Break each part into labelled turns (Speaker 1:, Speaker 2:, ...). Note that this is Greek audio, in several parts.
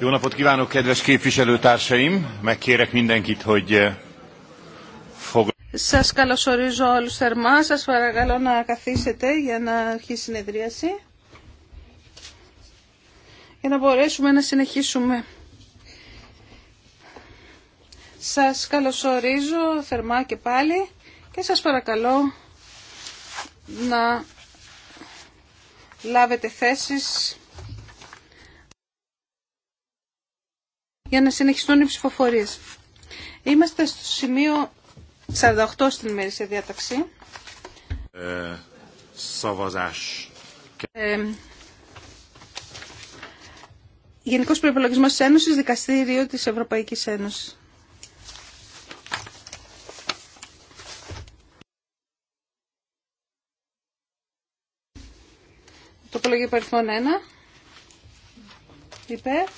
Speaker 1: Jó napot kívánok, kedves képviselőtársaim! Megkérek mindenkit, hogy eh,
Speaker 2: Σας καλωσορίζω όλους θερμά. Σας παρακαλώ να καθίσετε για να αρχίσει η συνεδρίαση για να μπορέσουμε να συνεχίσουμε. Σας καλωσορίζω θερμά και πάλι και σας παρακαλώ να λάβετε θέσεις για να συνεχιστούν οι ψηφοφορίες. Είμαστε στο σημείο 48 στην ημερήσια διάταξη. Ε, Γενικός Προϋπολογισμός της Ένωσης, Δικαστήριο της Ευρωπαϊκής Ένωσης. Τροπολογία παριθμών 1. Υπέρ.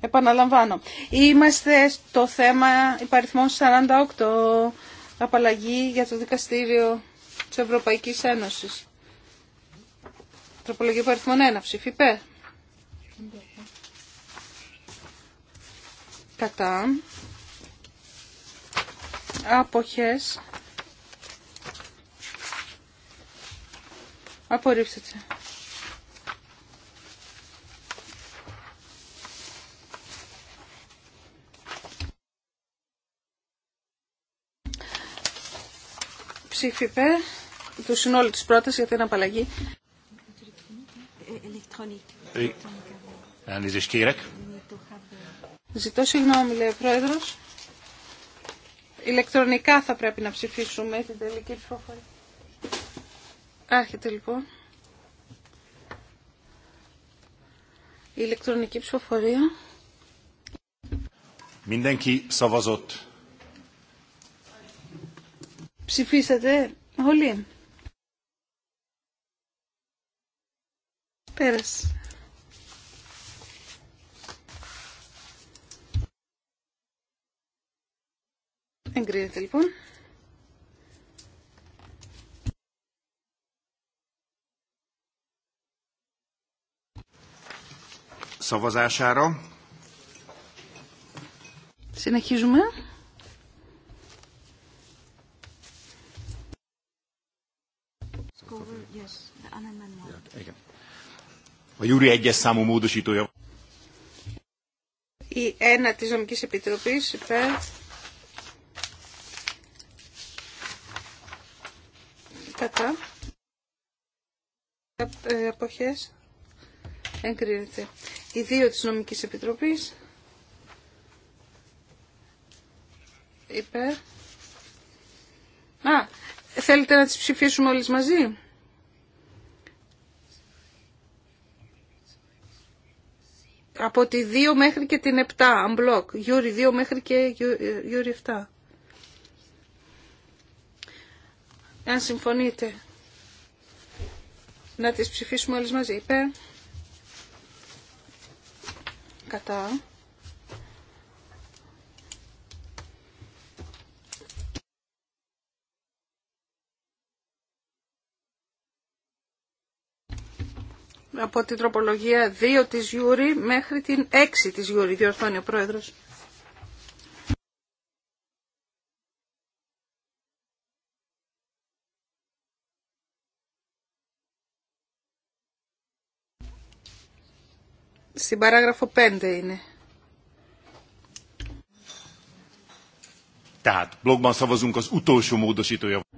Speaker 2: Επαναλαμβάνω. Είμαστε στο θέμα υπαριθμών 48 απαλλαγή για το δικαστήριο της Ευρωπαϊκής Ένωσης. Τροπολογία παριθμών 1. Ψήφι Κατά. Αποχές. Απορρίψετε. ψήφι του συνόλου της πρότασης για την απαλλαγή. Ζητώ συγγνώμη, λέει ο Πρόεδρος. Ηλεκτρονικά θα πρέπει να ψηφίσουμε την τελική ψηφοφορία. Άρχεται λοιπόν. Η ηλεκτρονική ψηφοφορία.
Speaker 1: Mindenki szavazott.
Speaker 2: Ψηφίσατε όλοι. Πέρασε. Εγκρίνεται λοιπόν.
Speaker 1: Szavazására.
Speaker 2: Συνεχίζουμε.
Speaker 1: A Júri egyes számú módosítója.
Speaker 2: Η ένα της νομικής επιτροπής υπέρ κατά ε, αποχές εγκρίνεται. Οι δύο της νομικής επιτροπής υπέρ. Α, θέλετε να τις ψηφίσουμε όλες μαζί. από τη 2 μέχρι και την 7, unblock. Γιούρι 2 μέχρι και ε, Γιούρι 7. Αν συμφωνείτε, να τις ψηφίσουμε όλες μαζί. Είπε Κατά. από την τροπολογία 2 της Γιούρη μέχρι την 6 της Γιούρη, διορθώνει ο Πρόεδρος. Στην παράγραφο 5 είναι. az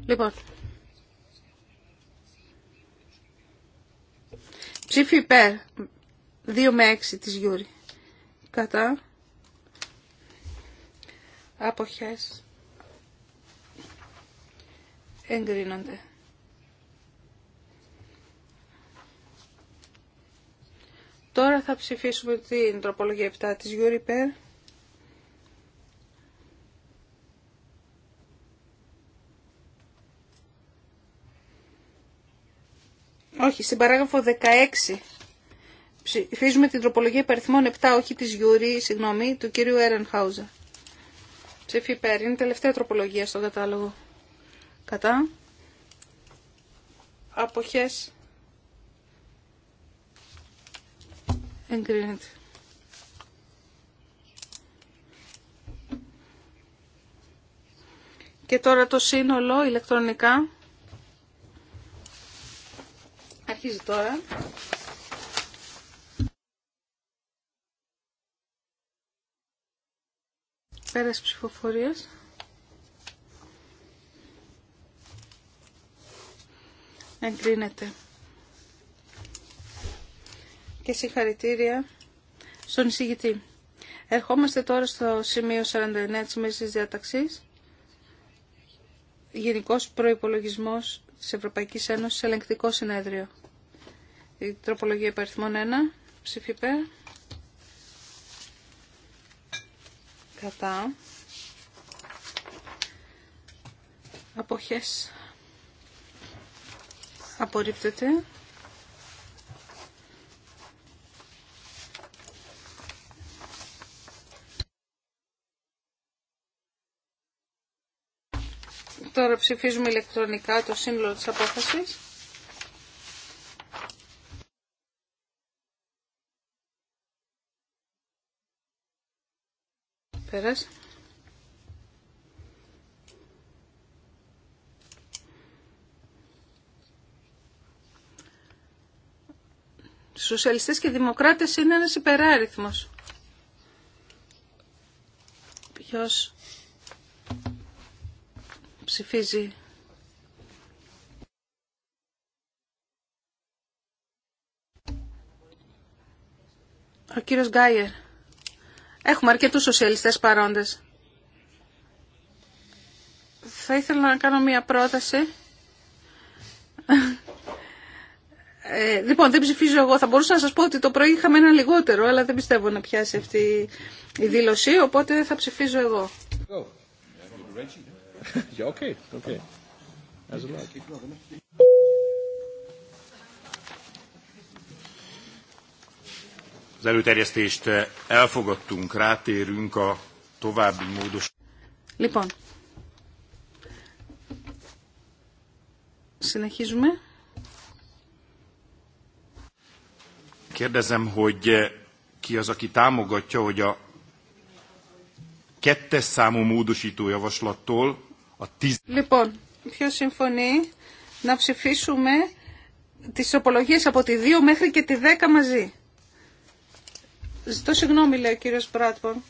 Speaker 2: Λοιπόν, Ψήφι υπέρ. 2 με 6 της Γιούρη. Κατά. Αποχές. Εγκρίνονται. Τώρα θα ψηφίσουμε την τροπολογία 7 της Γιούρη υπέρ. Όχι, στην παράγραφο 16. Ψηφίζουμε την τροπολογία υπεριθμών 7, όχι της Γιούρη, συγγνώμη, του κύριου Έρενχάουζα. Ψήφι υπέρ. Είναι τελευταία τροπολογία στον κατάλογο. Κατά. Αποχές. Εγκρίνεται. Και τώρα το σύνολο ηλεκτρονικά αρχίζει τώρα. Πέρας ψηφοφορίας. Εγκρίνεται. Και συγχαρητήρια στον εισηγητή. Ερχόμαστε τώρα στο σημείο 49 της μέσης διαταξής. Γενικός προϋπολογισμός της Ευρωπαϊκής Ένωσης, ελεγκτικό συνέδριο. Η τροπολογία υπαριθμών 1. Ψήφι Κατά. Αποχές. Απορρίπτεται. Τώρα ψηφίζουμε ηλεκτρονικά το σύνολο της απόφασης. Πέρας. Σοσιαλιστές και δημοκράτες είναι ένας υπεράριθμος. Ποιος ψηφίζει. Ο κύριος Γκάιερ. Έχουμε αρκετούς σοσιαλιστέ παρόντες. Θα ήθελα να κάνω μία πρόταση. Ε, λοιπόν, δεν ψηφίζω εγώ. Θα μπορούσα να σας πω ότι το πρωί είχαμε ένα λιγότερο, αλλά δεν πιστεύω να πιάσει αυτή η δήλωση, οπότε θα ψηφίζω εγώ. Okay. Okay.
Speaker 1: az előterjesztést elfogadtunk, rátérünk a további módos.
Speaker 2: Λοιπόν, συνεχίζουμε.
Speaker 1: Kérdezem, hogy ki az, aki támogatja, hogy a kettes számú módosító javaslattól a tíz...
Speaker 2: Λοιπόν, ποιο συμφωνεί να ψηφίσουμε τις τροπολογίες από τη 2 μέχρι και τη 10 μαζί. Ζητώ συγγνώμη, λέει ο κύριο Μπράτμπορν.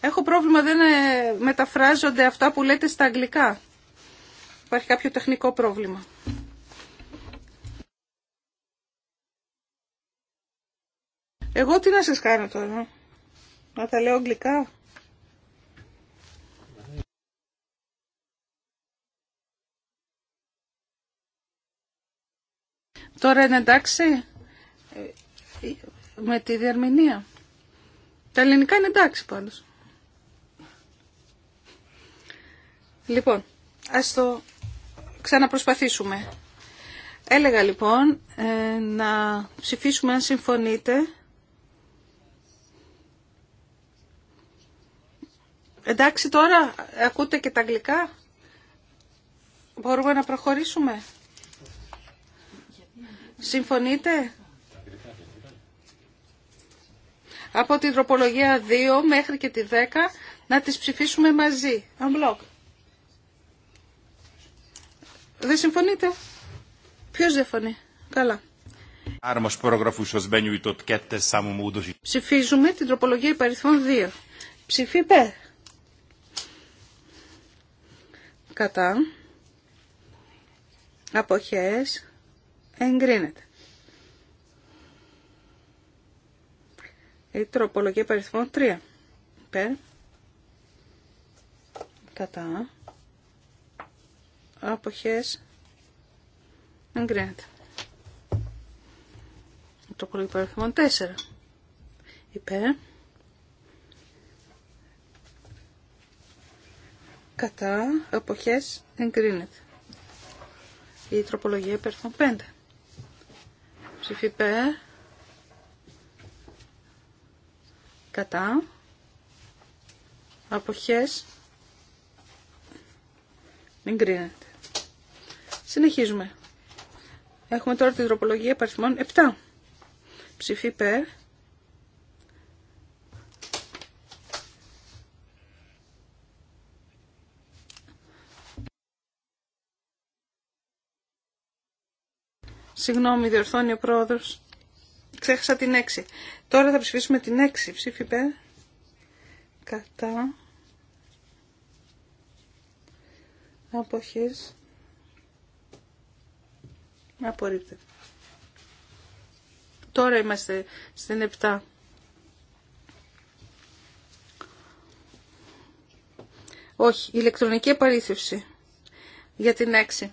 Speaker 2: Έχω πρόβλημα, δεν ε, μεταφράζονται αυτά που λέτε στα αγγλικά. Υπάρχει κάποιο τεχνικό πρόβλημα. Εγώ τι να σας κάνω τώρα. Ε? Να τα λέω αγγλικά. Τώρα είναι εντάξει. Ε, με τη διαρμηνία. Τα ελληνικά είναι εντάξει πάντως. Λοιπόν, ας το ξαναπροσπαθήσουμε. Έλεγα λοιπόν ε, να ψηφίσουμε αν συμφωνείτε Εντάξει τώρα, ακούτε και τα αγγλικά. Μπορούμε να προχωρήσουμε. Συμφωνείτε από την τροπολογία 2 μέχρι και τη 10 να τις ψηφίσουμε μαζί. Unblock. Δεν συμφωνείτε. Ποιος δεν φωνεί. Καλά. Ψηφίζουμε την τροπολογία υπαριθμών 2. Ψηφίπε. Κατά. Αποχές. Εγκρίνεται. Η τροπολογία παριθμών 3. Περ. Κατά. Αποχές. Εγκρίνεται. Η τροπολογία παριθμών 4. Υπέρ. Κατά. Αποχές. Εγκρίνεται. Η τροπολογία υπέρ 5. Ψηφί υπέρ κατά αποχές εγκρίνεται. Συνεχίζουμε. Έχουμε τώρα την τροπολογία παριθμών 7. Ψηφί περ. Συγγνώμη, διορθώνει ο πρόεδρος ξέχασα την 6. Τώρα θα ψηφίσουμε την 6. Ψήφιπε. Κατά. Αποχές. Απορρίπτεται. Τώρα είμαστε στην 7. Όχι, ηλεκτρονική επαλήθευση για την 6.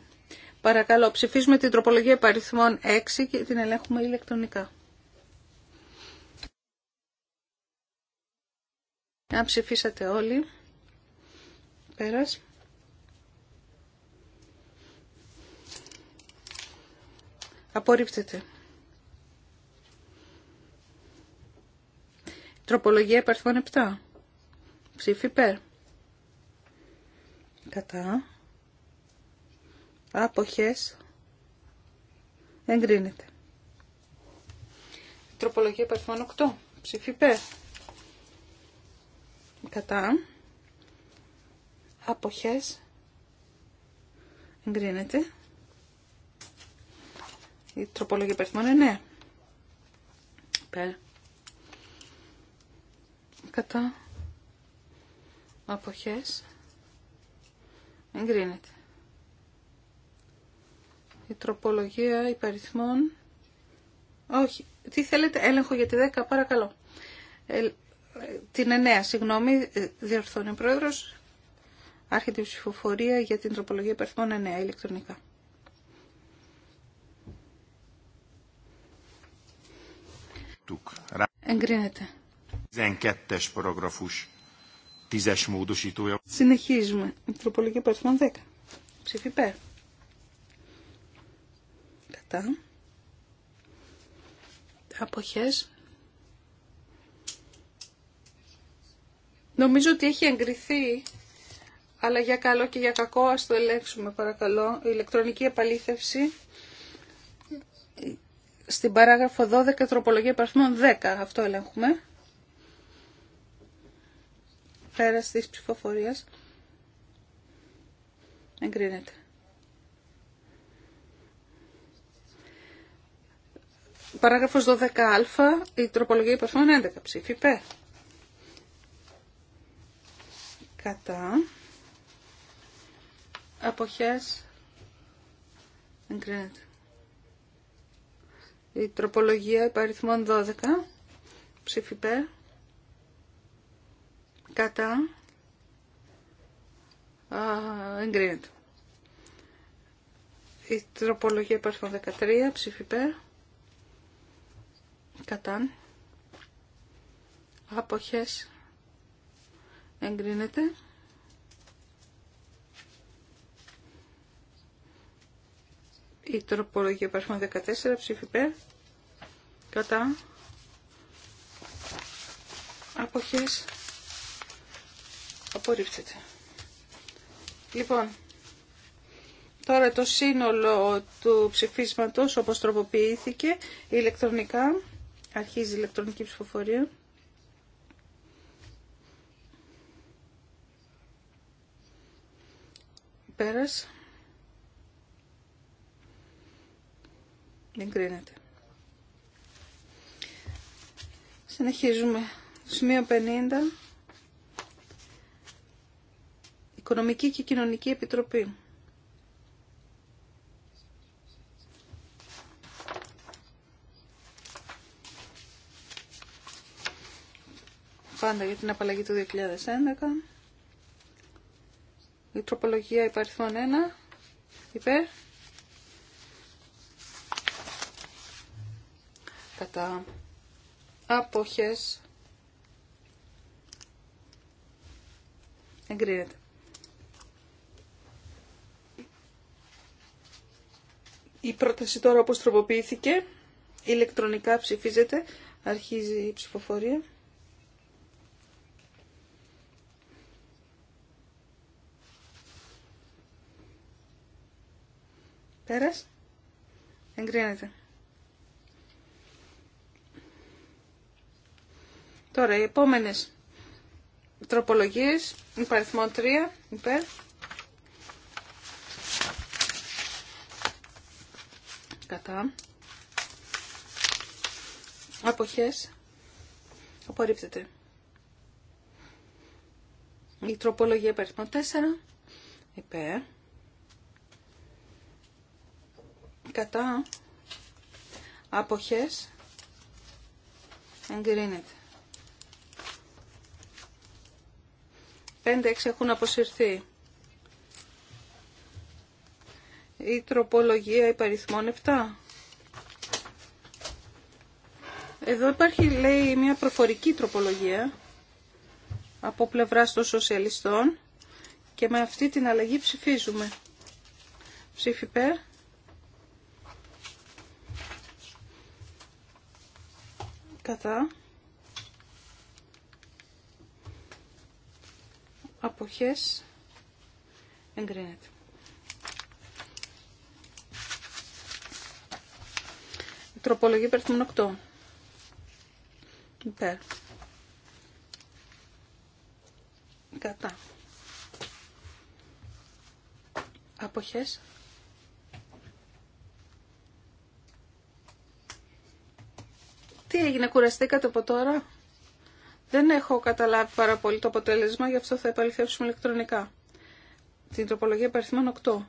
Speaker 2: Παρακαλώ, ψηφίζουμε την τροπολογία παριθμών 6 και την ελέγχουμε ηλεκτρονικά. Αν ψηφίσατε όλοι. Πέρας. Απορρίπτεται. Τροπολογία επαρθών 7. Ψήφι περ. Κατά. Αποχές. Εγκρίνεται. Τροπολογία επαρθών 8. Ψήφι περ κατά αποχές εγκρίνεται η τροπολογία υπεριθμών είναι ναι. υπέρ κατά αποχές εγκρίνεται η τροπολογία υπαριθμών όχι, τι θέλετε, έλεγχο για τη 10 παρακαλώ ε, την ενέα, συγγνώμη, ε, διορθώνει ο Πρόεδρος. Άρχεται η ψηφοφορία για την τροπολογία υπερθμών 9 ηλεκτρονικά. Εγκρίνεται.
Speaker 1: 12-es παραγραφούς
Speaker 2: συνεχιζουμε η τροπολογια υπερθμών Κατά. Αποχές. Νομίζω ότι έχει εγκριθεί, αλλά για καλό και για κακό ας το ελέγξουμε παρακαλώ. Η ηλεκτρονική επαλήθευση στην παράγραφο 12 τροπολογία υπαρθμών 10. Αυτό ελέγχουμε. Πέρας της ψηφοφορίας. Εγκρίνεται. Παράγραφος 12α, η τροπολογία υπαρθμών 11 ψήφι, πέρα κατά αποχές εγκρίνεται. Η τροπολογία υπαριθμών 12 ψήφιπέ κατά εγκρίνεται. Η τροπολογία υπαριθμών 13 ψήφιπέ κατά αποχές Εγκρίνεται. Η τροπολογία παρθμών 14 ψήφι Κατά. Αποχές. Απορρίφτεται. Λοιπόν, τώρα το σύνολο του ψηφίσματος όπως τροποποιήθηκε ηλεκτρονικά. Αρχίζει η ηλεκτρονική ψηφοφορία. Πέρας. Δεν κρίνεται. Συνεχίζουμε. Σημείο 50. Οικονομική και Κοινωνική Επιτροπή. Πάντα για την απαλλαγή του 2011. Η τροπολογία υπαριθμών 1 υπέρ. Κατά αποχές εγκρίνεται. Η πρόταση τώρα όπως τροποποιήθηκε ηλεκτρονικά ψηφίζεται. Αρχίζει η ψηφοφορία. Πέρας. Εγκρίνεται. Τώρα, οι επόμενες τροπολογίες, υπαριθμό 3, υπέρ. Κατά. Αποχές. Απορρίπτεται. Η τροπολογία υπαριθμό 4, υπέρ. κατά αποχές εγκρίνεται. 5-6 έχουν αποσυρθεί. Η τροπολογία υπαριθμών 7. Εδώ υπάρχει, λέει, μια προφορική τροπολογία από πλευρά των σοσιαλιστών και με αυτή την αλλαγή ψηφίζουμε. Ψήφι κατά αποχές εγκρίνεται. Τροπολογία υπερθυμών 8. Υπέρ. Κατά. Αποχές Τι έγινε, κουραστήκατε από τώρα. Δεν έχω καταλάβει πάρα πολύ το αποτέλεσμα, γι' αυτό θα επαληθεύσουμε ηλεκτρονικά. Την τροπολογία παριθμών 8.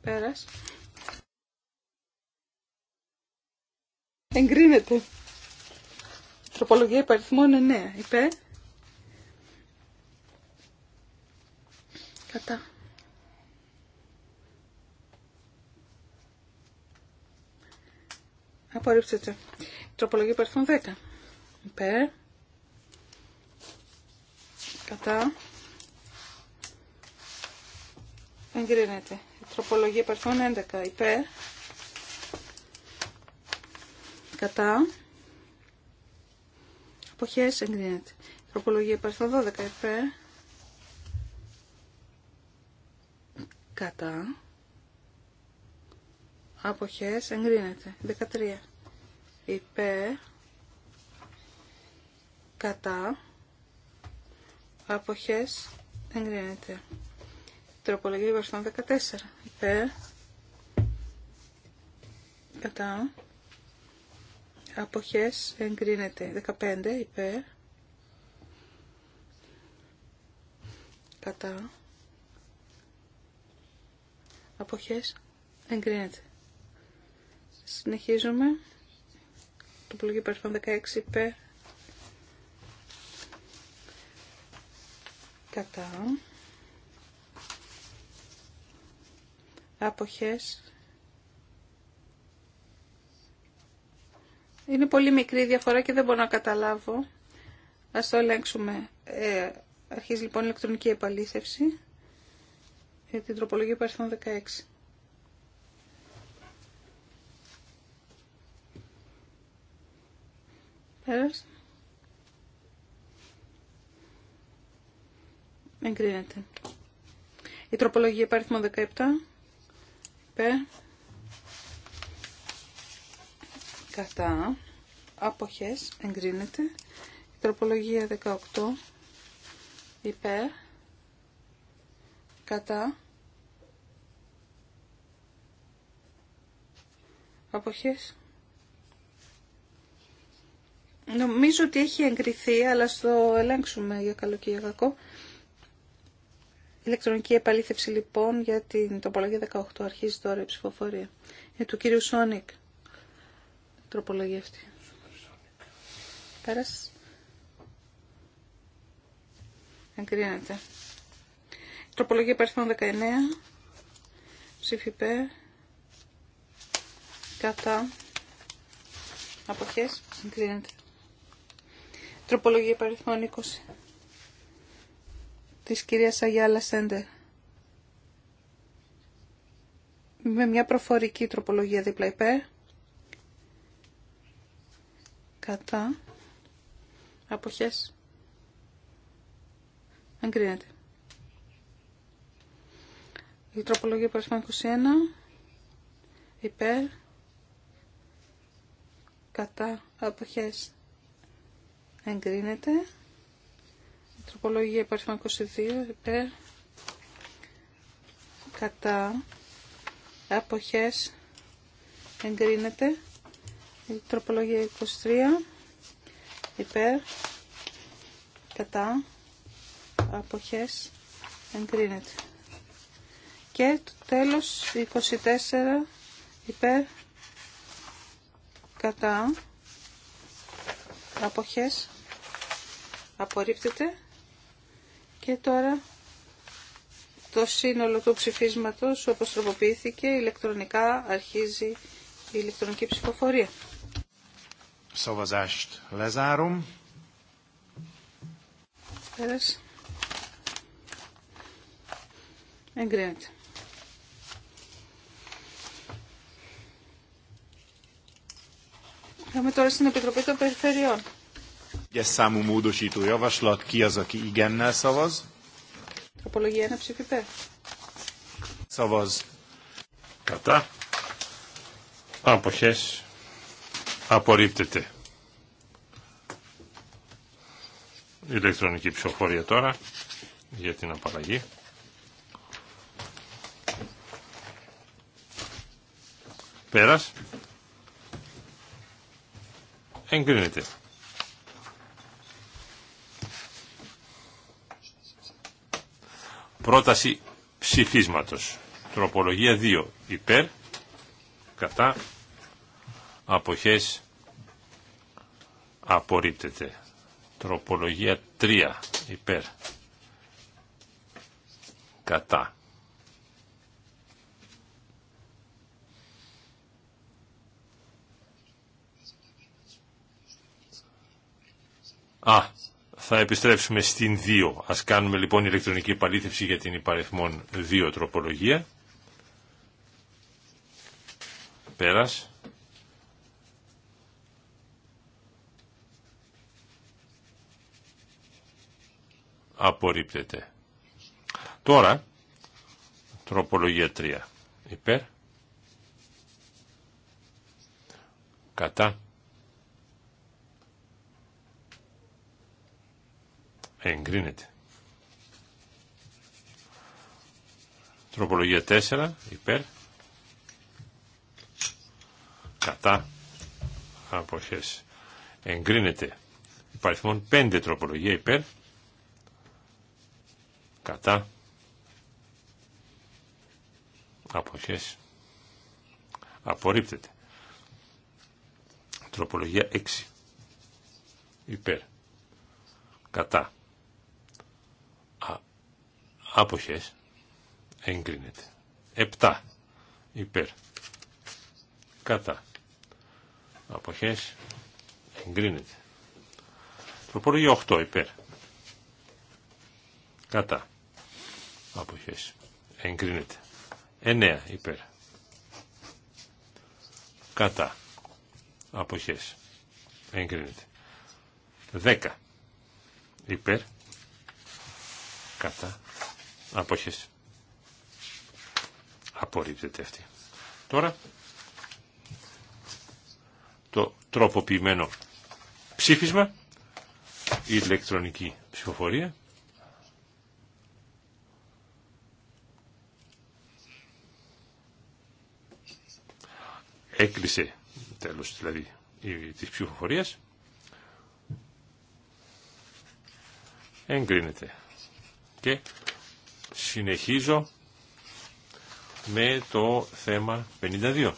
Speaker 2: Πέρας. Εγκρίνεται. Τροπολογία υπαριθμών 9. Υπέ. Κατά. Απορρίπτεται. Τροπολογία παριθμών 10. Υπέρ. Κατά. Εγκρίνεται. Τροπολογία παριθμών 11. Υπέρ. Κατά. Αποχές εγκρίνεται. Τροπολογία παριθμών 12. Υπέρ. Κατά αποχές εγκρίνεται. 13 υπέρ κατά αποχές εγκρίνεται. Τροπολογία βαστών 14 υπέρ κατά αποχές εγκρίνεται. 15 υπέρ κατά αποχές εγκρίνεται. Συνεχίζουμε. Το πλογή παρελθόν 16 Πε. Κατά. Αποχές. Είναι πολύ μικρή διαφορά και δεν μπορώ να καταλάβω. Ας το ελέγξουμε. Ε, αρχίζει λοιπόν η ηλεκτρονική επαλήθευση για την τροπολογία παρελθόν 16. Εγκρίνεται. Η τροπολογία υπάρχει 17. Υπέρ. Κατά. Αποχές. Εγκρίνεται. Η τροπολογία 18. Υπέρ. Κατά. Αποχές. Νομίζω ότι έχει εγκριθεί, αλλά στο ελέγξουμε για καλό και για κακό. Ηλεκτρονική επαλήθευση λοιπόν για την τροπολογία 18 αρχίζει τώρα η ψηφοφορία. Για του κύριου Σόνικ. Τροπολογία αυτή. Πέρας. Εγκρίνεται. Τροπολογία παριθμών 19. Ψήφι Κατά. Αποχές. Εγκρίνεται. Τροπολογία παριθμών 20 της κυρίας Αγιάλα Σέντερ. Με μια προφορική τροπολογία δίπλα υπέρ. Κατά. Αποχές. Εγκρίνεται. Η τροπολογία παριθμών 21 υπέρ. Κατά. Αποχές εγκρίνεται. Τροπολογία υπάρχει 22 υπέρ κατά αποχές εγκρίνεται. Τροπολογία 23 υπέρ κατά αποχές εγκρίνεται. Και το τέλος 24 υπέρ κατά αποχές απορρίπτεται και τώρα το σύνολο του ψηφίσματος όπως τροποποιήθηκε ηλεκτρονικά αρχίζει η ηλεκτρονική ψηφοφορία.
Speaker 1: Σοβαζάστ Λεζάρουμ.
Speaker 2: Πέρας. Εγκρίνεται. Πάμε τώρα στην Επιτροπή των Περιφερειών. Τροπολογία 1 ψήφι
Speaker 1: Κατά. Αποχές.
Speaker 3: Απορρίπτεται. Ηλεκτρονική ψηφοφορία τώρα για την απαλλαγή. Πέρας. Εγκρίνεται. πρόταση ψηφίσματος. Τροπολογία 2. Υπέρ, κατά, αποχές, απορρίπτεται. Τροπολογία 3. Υπέρ, κατά. Α, θα επιστρέψουμε στην 2. Ας κάνουμε λοιπόν ηλεκτρονική επαλήθευση για την υπαριθμόν 2 τροπολογία. Πέρας. Απορρίπτεται. Τώρα, τροπολογία 3. Υπέρ. Κατά. εγκρίνεται. Τροπολογία 4 υπέρ κατά αποχές εγκρίνεται. Υπαριθμόν 5 τροπολογία υπέρ κατά αποχές απορρίπτεται. Τροπολογία 6 υπέρ κατά Άποχες. Εγκρίνεται. 7 υπέρ. Κατά. Αποχές. Εγκρίνεται. Προπολογία 8 υπέρ. Κατά. Αποχές. Εγκρίνεται. 9 υπέρ. Κατά. Αποχές. Εγκρίνεται. 10 υπέρ. Κατά. Απόχες. Απορρίπτεται αυτή. Τώρα το τροποποιημένο ψήφισμα η ηλεκτρονική ψηφοφορία. Έκλεισε τέλος δηλαδή της ψηφοφορίας. Εγκρίνεται. Και Συνεχίζω με το θέμα 52.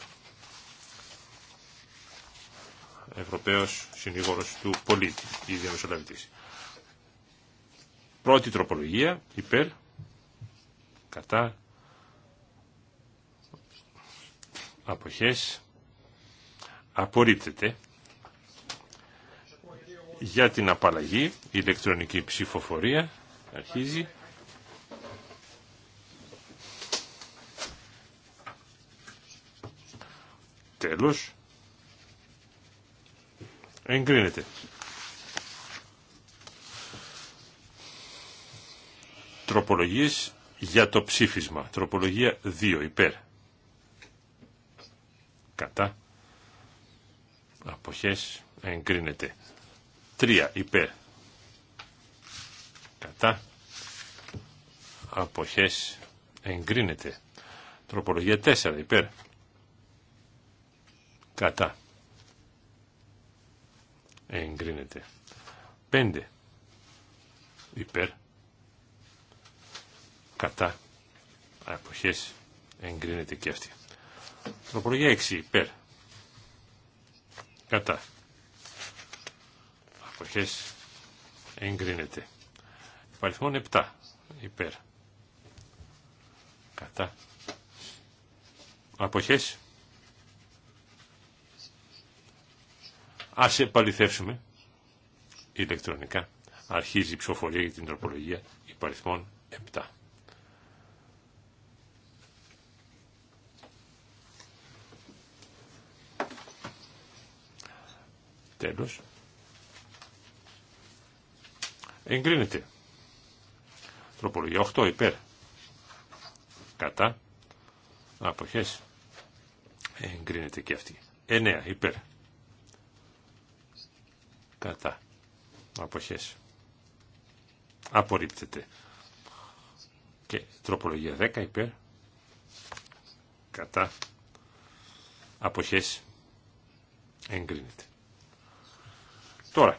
Speaker 3: Ευρωπαίος συνήγορος του πολίτη, η διαμεσολαβητής. Πρώτη τροπολογία, υπέρ, κατά, αποχές, απορρίπτεται για την απαλλαγή, ηλεκτρονική ψηφοφορία αρχίζει. Τέλος. Εγκρίνεται. Τροπολογίες για το ψήφισμα. Τροπολογία 2 υπέρ. Κατά. Αποχές εγκρίνεται. 3 υπέρ. Κατά. Αποχές εγκρίνεται. Τροπολογία 4 υπέρ. Κατά. Εγκρίνεται. 5. Υπέρ. Κατά. Αποχές. Εγκρίνεται και αυτή. Τροπολογία 6. Υπέρ. Κατά. Αποχές. Εγκρίνεται. Παριθμόν 7. Υπέρ. Κατά. Αποχές. Ας επαληθεύσουμε ηλεκτρονικά. Αρχίζει η ψηφοφορία για την τροπολογία υπαριθμών 7. Τέλος. Εγκρίνεται. Τροπολογία 8 υπέρ. Κατά. Αποχές. Εγκρίνεται και αυτή. 9 υπέρ κατά αποχές απορρίπτεται και τροπολογία 10 υπέρ κατά αποχές εγκρίνεται τώρα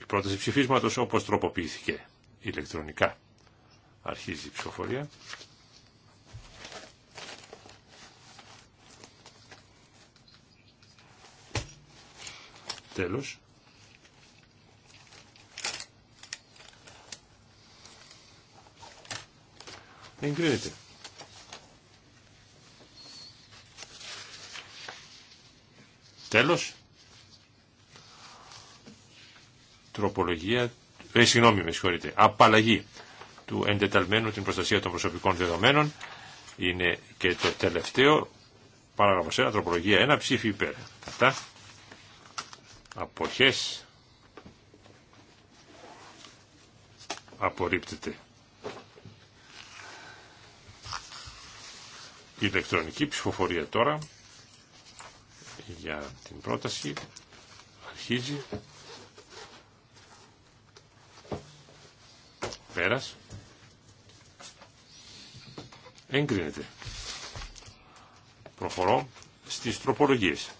Speaker 3: η πρόταση ψηφίσματος όπως τροποποιήθηκε ηλεκτρονικά αρχίζει η ψηφοφορία Τέλος. Εγκρίνεται. Τέλος. Τροπολογία, ε, συγγνώμη με συγχωρείτε, απαλλαγή του εντεταλμένου την προστασία των προσωπικών δεδομένων είναι και το τελευταίο παράγραφος 1, τροπολογία 1, ψήφι υπέρ. Αυτά αποχές απορρίπτεται. Ηλεκτρονική ψηφοφορία τώρα για την πρόταση αρχίζει πέρας εγκρίνεται. Προχωρώ στις τροπολογίες.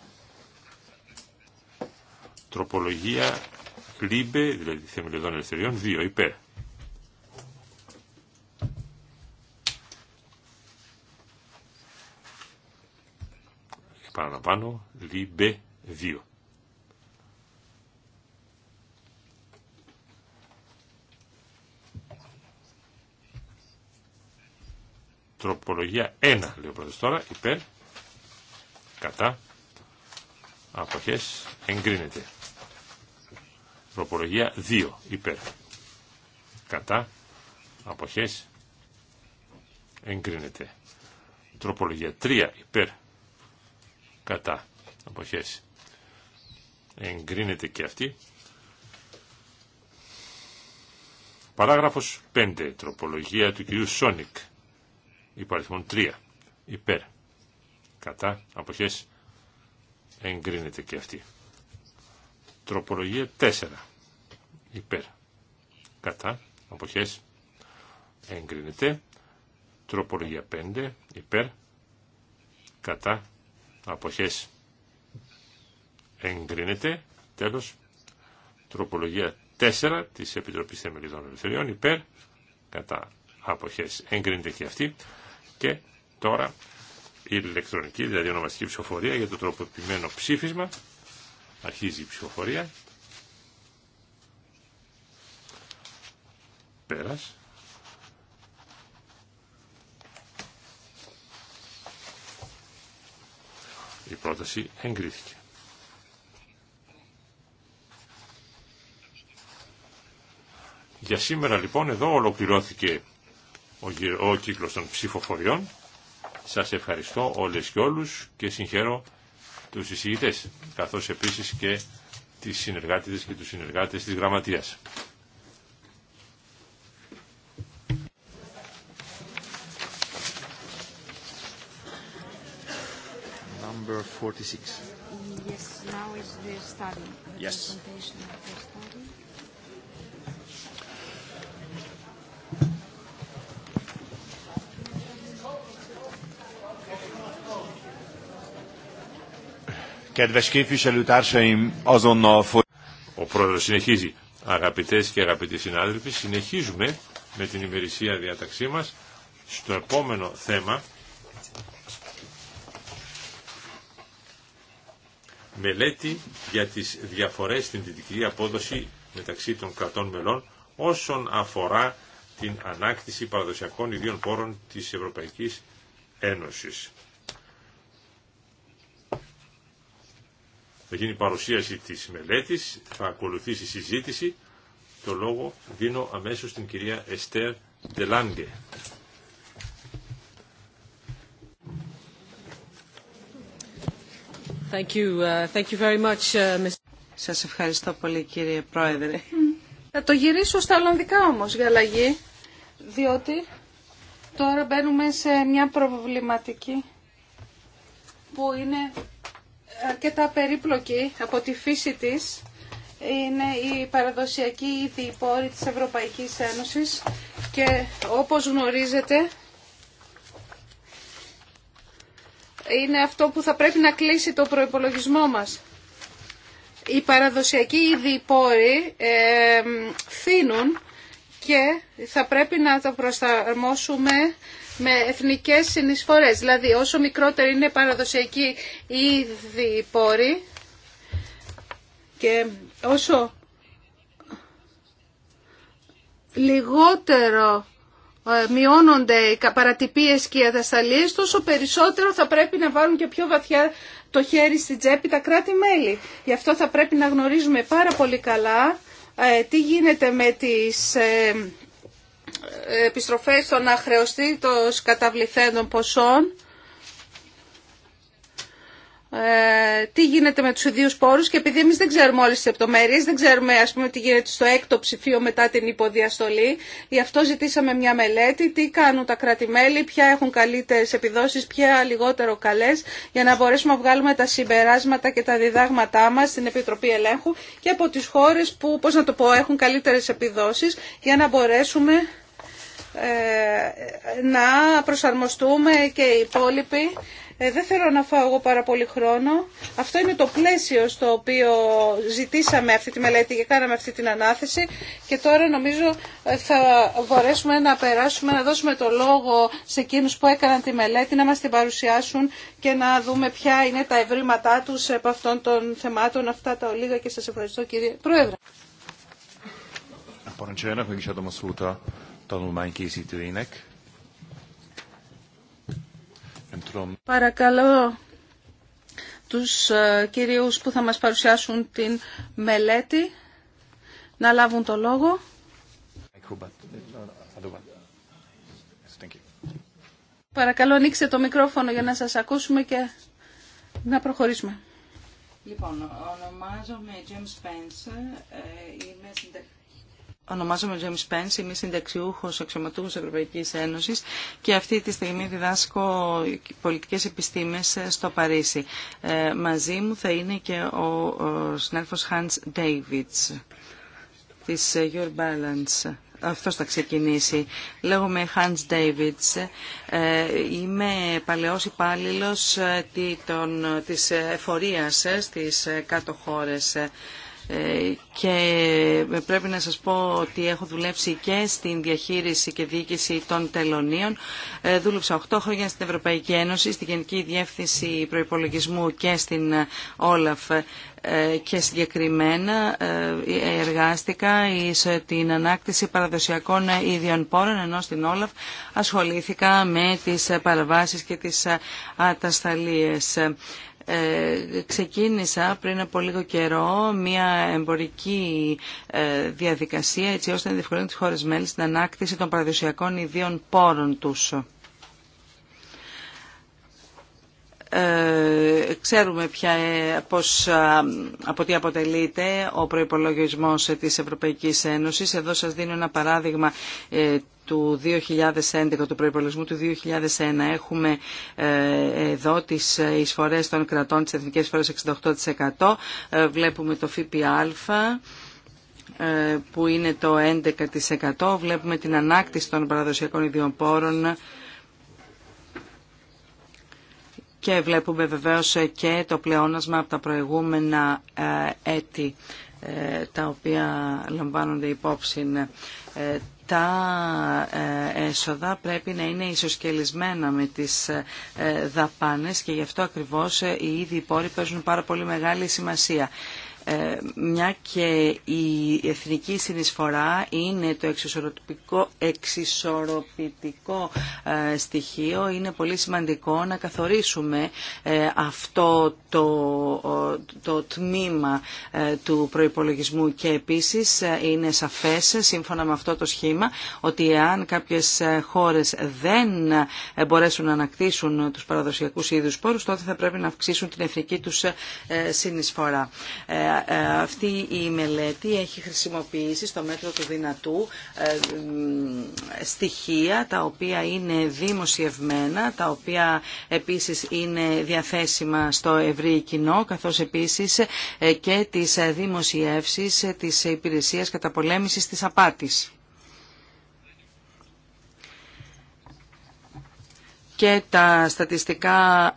Speaker 3: Τροπολογία λίμπε, δηλαδή θεμελιωδών ελευθεριών, 2 υπέρ. Παραλαμβάνω, λίμπε 2. Τροπολογία 1, λέει ο τώρα, υπέρ, κατά, αποχές, εγκρίνεται. Τροπολογία 2 υπέρ. Κατά. Αποχές. Εγκρίνεται. Τροπολογία 3 υπέρ. Κατά. Αποχές. Εγκρίνεται και αυτή. Παράγραφος 5. Τροπολογία του κυρίου Σόνικ. Υπαριθμών 3. Υπέρ. Κατά. Αποχές. Εγκρίνεται και αυτή. Τροπολογία 4. Υπέρ. Κατά. Αποχές. Εγκρίνεται. Τροπολογία 5. Υπέρ. Κατά. Αποχές. Εγκρίνεται. Τέλος. Τροπολογία 4 της Επιτροπής Θεμελιδών Ελευθεριών. Υπέρ. Κατά. Αποχές. Εγκρίνεται και αυτή. Και τώρα η ηλεκτρονική, δηλαδή ονομαστική ψηφοφορία για το τροποποιημένο ψήφισμα. Αρχίζει η ψηφοφορία. Πέρας. Η πρόταση εγκρίθηκε. Για σήμερα λοιπόν εδώ ολοκληρώθηκε ο κύκλος των ψηφοφοριών. Σας ευχαριστώ όλες και όλους και συγχαίρω τους εισηγητές, καθώς επίσης και τις συνεργάτητες και τους συνεργάτες της Γραμματείας.
Speaker 1: Number 46.
Speaker 2: Yes, now is the study. Yes.
Speaker 1: Ο πρόεδρος συνεχίζει. Αγαπητές και αγαπητοί
Speaker 3: συνάδελφοι, συνεχίζουμε με την ημερησία διάταξή μας στο επόμενο θέμα μελέτη για τις διαφορές στην δυτική απόδοση μεταξύ των κρατών μελών όσον αφορά την ανάκτηση παραδοσιακών ιδίων πόρων της Ευρωπαϊκής Ένωσης. Θα γίνει παρουσίαση της μελέτης, θα ακολουθήσει συζήτηση. Το λόγο δίνω αμέσως στην κυρία Εστέρ Ντελάνγκε.
Speaker 4: Thank you. Uh, thank you very much, uh, Σας ευχαριστώ πολύ κύριε Πρόεδρε.
Speaker 2: Θα το γυρίσω στα Ολλανδικά όμως για αλλαγή, διότι τώρα μπαίνουμε σε μια προβληματική που είναι αρκετά περίπλοκη από τη φύση της. Είναι η παραδοσιακή ήδη πόρη της Ευρωπαϊκής Ένωσης και όπως γνωρίζετε είναι αυτό που θα πρέπει να κλείσει το προϋπολογισμό μας. Οι παραδοσιακοί ήδη πόροι ε, φύνουν και θα πρέπει να τα προσαρμόσουμε με εθνικές συνεισφορές. Δηλαδή όσο μικρότερη είναι παραδοσιακή ήδη πόρη και όσο λιγότερο ε, μειώνονται οι παρατυπίες και οι αδασταλίες, τόσο περισσότερο θα πρέπει να βάλουν και πιο βαθιά το χέρι στην τσέπη τα κράτη-μέλη. Γι' αυτό θα πρέπει να γνωρίζουμε πάρα πολύ καλά ε, τι γίνεται με τις ε, επιστροφές των αχρεωστήτων καταβληθέντων ποσών, ε, τι γίνεται με τους ιδίους πόρους και επειδή εμείς δεν ξέρουμε όλες τις λεπτομέρειες, δεν ξέρουμε ας πούμε τι γίνεται στο έκτο ψηφίο μετά την υποδιαστολή, γι' αυτό ζητήσαμε μια μελέτη, τι κάνουν τα κράτη-μέλη, ποια έχουν καλύτερες επιδόσεις, ποια λιγότερο καλές, για να μπορέσουμε να βγάλουμε τα συμπεράσματα και τα διδάγματά μας στην Επιτροπή Ελέγχου και από τις χώρες που, πώς να το πω, έχουν καλύτερες επιδόσεις, για να μπορέσουμε ε, να προσαρμοστούμε και οι υπόλοιποι. Ε, δεν θέλω να φάω εγώ πάρα πολύ χρόνο. Αυτό είναι το πλαίσιο στο οποίο ζητήσαμε αυτή τη μελέτη και κάναμε αυτή την ανάθεση και τώρα νομίζω ε, θα μπορέσουμε να περάσουμε, να δώσουμε το λόγο σε εκείνους που έκαναν τη μελέτη, να μας την παρουσιάσουν και να δούμε ποια είναι τα ευρήματά τους από αυτών των θεμάτων. Αυτά τα ολίγα και σας ευχαριστώ κύριε Πρόεδρε. Παρακαλώ τους ε, κυρίους που θα μας παρουσιάσουν την μελέτη να λάβουν το λόγο. Ε, Παρακαλώ ανοίξτε το μικρόφωνο για να σας ακούσουμε και να προχωρήσουμε.
Speaker 4: Λοιπόν, ονομάζομαι James Spencer, ε, είμαι Ονομάζομαι James Πένς, είμαι συνταξιούχο αξιωματούχο Ευρωπαϊκή Ένωση και αυτή τη στιγμή διδάσκω πολιτικέ επιστήμε στο Παρίσι. Ε, μαζί μου θα είναι και ο, ο συνάδελφο Hans Davids τη Your Balance Αυτό θα ξεκινήσει. Λέγομαι Hans Davids. Ε, είμαι παλαιός υπάλληλος ε, τη της εφορίας κάτω χώρες. Ε, και πρέπει να σας πω ότι έχω δουλέψει και στην διαχείριση και διοίκηση των τελωνίων. Ε, δούλεψα 8 χρόνια στην Ευρωπαϊκή Ένωση, στην Γενική Διεύθυνση Προϋπολογισμού και στην Όλαφ ε, και συγκεκριμένα εργάστηκα την ανάκτηση παραδοσιακών ίδιων πόρων ενώ στην Όλαφ ασχολήθηκα με τις παραβάσεις και τις ατασταλίες. Ε, ξεκίνησα πριν από λίγο καιρό μια εμπορική ε, διαδικασία έτσι ώστε να διευκολύνουν τις χώρες μέλη στην ανάκτηση των παραδοσιακών ιδίων πόρων τους. Ε, ξέρουμε πια ε, πώς, από τι αποτελείται ο προϋπολογισμός της Ευρωπαϊκής Ένωσης. Εδώ σας δίνω ένα παράδειγμα ε, του 2011, του προϋπολογισμού του 2001 έχουμε εδώ τις εισφορές των κρατών, τις εθνικές εισφορές 68%. βλέπουμε το ΦΠΑ που είναι το 11%. Βλέπουμε την ανάκτηση των παραδοσιακών ιδιοπόρων και βλέπουμε βεβαίως και το πλεόνασμα από τα προηγούμενα ε, έτη ε, τα οποία λαμβάνονται υπόψη. Ε, τα έσοδα πρέπει να είναι ισοσκελισμένα με τις δαπάνες και γι' αυτό ακριβώς οι ίδιοι πόροι παίζουν πάρα πολύ μεγάλη σημασία. Ε, μια και η εθνική συνεισφορά είναι το εξισορροπητικό ε, στοιχείο, είναι πολύ σημαντικό να καθορίσουμε ε, αυτό το, το τμήμα του προϋπολογισμού και επίσης είναι σαφές σύμφωνα με αυτό το σχήμα ότι εάν κάποιες χώρες δεν μπορέσουν να ανακτήσουν τους παραδοσιακούς είδους πόρους τότε θα πρέπει να αυξήσουν την εθνική τους συνεισφορά. Ε, αυτή η μελέτη έχει χρησιμοποιήσει στο μέτρο του δυνατού ε, στοιχεία τα οποία είναι δημοσιευμένα, τα οποία επίσης είναι διαθέσιμα στο ευρύ κοινό, καθώς επίσης ε, και τις δημοσιεύσεις της Υπηρεσίας Καταπολέμησης της Απάτης. και τα στατιστικά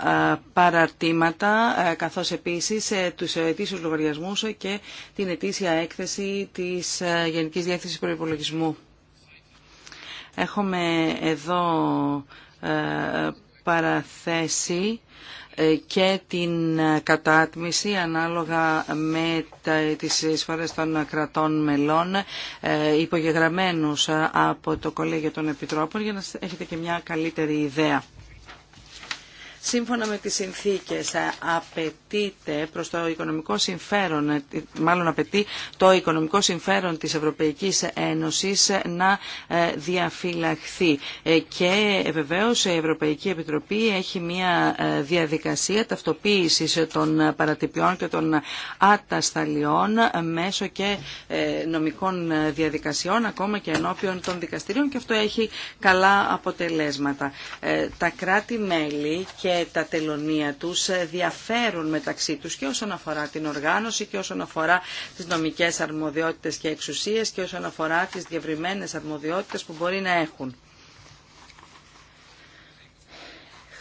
Speaker 4: παραρτήματα, καθώς επίσης ε, τους ετήσιους λογαριασμούς και την ετήσια έκθεση της Γενικής Διεύθυνσης Προϋπολογισμού. Έχουμε εδώ παραθέσει ε, και την ε, κατάτμιση ανάλογα με τις εισφορές των κρατών μελών ε, υπογεγραμμένους από το Κολέγιο των Επιτρόπων για να έχετε και μια καλύτερη ιδέα σύμφωνα με τις συνθήκες ε, απαιτείται προς το οικονομικό συμφέρον, ε, μάλλον απαιτεί το οικονομικό συμφέρον της Ευρωπαϊκής Ένωσης ε, να διαφυλαχθεί. Και βεβαίως η Ευρωπαϊκή Επιτροπή έχει μια διαδικασία ταυτοποίησης των παρατυπιών και των ατασταλιών μέσω και νομικών διαδικασιών, ακόμα και ενώπιον των δικαστηρίων και αυτό έχει καλά αποτελέσματα. Τα κράτη-μέλη και τα τελωνία τους ε, διαφέρουν μεταξύ τους και όσον αφορά την οργάνωση και όσον αφορά τις νομικές αρμοδιότητες και εξουσίες και όσον αφορά τις διευρυμένες αρμοδιότητες που μπορεί να έχουν.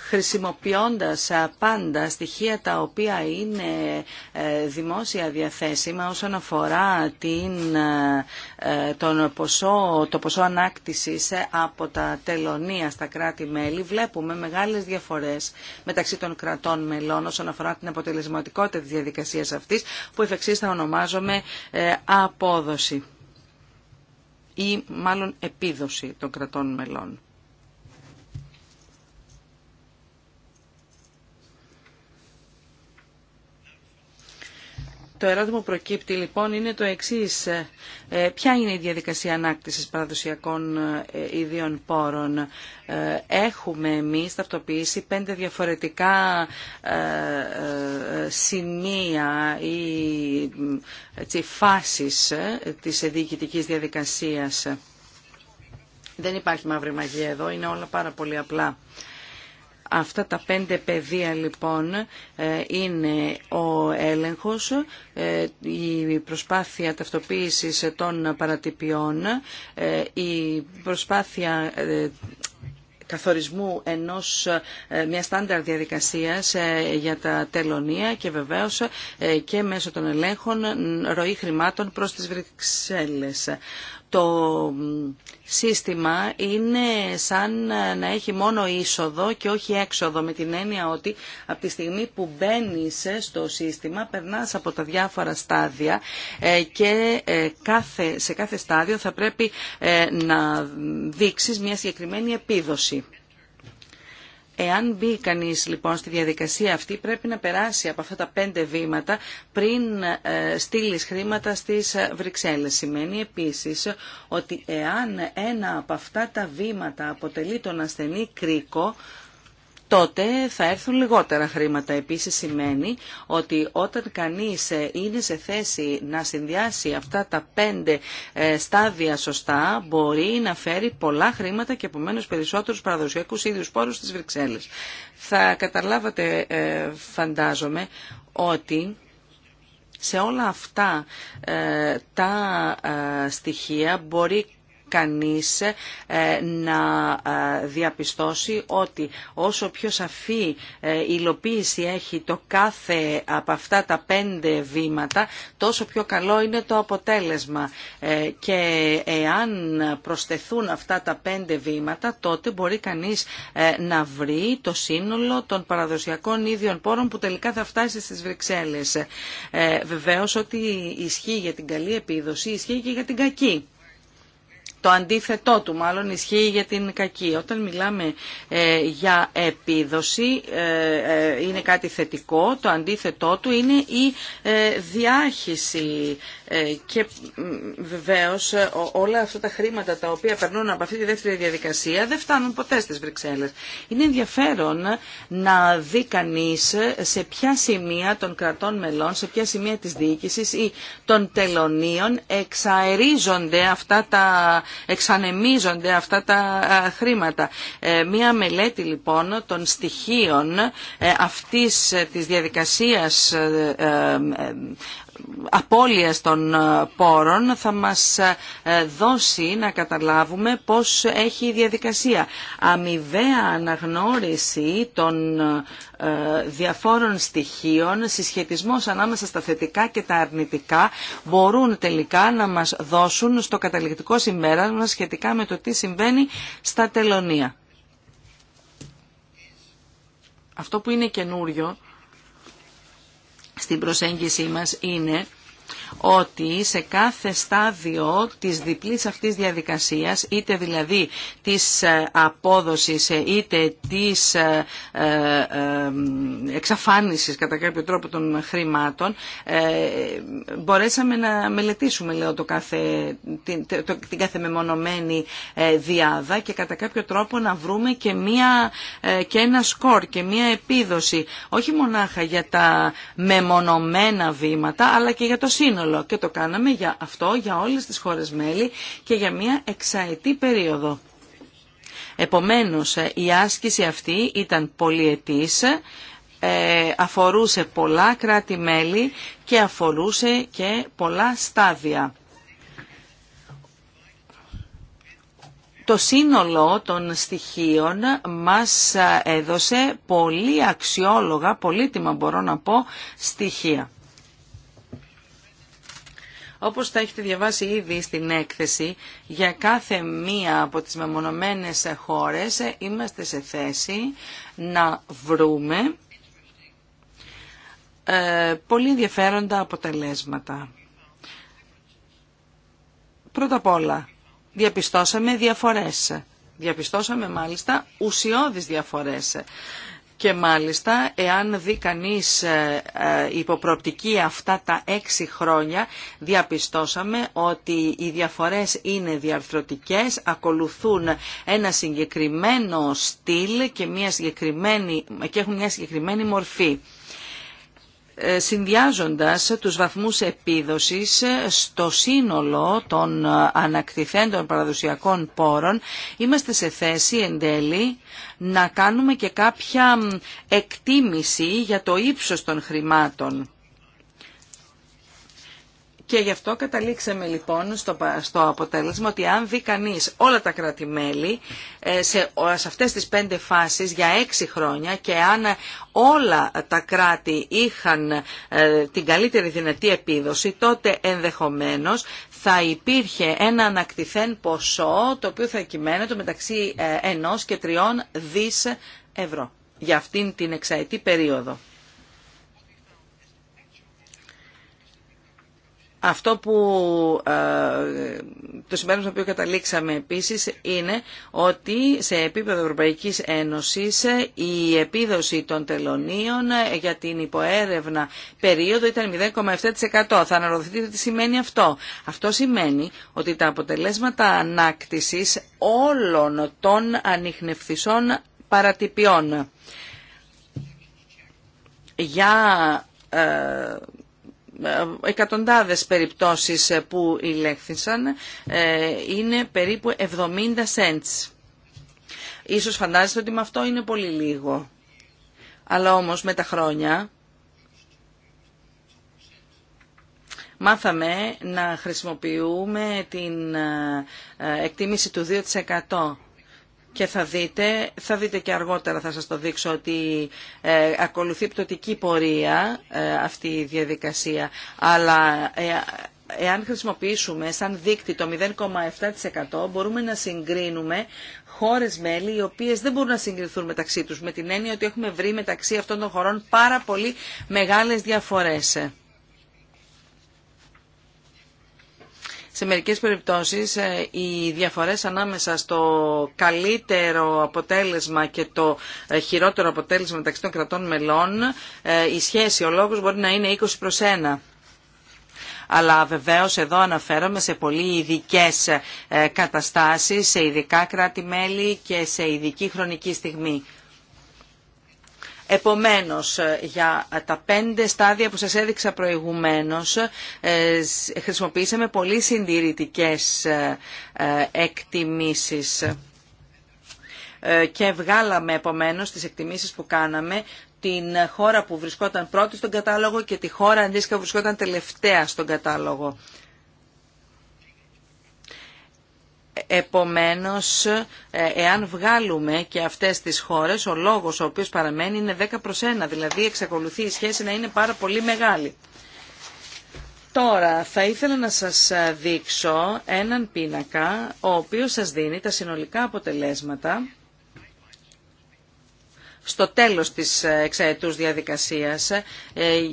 Speaker 4: χρησιμοποιώντας πάντα στοιχεία τα οποία είναι ε, δημόσια διαθέσιμα όσον αφορά την, ε, τον ποσό, το ποσό ανάκτησης ε, από τα τελωνία στα κράτη-μέλη, βλέπουμε μεγάλες διαφορές μεταξύ των κρατών μελών όσον αφορά την αποτελεσματικότητα της διαδικασίας αυτής, που εφ' εξής θα ονομάζομαι απόδοση ή μάλλον επίδοση των κρατών μελών. Το ερώτημα που προκύπτει λοιπόν είναι το εξής. Ε, ποια είναι η διαδικασία ανάκτησης παραδοσιακών ε, ιδίων πόρων. Ε, έχουμε εμεί ταυτοποιήσει πέντε διαφορετικά σημεία ή έτσι, φάσεις της διοικητικής διαδικασίας. Δεν υπάρχει μαύρη μαγεία εδώ, είναι όλα πάρα πολύ απλά. Αυτά τα πέντε πεδία λοιπόν ε, είναι ο έλεγχος, ε, η προσπάθεια ταυτοποίησης των παρατυπιών, ε, η προσπάθεια καθορισμού ενός μια στάνταρ διαδικασίας για τα τελωνία και βεβαίως και μέσω των ελέγχων ροή χρημάτων προς τις Βρυξέλλες το σύστημα είναι σαν να έχει μόνο είσοδο και όχι έξοδο με την έννοια ότι από τη στιγμή που μπαίνεις στο σύστημα περνάς από τα διάφορα στάδια ε, και ε, σε κάθε στάδιο θα πρέπει ε, να δείξεις μια συγκεκριμένη επίδοση. Εάν μπει κανεί λοιπόν στη διαδικασία αυτή πρέπει να περάσει από αυτά τα πέντε βήματα πριν ε, στείλει χρήματα στι ε, Βρυξέλλες. Σημαίνει επίσης ότι εάν ένα από αυτά τα βήματα αποτελεί τον ασθενή κρίκο τότε θα έρθουν λιγότερα χρήματα. Επίσης σημαίνει ότι όταν κανείς ε, είναι σε θέση να συνδυάσει αυτά τα πέντε ε, στάδια σωστά, μπορεί να φέρει πολλά χρήματα και επομένω περισσότερους παραδοσιακούς ίδιους πόρους στις Βρυξέλλες. Θα καταλάβατε, ε, φαντάζομαι, ότι σε όλα αυτά τα στοιχεία μπορεί κανείς ε, να ε, διαπιστώσει ότι όσο πιο σαφή ε, υλοποίηση έχει το κάθε από αυτά τα πέντε βήματα, τόσο πιο καλό είναι το αποτέλεσμα. Και εάν προσθεθούν αυτά τα πέντε βήματα, τότε μπορεί κανείς να βρει το σύνολο των παραδοσιακών ίδιων πόρων που τελικά θα φτάσει στις Βρυξέλλες. Βεβαίως ότι ισχύει για την καλή επίδοση, ισχύει και για την κακή. Το αντίθετό του μάλλον ισχύει για την κακή. Όταν μιλάμε ε, για επίδοση ε, ε, είναι κάτι θετικό, το αντίθετό του είναι η διάχυση ε, και βεβαίως ε, όλα αυτά τα χρήματα τα οποία περνούν από αυτή τη δεύτερη διαδικασία δεν φτάνουν ποτέ στις Βρυξέλλες. Είναι ενδιαφέρον να δει κανεί σε ποια σημεία των κρατών μελών, σε ποια σημεία της διοίκησης ή των τελωνίων εξαερίζονται αυτά τα, εξανεμίζονται αυτά τα χρήματα. Ε, μία μελέτη λοιπόν των στοιχείων αυτής της διαδικασίας απώλειας των ε, πόρων θα μας ε, δώσει να καταλάβουμε πώς έχει η διαδικασία. Αμοιβαία αναγνώριση των ε, διαφόρων στοιχείων, συσχετισμός ανάμεσα στα θετικά και τα αρνητικά μπορούν τελικά να μας δώσουν στο καταληκτικό συμπέρασμα σχετικά με το τι συμβαίνει στα τελωνία. Αυτό που είναι καινούριο στην προσέγγιση μας είναι ότι σε κάθε στάδιο της διπλής αυτής διαδικασίας, είτε δηλαδή της ε, απόδοσης, ε, είτε της ε, εξαφάνισης κατά κάποιο τρόπο των χρημάτων, μπορέσαμε να μελετήσουμε λέω, το κάθε, την, το, την κάθε μεμονωμένη διάδα και κατά κάποιο τρόπο να βρούμε και, μία, και ένα σκορ και μία επίδοση, όχι μονάχα για τα μεμονωμένα βήματα, αλλά και για το σύνολο και το κάναμε για αυτό για όλες τις χώρες μέλη και για μια εξαετή περίοδο. Επομένως ε, η άσκηση αυτή ήταν πολυετής, ε, αφορούσε πολλά κράτη-μέλη και αφορούσε και πολλά στάδια. Το σύνολο των στοιχείων μας ε, έδωσε πολύ αξιόλογα, πολύτιμα μπορώ να πω, στοιχεία. Όπως θα έχετε διαβάσει ήδη στην έκθεση, για κάθε μία από τις μεμονωμένες χώρες είμαστε σε θέση να βρούμε ε, πολύ ενδιαφέροντα αποτελέσματα. Πρώτα απ' όλα, διαπιστώσαμε διαφορές. Διαπιστώσαμε μάλιστα ουσιώδεις διαφορές. Και μάλιστα, εάν δει κανείς ε, ε, υποπροπτική αυτά τα έξι χρόνια, διαπιστώσαμε ότι οι διαφορές είναι διαρθρωτικές, ακολουθούν ένα συγκεκριμένο στυλ και, μια συγκεκριμένη, και έχουν μια συγκεκριμένη μορφή. Ε, συνδυάζοντας τους βαθμούς επίδοσης στο σύνολο των ανακτηθέντων παραδοσιακών πόρων, είμαστε σε θέση εν τέλει να κάνουμε και κάποια εκτίμηση για το ύψος των χρημάτων και γι' αυτό καταλήξαμε λοιπόν στο, στο αποτέλεσμα ότι αν δει κανεί όλα τα κράτη-μέλη ε, σε, σε αυτές τις πέντε φάσεις για έξι χρόνια και αν όλα τα κράτη είχαν ε, την καλύτερη δυνατή επίδοση, τότε ενδεχομένως θα υπήρχε ένα ανακτηθέν ποσό το οποίο θα κυμαίνεται μεταξύ ε, ενός και τριών δις ευρώ για αυτήν την εξαετή περίοδο. Αυτό που ε, το συμπέρασμα που καταλήξαμε επίσης είναι ότι σε επίπεδο Ευρωπαϊκής Ένωσης ε, η επίδοση των τελωνίων ε, για την υποέρευνα περίοδο ήταν 0,7%. Θα αναρωτηθείτε τι σημαίνει αυτό. Αυτό σημαίνει ότι τα αποτελέσματα ανάκτησης όλων των ανιχνευθυσών παρατυπιών για ε, εκατοντάδες περιπτώσεις ε, που ηλέχθησαν ε, είναι περίπου 70 cents. Ίσως φαντάζεστε ότι με αυτό είναι πολύ λίγο. Αλλά όμως με τα χρόνια μάθαμε να χρησιμοποιούμε την εκτίμηση του 2% και θα δείτε, θα δείτε και αργότερα θα σας το δείξω ότι ε, ακολουθεί πτωτική πορεία ε, αυτή η διαδικασία. Αλλά ε, εάν χρησιμοποιήσουμε σαν δείκτη το 0,7% μπορούμε να συγκρίνουμε χώρες μέλη οι οποίες δεν μπορούν να συγκριθούν μεταξύ τους με την έννοια ότι έχουμε βρει μεταξύ αυτών των χωρών πάρα πολύ μεγάλες διαφορές. σε μερικές περιπτώσεις ε, οι διαφορές ανάμεσα στο καλύτερο αποτέλεσμα και το ε, χειρότερο αποτέλεσμα μεταξύ των κρατών μελών, ε, η σχέση, ο λόγος μπορεί να είναι 20 προς 1. Αλλά βεβαίως εδώ αναφέρομαι σε πολύ ειδικέ καταστάσεις, σε ειδικά κράτη-μέλη και σε ειδική χρονική στιγμή. Επομένως, ε, για τα πέντε στάδια που σας έδειξα προηγουμένως, ε, χρησιμοποιήσαμε πολύ συντηρητικές ε, εκτιμήσεις και βγάλαμε επομένως τις εκτιμήσεις που κάναμε την χώρα που βρισκόταν πρώτη στον κατάλογο και τη χώρα αντίστοιχα που βρισκόταν τελευταία στον κατάλογο. Επομένως, ε, εάν βγάλουμε και αυτές τις χώρες, ο λόγος ο οποίος παραμένει είναι 10 προς 1, δηλαδή εξακολουθεί η σχέση να είναι πάρα πολύ μεγάλη. Τώρα θα ήθελα να σας ε, δείξω έναν πίνακα ο οποίος σας δίνει τα συνολικά αποτελέσματα στο τέλος της ε, εξαετούς διαδικασίας ε,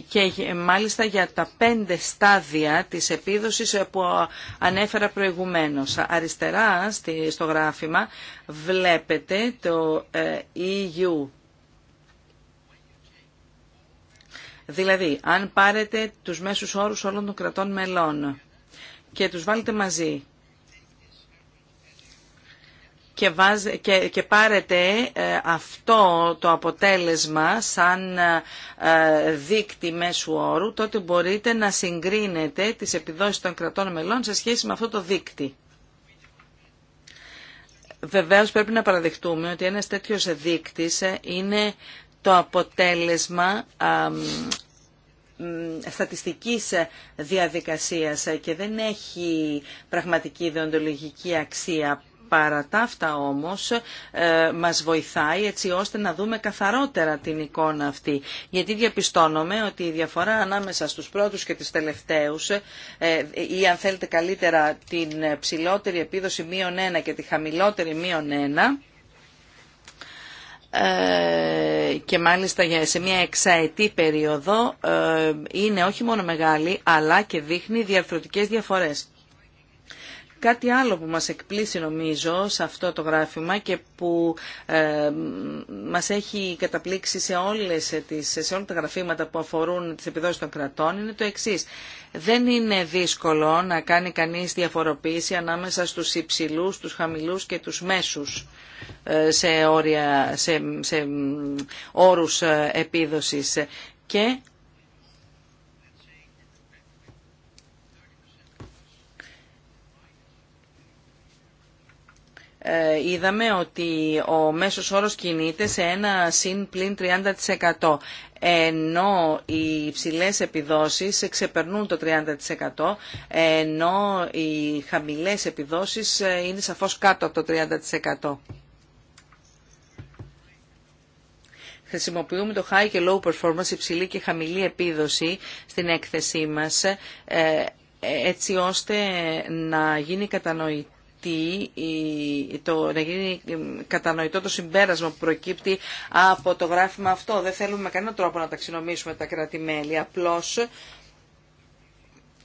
Speaker 4: και μάλιστα για τα πέντε στάδια της επίδοσης ε, που ανέφερα προηγουμένως. Αριστερά στο γράφημα βλέπετε το EU. Δηλαδή, αν πάρετε τους μέσους όρους όλων των κρατών μελών και τους βάλετε μαζί και, και, πάρετε ε, αυτό το αποτέλεσμα σαν ε, δείκτη μέσου όρου, τότε μπορείτε να συγκρίνετε τις επιδόσεις των κρατών μελών σε σχέση με αυτό το δίκτυ. Βεβαίως πρέπει να παραδεχτούμε ότι ένας τέτοιος δείκτης ε, είναι το αποτέλεσμα στατιστικής διαδικασίας και δεν έχει πραγματική ιδεοντολογική αξία Παρά τα αυτά όμως ε, μας βοηθάει έτσι ώστε να δούμε καθαρότερα την εικόνα αυτή. Γιατί διαπιστώνουμε ότι η διαφορά ανάμεσα στους πρώτους και τις τελευταίους ε, ή αν θέλετε καλύτερα την ψηλότερη επίδοση μείον ένα και τη χαμηλότερη μείον ένα ε, και μάλιστα σε μια εξαετή περίοδο είναι όχι μόνο μεγάλη αλλά και δείχνει διαρθρωτικές διαφορές. Κάτι άλλο που μας εκπλήσει νομίζω σε αυτό το γράφημα και που ε, μας έχει καταπλήξει σε, όλες τις, όλα τα γραφήματα που αφορούν τις επιδόσεις των κρατών είναι το εξής. Δεν είναι δύσκολο να κάνει κανείς διαφοροποίηση ανάμεσα στους υψηλούς, τους χαμηλούς και τους μέσους ε, σε, όρια, σε, όρους ε, επίδοσης. Και Ε, είδαμε ότι ο μέσος όρος κινείται σε ένα συν πλην 30% ενώ οι υψηλές επιδόσεις ξεπερνούν το 30% ενώ οι χαμηλές επιδόσεις ε, είναι σαφώς κάτω από το 30%. χρησιμοποιούμε το high και low performance, υψηλή και χαμηλή επίδοση στην έκθεσή μας, ε, έτσι ώστε να γίνει κατανοητή η, το, να γίνει κατανοητό το συμπέρασμα που προκύπτει από το γράφημα αυτό. Δεν θέλουμε με κανέναν τρόπο να ταξινομήσουμε τα κράτη-μέλη, απλώς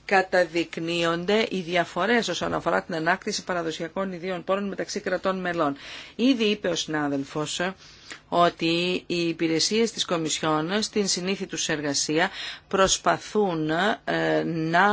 Speaker 4: καταδεικνύονται οι διαφορές όσον αφορά την ανάκτηση παραδοσιακών ιδίων πόρων μεταξύ κρατών μελών. Ήδη είπε ο συνάδελφος ότι οι υπηρεσίες της Κομισιόν στην συνήθη τους εργασία προσπαθούν ε, να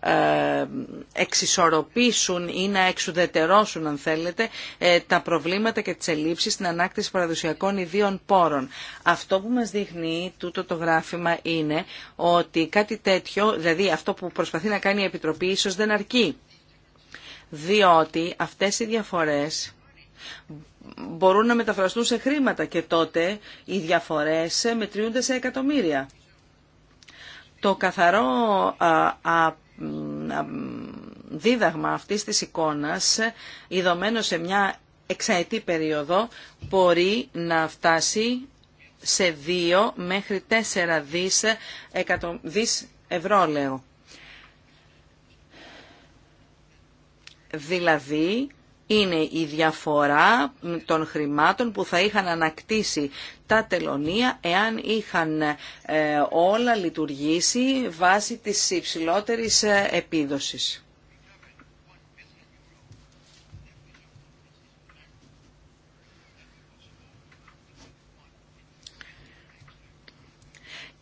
Speaker 4: ε, εξισορροπήσουν ή να εξουδετερώσουν αν θέλετε ε, τα προβλήματα και τις ελλείψεις στην ανάκτηση παραδοσιακών ιδίων πόρων. Αυτό που μας δείχνει τούτο το γράφημα είναι ότι κάτι τέτοιο, δηλαδή αυτό που προσπαθεί να κάνει η Επιτροπή ίσως δεν αρκεί. Διότι αυτές οι διαφορές μπορούν να μεταφραστούν σε χρήματα και τότε οι διαφορές μετριούνται σε εκατομμύρια. Το καθαρό δίδαγμα αυτής της εικόνας, ειδωμένο σε μια εξαετή περίοδο, μπορεί να φτάσει σε 2 μέχρι 4 δις, εκατο... δις ευρώ, λέω. Δηλαδή, είναι η διαφορά των χρημάτων που θα είχαν ανακτήσει τα τελωνία εάν είχαν ε, όλα λειτουργήσει βάσει της υψηλότερης ε, επίδοσης.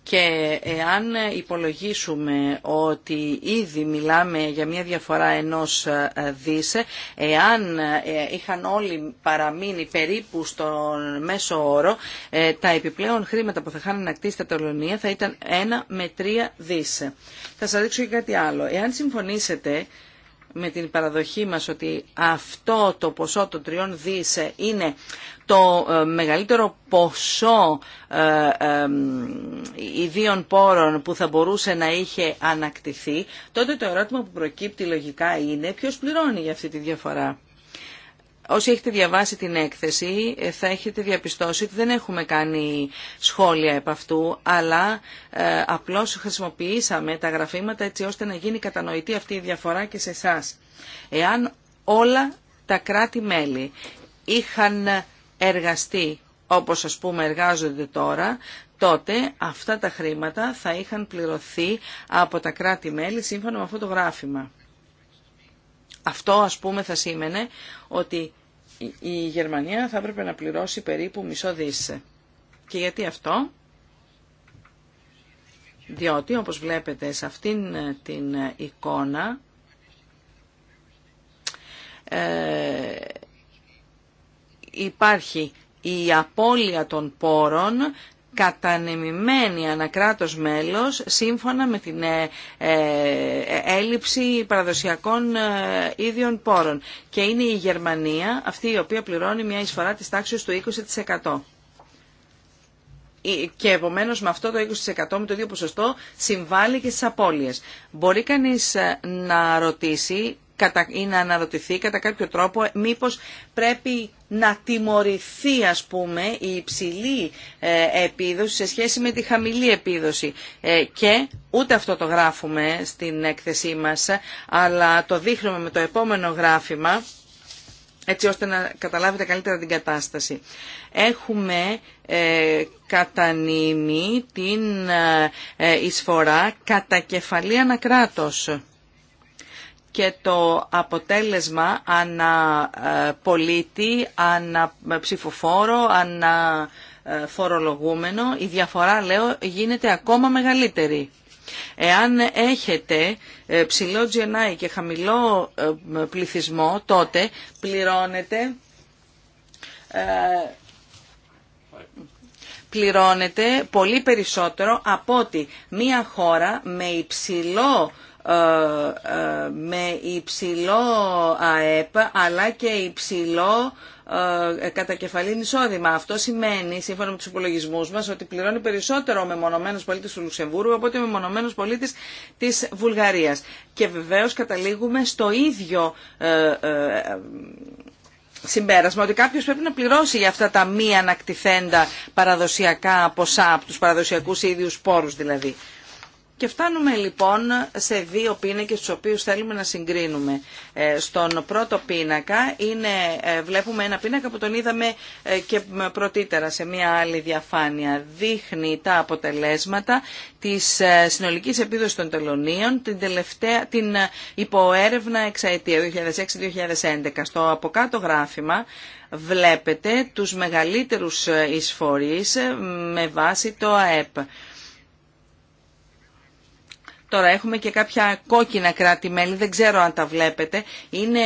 Speaker 4: Και εάν υπολογίσουμε ότι ήδη μιλάμε για μια διαφορά ενός δίσε, εάν ε, είχαν όλοι παραμείνει περίπου στον μέσο όρο, ε, τα επιπλέον χρήματα που θα είχαν ανακτήσει τα τελωνία θα ήταν ένα με τρία δις. Θα σας δείξω και κάτι άλλο. Εάν συμφωνήσετε με την παραδοχή μας ότι αυτό το ποσό των τριών δις ε, είναι το ε, μεγαλύτερο ποσό ε, ιδίων πόρων που θα μπορούσε να είχε ανακτηθεί, τότε το ερώτημα που προκύπτει λογικά είναι ποιος πληρώνει για αυτή τη διαφορά. Όσοι έχετε διαβάσει την έκθεση ε, θα έχετε διαπιστώσει ότι δεν έχουμε κάνει σχόλια επ' αυτού, αλλά ε, απλώς χρησιμοποιήσαμε τα γραφήματα έτσι ώστε να γίνει κατανοητή αυτή η διαφορά και σε εσά. Εάν όλα τα κράτη-μέλη είχαν εργαστεί όπως ας πούμε εργάζονται τώρα, τότε αυτά τα χρήματα θα είχαν πληρωθεί από τα κράτη-μέλη σύμφωνα με αυτό το γράφημα. Αυτό ας πούμε θα σήμαινε ότι η Γερμανία θα έπρεπε να πληρώσει περίπου μισό δις. Και γιατί αυτό? Διότι όπως βλέπετε σε αυτήν την εικόνα ε, υπάρχει η απώλεια των πόρων κατανεμημένη ανακράτος μέλος σύμφωνα με την ε, ε, έλλειψη παραδοσιακών ε, ίδιων πόρων. Και είναι η Γερμανία αυτή η οποία πληρώνει μια εισφορά της τάξης του 20%. Και επομένως με αυτό το 20% με το ίδιο ποσοστό συμβάλλει και στις απώλειε. Μπορεί κανείς να ρωτήσει ή να αναρωτηθεί κατά κάποιο τρόπο μήπως πρέπει να τιμωρηθεί ας πούμε η υψηλή ε, επίδοση σε σχέση με τη χαμηλή επίδοση ε, και ούτε αυτό το γράφουμε στην έκθεσή μας αλλά το δείχνουμε με το επόμενο γράφημα έτσι ώστε να καταλάβετε καλύτερα την κατάσταση. Έχουμε ε, την ε, εισφορά κατά κεφαλή ανακράτος και το αποτέλεσμα ανα ε, πολίτη, ανα ε, ψηφοφόρο, ανα ε, φορολογούμενο, η διαφορά λέω γίνεται ακόμα μεγαλύτερη. Εάν έχετε ψηλό GNI και χαμηλό πληθυσμό, τότε πληρώνετε πληρώνεται πολύ περισσότερο από ότι μία χώρα με υψηλό με υψηλό ΑΕΠ αλλά και υψηλό ε, κατά εισόδημα. Αυτό σημαίνει, σύμφωνα με του υπολογισμού μα, ότι πληρώνει περισσότερο ο μεμονωμένο πολίτη του Λουξεμβούργου από ότι ο μεμονωμένο πολίτη τη Βουλγαρία. Και βεβαίω καταλήγουμε στο ίδιο ε, ε, συμπέρασμα ότι κάποιο πρέπει να πληρώσει για αυτά τα μη ανακτηθέντα παραδοσιακά ποσά, από του παραδοσιακού ίδιου πόρου δηλαδή. Και φτάνουμε λοιπόν σε δύο πίνακες τους οποίους θέλουμε να συγκρίνουμε. Ε, στον πρώτο πίνακα είναι, ε, βλέπουμε ένα πίνακα που τον είδαμε ε, και πρωτήτερα σε μια άλλη διαφάνεια. Δείχνει τα αποτελέσματα της συνολικής επίδοσης των τελωνίων την, τελευταία, την υποέρευνα εξαετία 2006-2011. Στο από κάτω γράφημα βλέπετε τους μεγαλύτερους εισφορείς με βάση το ΑΕΠ. Τώρα έχουμε και κάποια κόκκινα κράτη-μέλη, δεν ξέρω αν τα βλέπετε. Είναι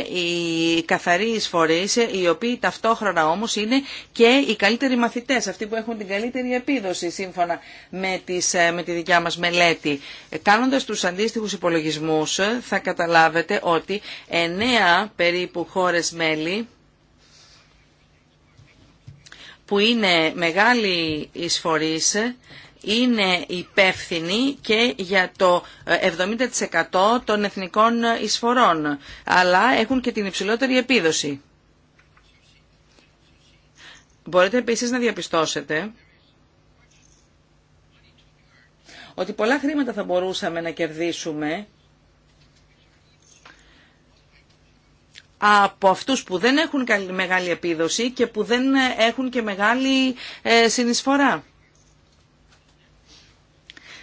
Speaker 4: οι καθαροί εισφορεί, οι οποίοι ταυτόχρονα όμως είναι και οι καλύτεροι μαθητές, αυτοί που έχουν την καλύτερη επίδοση σύμφωνα με, τις, ε, με τη δικιά μας μελέτη. Ε, κάνοντας τους αντίστοιχους υπολογισμούς ε, θα καταλάβετε ότι ότι περίπου χώρε μέλη, που είναι μεγάλη εισφορής είναι υπεύθυνη και για το 70% ε, των εθνικών εισφορών, αλλά έχουν και την υψηλότερη επίδοση. Μπορείτε επίσης να διαπιστώσετε ότι πολλά χρήματα θα μπορούσαμε να κερδίσουμε από αυτούς που δεν έχουν μεγάλη επίδοση και που δεν έχουν και μεγάλη ε, συνεισφορά.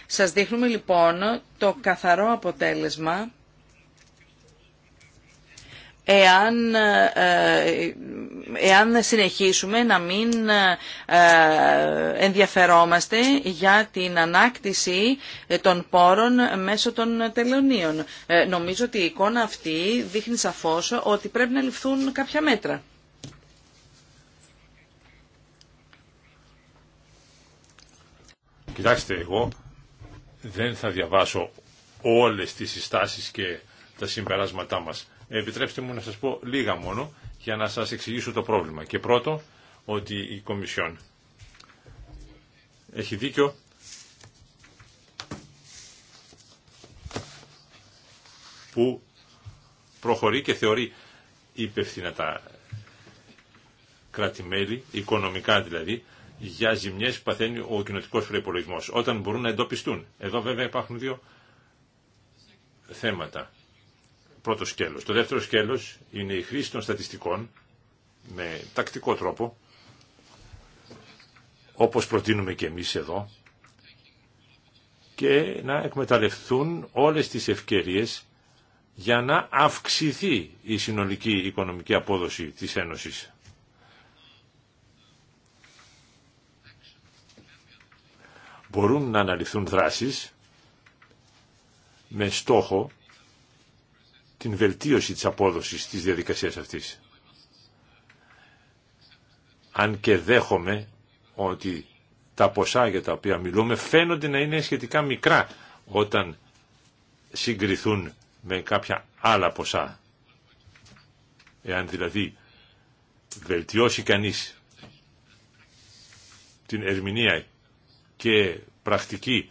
Speaker 4: Σας δείχνουμε λοιπόν το καθαρό αποτέλεσμα εάν, ε, εάν συνεχίσουμε να μην ε, ενδιαφερόμαστε για την ανάκτηση των πόρων μέσω των τελωνίων. Ε, νομίζω ότι η εικόνα αυτή δείχνει σαφώς ότι πρέπει να ληφθούν κάποια μέτρα.
Speaker 3: Κοιτάξτε, εγώ δεν θα διαβάσω όλες τις συστάσεις και τα συμπεράσματά μας. Επιτρέψτε μου να σας πω λίγα μόνο για να σας εξηγήσω το πρόβλημα. Και πρώτο, ότι η Κομισιόν έχει δίκιο που προχωρεί και θεωρεί υπεύθυνα τα κράτη-μέλη, οικονομικά δηλαδή, για ζημιέ που παθαίνει ο κοινοτικό προπολογισμό, όταν μπορούν να εντοπιστούν. Εδώ βέβαια υπάρχουν δύο θέματα. Πρώτο σκέλος. Το δεύτερο σκέλος είναι η χρήση των στατιστικών με τακτικό τρόπο, όπως προτείνουμε και εμείς εδώ, και να εκμεταλλευτούν όλες τις ευκαιρίε για να αυξηθεί η συνολική οικονομική απόδοση της Ένωσης. μπορούν να αναλυθούν δράσεις με στόχο την βελτίωση της απόδοσης της διαδικασίας αυτής. Αν και δέχομαι ότι τα ποσά για τα οποία μιλούμε φαίνονται να είναι σχετικά μικρά όταν συγκριθούν με κάποια άλλα ποσά. Εάν δηλαδή βελτιώσει κανείς την ερμηνεία και πρακτική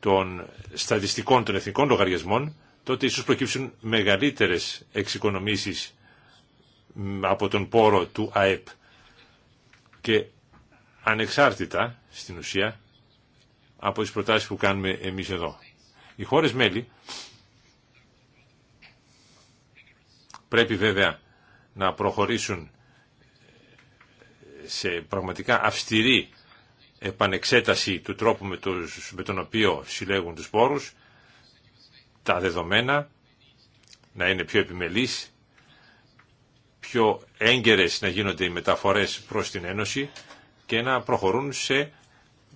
Speaker 3: των στατιστικών των εθνικών λογαριασμών, τότε ίσως προκύψουν μεγαλύτερες εξοικονομήσεις από τον πόρο του ΑΕΠ. Και ανεξάρτητα, στην ουσία, από τις προτάσεις που κάνουμε εμείς εδώ. Οι χώρες μέλη πρέπει βέβαια να προχωρήσουν σε πραγματικά αυστηρή επανεξέταση του τρόπου με, τον οποίο συλλέγουν τους πόρους, τα δεδομένα να είναι πιο επιμελής, πιο έγκαιρες να γίνονται οι μεταφορές προς την Ένωση και να προχωρούν σε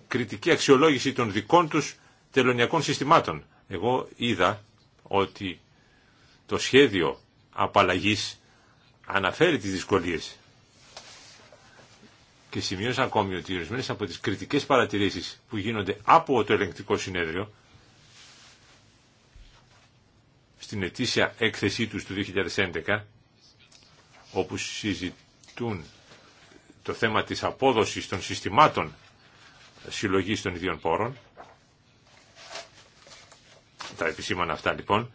Speaker 3: κριτική αξιολόγηση των δικών τους τελωνιακών συστημάτων. Εγώ είδα ότι το σχέδιο απαλλαγής αναφέρει τις δυσκολίες και σημείωσα ακόμη ότι ορισμένε από τις κριτικές παρατηρήσεις που γίνονται από το ελεγκτικό συνέδριο στην ετήσια έκθεσή του του 2011 όπου συζητούν το θέμα της απόδοσης των συστημάτων συλλογής των ιδιών πόρων τα επισήμανα αυτά λοιπόν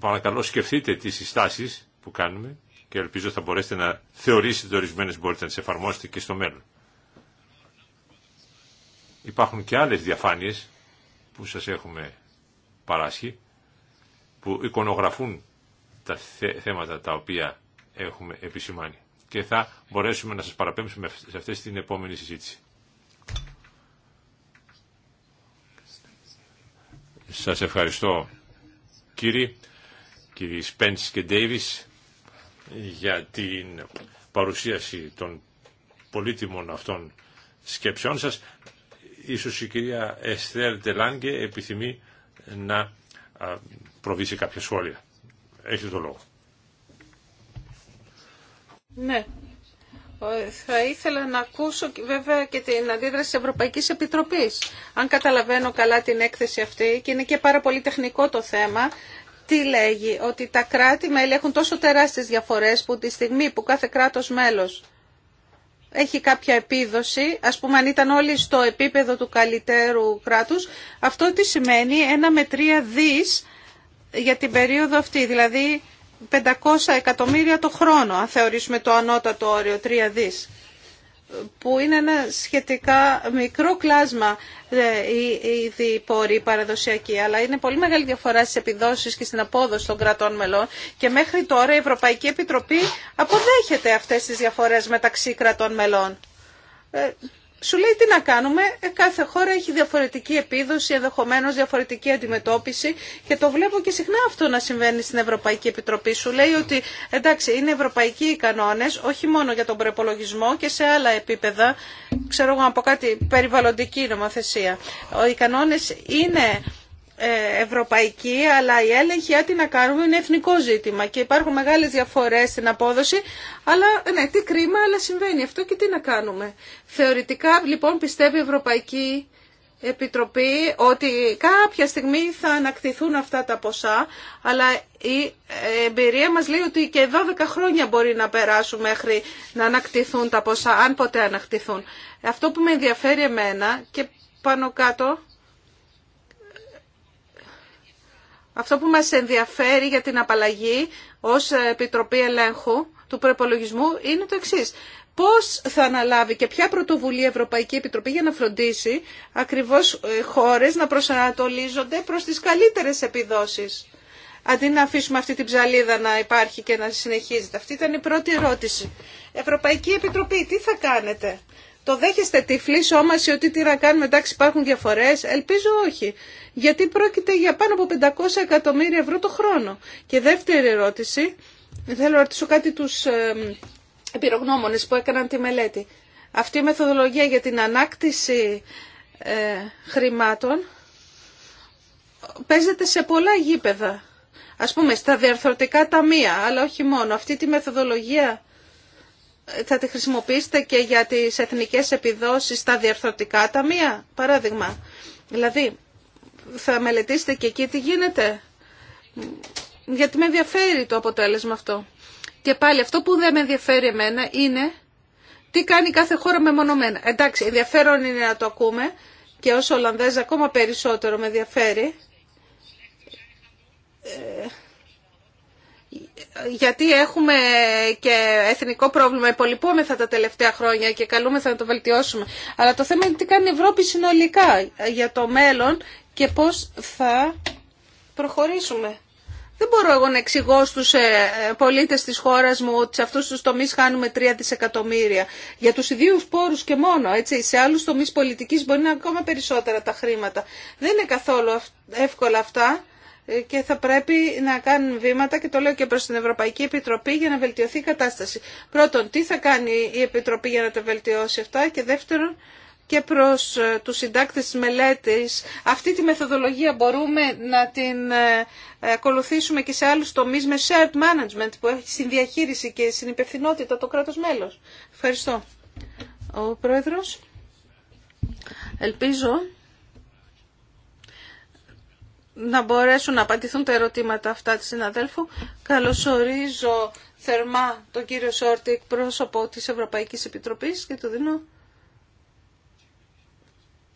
Speaker 3: παρακαλώ σκεφτείτε τις συστάσεις που κάνουμε και ελπίζω θα μπορέσετε να θεωρήσετε ορισμένε μπορείτε να τι εφαρμόσετε και στο μέλλον. Υπάρχουν και άλλες διαφάνειες που σας έχουμε παράσχει, που εικονογραφούν τα θέματα τα οποία έχουμε επισημάνει. Και θα μπορέσουμε να σας παραπέμψουμε σε αυτές την επόμενη συζήτηση. Σας ευχαριστώ κύριοι, κύριοι Σπέντς και Ντέιβις για την παρουσίαση των πολύτιμων αυτών σκέψεών σας. Ίσως η κυρία Εστέρ Τελάνγκε επιθυμεί να προβήσει κάποια σχόλια. Έχετε το λόγο.
Speaker 2: Ναι. Θα ήθελα να ακούσω βέβαια και την αντίδραση της Ευρωπαϊκής Επιτροπής. Αν καταλαβαίνω καλά την έκθεση αυτή και είναι και πάρα πολύ τεχνικό το θέμα, τι λέγει, ότι τα κράτη-μέλη έχουν τόσο τεράστιες διαφορές που τη στιγμή που κάθε κράτος μέλος έχει κάποια επίδοση, ας πούμε αν ήταν όλοι στο επίπεδο του καλύτερου κράτους, αυτό τι σημαίνει ένα με δις για την περίοδο αυτή, δηλαδή 500 εκατομμύρια το χρόνο, αν θεωρήσουμε το ανώτατο όριο τρία δις που είναι ένα σχετικά μικρό κλάσμα ε, οι διπόροι παραδοσιακοί, αλλά είναι πολύ μεγάλη διαφορά στις επιδόσεις και στην απόδοση των κρατών μελών και μέχρι τώρα η Ευρωπαϊκή Επιτροπή αποδέχεται αυτές τις διαφορές μεταξύ κρατών μελών. Ε, σου λέει τι να κάνουμε, ε, κάθε χώρα έχει διαφορετική επίδοση, ενδεχομένω διαφορετική αντιμετώπιση και το βλέπω και συχνά αυτό να συμβαίνει στην Ευρωπαϊκή Επιτροπή. Σου λέει ότι εντάξει είναι ευρωπαϊκοί οι κανόνες, όχι μόνο για τον προπολογισμό και σε άλλα επίπεδα, ξέρω εγώ από κάτι περιβαλλοντική νομοθεσία. Οι κανόνες είναι ε, ευρωπαϊκή, αλλά η έλεγχη τι να κάνουμε είναι εθνικό ζήτημα και υπάρχουν μεγάλες διαφορές στην απόδοση, αλλά ναι, τι κρίμα, αλλά συμβαίνει αυτό και τι να κάνουμε. Θεωρητικά λοιπόν πιστεύει η Ευρωπαϊκή Επιτροπή ότι κάποια στιγμή θα ανακτηθούν αυτά τα ποσά, αλλά η ε, εμπειρία μας λέει ότι και 12 χρόνια μπορεί να περάσουν μέχρι να ανακτηθούν τα ποσά, αν ποτέ ανακτηθούν. Αυτό που με ενδιαφέρει εμένα και πάνω κάτω Αυτό που μας ενδιαφέρει για την απαλλαγή ως Επιτροπή Ελέγχου του Προπολογισμού είναι το εξής. Πώς θα αναλάβει και ποια πρωτοβουλία η Ευρωπαϊκή Επιτροπή για να φροντίσει ακριβώς ε, χώρες να προσανατολίζονται προς τις καλύτερες επιδόσεις. Αντί να αφήσουμε αυτή την ψαλίδα να υπάρχει και να συνεχίζεται. Αυτή ήταν η πρώτη ερώτηση. Ευρωπαϊκή Επιτροπή, τι θα κάνετε το δέχεστε τυφλή σώμαση ότι τι να κάνουμε, εντάξει υπάρχουν διαφορές. Ελπίζω όχι. Γιατί πρόκειται για πάνω από 500 εκατομμύρια ευρώ το χρόνο. Και δεύτερη ερώτηση, θέλω να ρωτήσω κάτι τους επιρρογνώμονες που έκαναν τη μελέτη. Αυτή η μεθοδολογία για την ανάκτηση ε, χρημάτων παίζεται σε πολλά γήπεδα. Ας πούμε στα διαρθρωτικά ταμεία, αλλά όχι μόνο. Αυτή τη μεθοδολογία θα τη χρησιμοποιήσετε και για τις εθνικές επιδόσεις στα διαρθρωτικά ταμεία, παράδειγμα. Δηλαδή, θα μελετήσετε και εκεί τι γίνεται. Γιατί με ενδιαφέρει το αποτέλεσμα αυτό. Και πάλι αυτό που δεν με ενδιαφέρει εμένα είναι τι κάνει κάθε χώρα μεμονωμένα. Εντάξει, ενδιαφέρον είναι να το ακούμε και ως Ολλανδέζα ακόμα περισσότερο με ενδιαφέρει ε, γιατί έχουμε και εθνικό πρόβλημα, υπολοιπόμεθα τα τελευταία χρόνια και καλούμεθα να το βελτιώσουμε. Αλλά το θέμα είναι τι κάνει η Ευρώπη συνολικά για το μέλλον και πώς θα προχωρήσουμε. Δεν μπορώ εγώ να εξηγώ στους ε, πολίτες της χώρας μου ότι σε αυτούς τους τομείς χάνουμε 3 δισεκατομμύρια. Για τους ιδίους πόρους και μόνο, έτσι. Σε άλλους τομείς πολιτικής μπορεί να είναι ακόμα περισσότερα τα χρήματα. Δεν είναι καθόλου εύκολα αυτά και θα πρέπει να κάνουν βήματα και το λέω και προς την Ευρωπαϊκή Επιτροπή για να βελτιωθεί η κατάσταση. Πρώτον, τι θα κάνει η Επιτροπή για να τα βελτιώσει αυτά και δεύτερον, και προς ε, τους συντάκτες της μελέτης. Αυτή τη μεθοδολογία μπορούμε να την ε, ακολουθήσουμε και σε άλλους τομείς με shared management που έχει συνδιαχείριση και συνυπευθυνότητα το κράτος μέλος. Ευχαριστώ. Ο Πρόεδρος, ελπίζω να μπορέσουν να απαντηθούν τα ερωτήματα αυτά της συναδέλφου. Καλωσορίζω θερμά τον κύριο Σόρτη, εκπρόσωπο της Ευρωπαϊκής Επιτροπής και του δίνω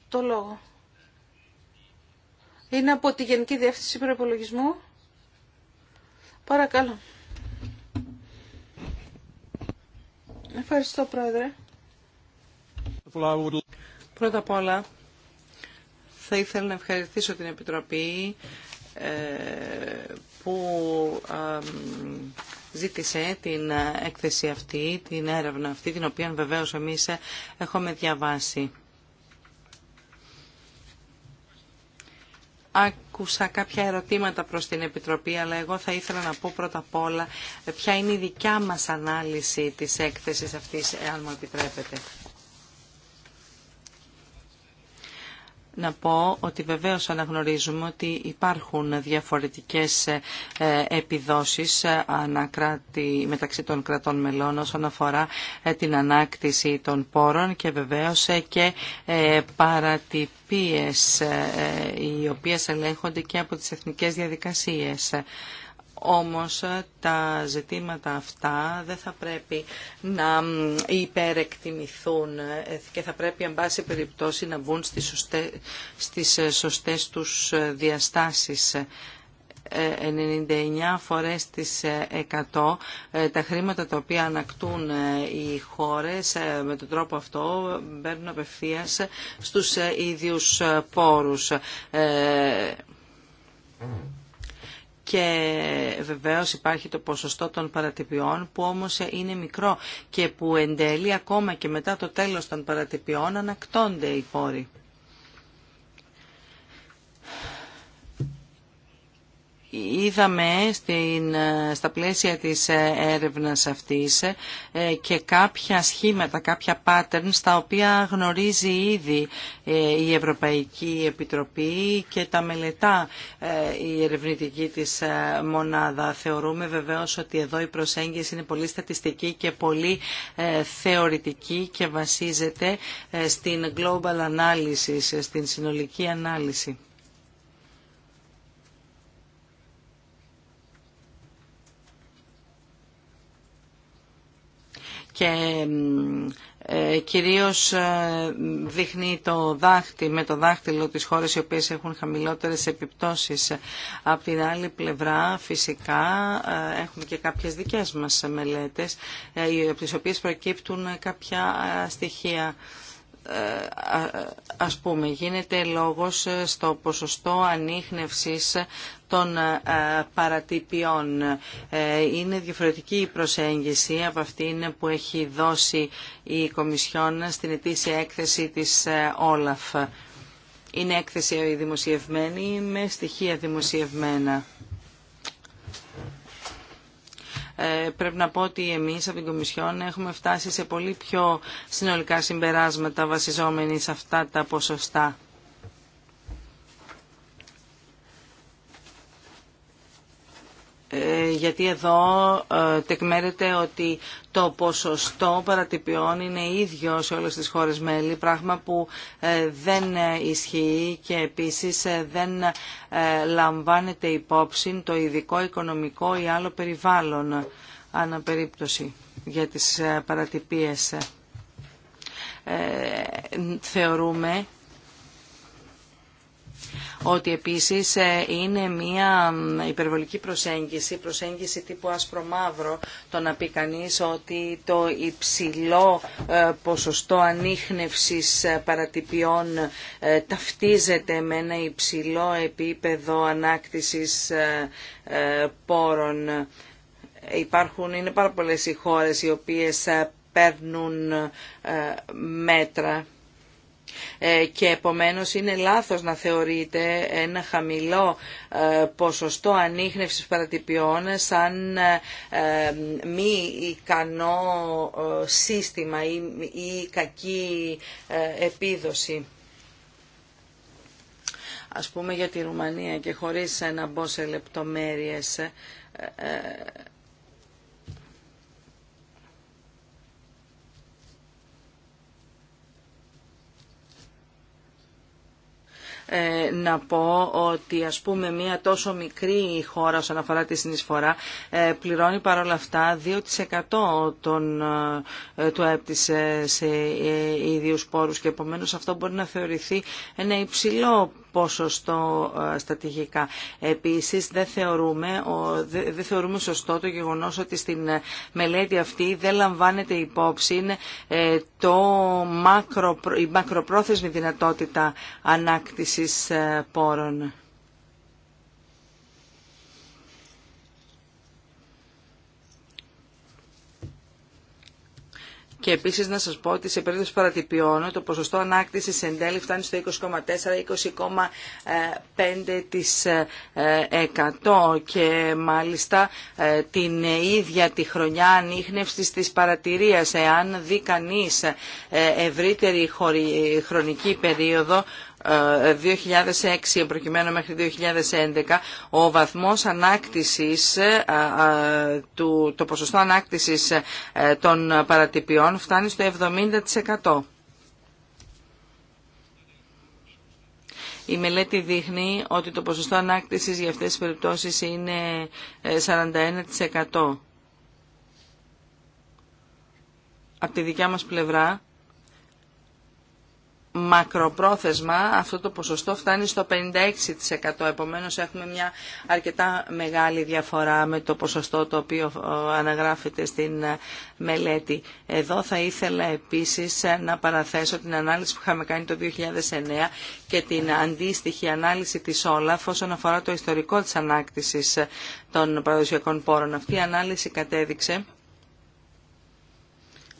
Speaker 2: το λόγο. Είναι από τη Γενική Διεύθυνση Προπολογισμού. Παρακαλώ. Ευχαριστώ, Πρόεδρε.
Speaker 4: Πρώτα απ' όλα, θα ήθελα να ευχαριστήσω την Επιτροπή ε, που ζήτησε την έκθεση αυτή, την έρευνα αυτή, την οποία βεβαίως εμείς έχουμε διαβάσει. Άκουσα κάποια ερωτήματα προς την Επιτροπή, αλλά εγώ θα ήθελα να πω πρώτα απ' όλα ποια είναι η δικιά μας ανάλυση της έκθεσης αυτής, εάν μου επιτρέπετε. να πω ότι βεβαίως αναγνωρίζουμε ότι υπάρχουν διαφορετικές ε, επιδόσεις ε, ανακράτη, μεταξύ των κρατών μελών όσον αφορά ε, την ανάκτηση των πόρων και βεβαίως και παρατυπίες οι οποίες ελέγχονται και από τις εθνικές διαδικασίες. Όμως τα ζητήματα αυτά δεν θα πρέπει να υπερεκτιμηθούν και θα πρέπει πάει πάση περιπτώσει να βγουν στις, σωστέ, στις σωστές τους διαστάσεις. 99 ε, φορές τις 100 ε, τα χρήματα τα οποία ανακτούν ε, οι χώρες με τον τρόπο αυτό μπαίνουν απευθείας στους ίδιους πόρους και βεβαίως υπάρχει το ποσοστό των παρατυπιών που όμως είναι μικρό και που εν τέλει ακόμα και μετά το τέλος των παρατυπιών ανακτώνται οι πόροι. Είδαμε στην, στα πλαίσια της έρευνας αυτής ε, και κάποια σχήματα, κάποια patterns τα οποία γνωρίζει ήδη ε, η Ευρωπαϊκή Επιτροπή και τα μελετά ε, η ερευνητική της μονάδα. Θεωρούμε βεβαίως ότι εδώ η προσέγγιση είναι πολύ στατιστική και πολύ θεωρητική και βασίζεται στην global analysis, στην συνολική ανάλυση. και ε, κυρίως ε, δείχνει το δάχτυ με το δάχτυλο τις χώρες οι οποίες έχουν χαμηλότερες επιπτώσεις. Από την άλλη πλευρά φυσικά ε, έχουμε και κάποιες δικές μας μελέτες από τις οποίες προκύπτουν κάποια στοιχεία. Ε, ας πούμε γίνεται λόγος στο ποσοστό ανείχνευσης των ε, παρατυπιών. Ε, είναι διαφορετική η προσέγγιση από αυτήν που έχει δώσει η Κομισιόν στην ετήσια έκθεση της Όλαφ. Είναι έκθεση δημοσιευμένη με στοιχεία δημοσιευμένα. Ε, πρέπει να πω ότι εμείς από την Κομισιόν έχουμε φτάσει σε πολύ πιο συνολικά συμπεράσματα βασιζόμενοι σε αυτά τα ποσοστά. Ε, γιατί εδώ ε, τεκμέρεται ότι το ποσοστό παρατυπιών είναι ίδιο σε όλες τις χώρες μέλη, πράγμα που ε, δεν ισχύει και επίσης δεν λαμβάνεται υπόψη το ειδικό οικονομικό ή άλλο περιβάλλον αναπερίπτωση για τις παρατυπίες. Θεωρούμε ότι επίσης ε, είναι μια υπερβολική προσέγγιση, προσέγγιση τύπου άσπρο-μαύρο, το να πει κανεί ότι το υψηλό ε, ποσοστό ανείχνευσης ε, παρατυπιών ταυτίζεται με ένα υψηλό επίπεδο ανάκτησης πόρων. Υπάρχουν, είναι πάρα πολλές οι χώρες οι οποίες παίρνουν μέτρα ε, και επομένως είναι λάθος να θεωρείται ένα χαμηλό ε, ποσοστό ανείχνευσης παρατυπιών σαν ε, μη ικανό σύστημα ή κακή επίδοση ας πούμε για τη Ρουμανία και χωρίς να μπω σε λεπτομέρειες Ε, να πω ότι ας πούμε μια τόσο μικρή χώρα όσον αφορά τη συνεισφορά ε, πληρώνει παρόλα αυτά 2% των, ε, του ΑΕΠ σε ίδιους πόρους και επομένως αυτό μπορεί να θεωρηθεί ένα υψηλό ποσοστό ε, στατηγικά. Επίσης δεν θεωρούμε, δεν θεωρούμε σωστό το γεγονός ότι στην ε, μελέτη αυτή δεν λαμβάνεται υπόψη ε, το η μακροπρόθεσμη δυνατότητα ανάκτησης πόρων. Και επίσης να σας πω ότι σε περίπτωση παρατυπιών το ποσοστό ανάκτησης εν τέλει φτάνει στο 20,4-20,5% ε, ε, και μάλιστα ε, την ίδια τη χρονιά ανείχνευση της παρατηρίας. Εάν δει κανείς ευρύτερη χρονική περίοδο 2006 ε, προκειμένου μέχρι 2011 ο βαθμός ανάκτησης ε, το ποσοστό ανάκτησης ε, των παρατυπιών φτάνει στο 70%. Η μελέτη δείχνει ότι το ποσοστό ανάκτησης για αυτές τις περιπτώσεις είναι 41%. Από τη δικιά μας πλευρά μακροπρόθεσμα αυτό το ποσοστό φτάνει στο 56%. Επομένως έχουμε μια αρκετά μεγάλη διαφορά με το ποσοστό το οποίο ε, αναγράφεται στην ε, μελέτη. Εδώ θα ήθελα επίσης ε, να παραθέσω την ανάλυση που είχαμε κάνει το 2009 και την αντίστοιχη ανάλυση της Όλαφ όσον αφορά το ιστορικό της ανάκτησης των παραδοσιακών πόρων. Αυτή η ανάλυση κατέδειξε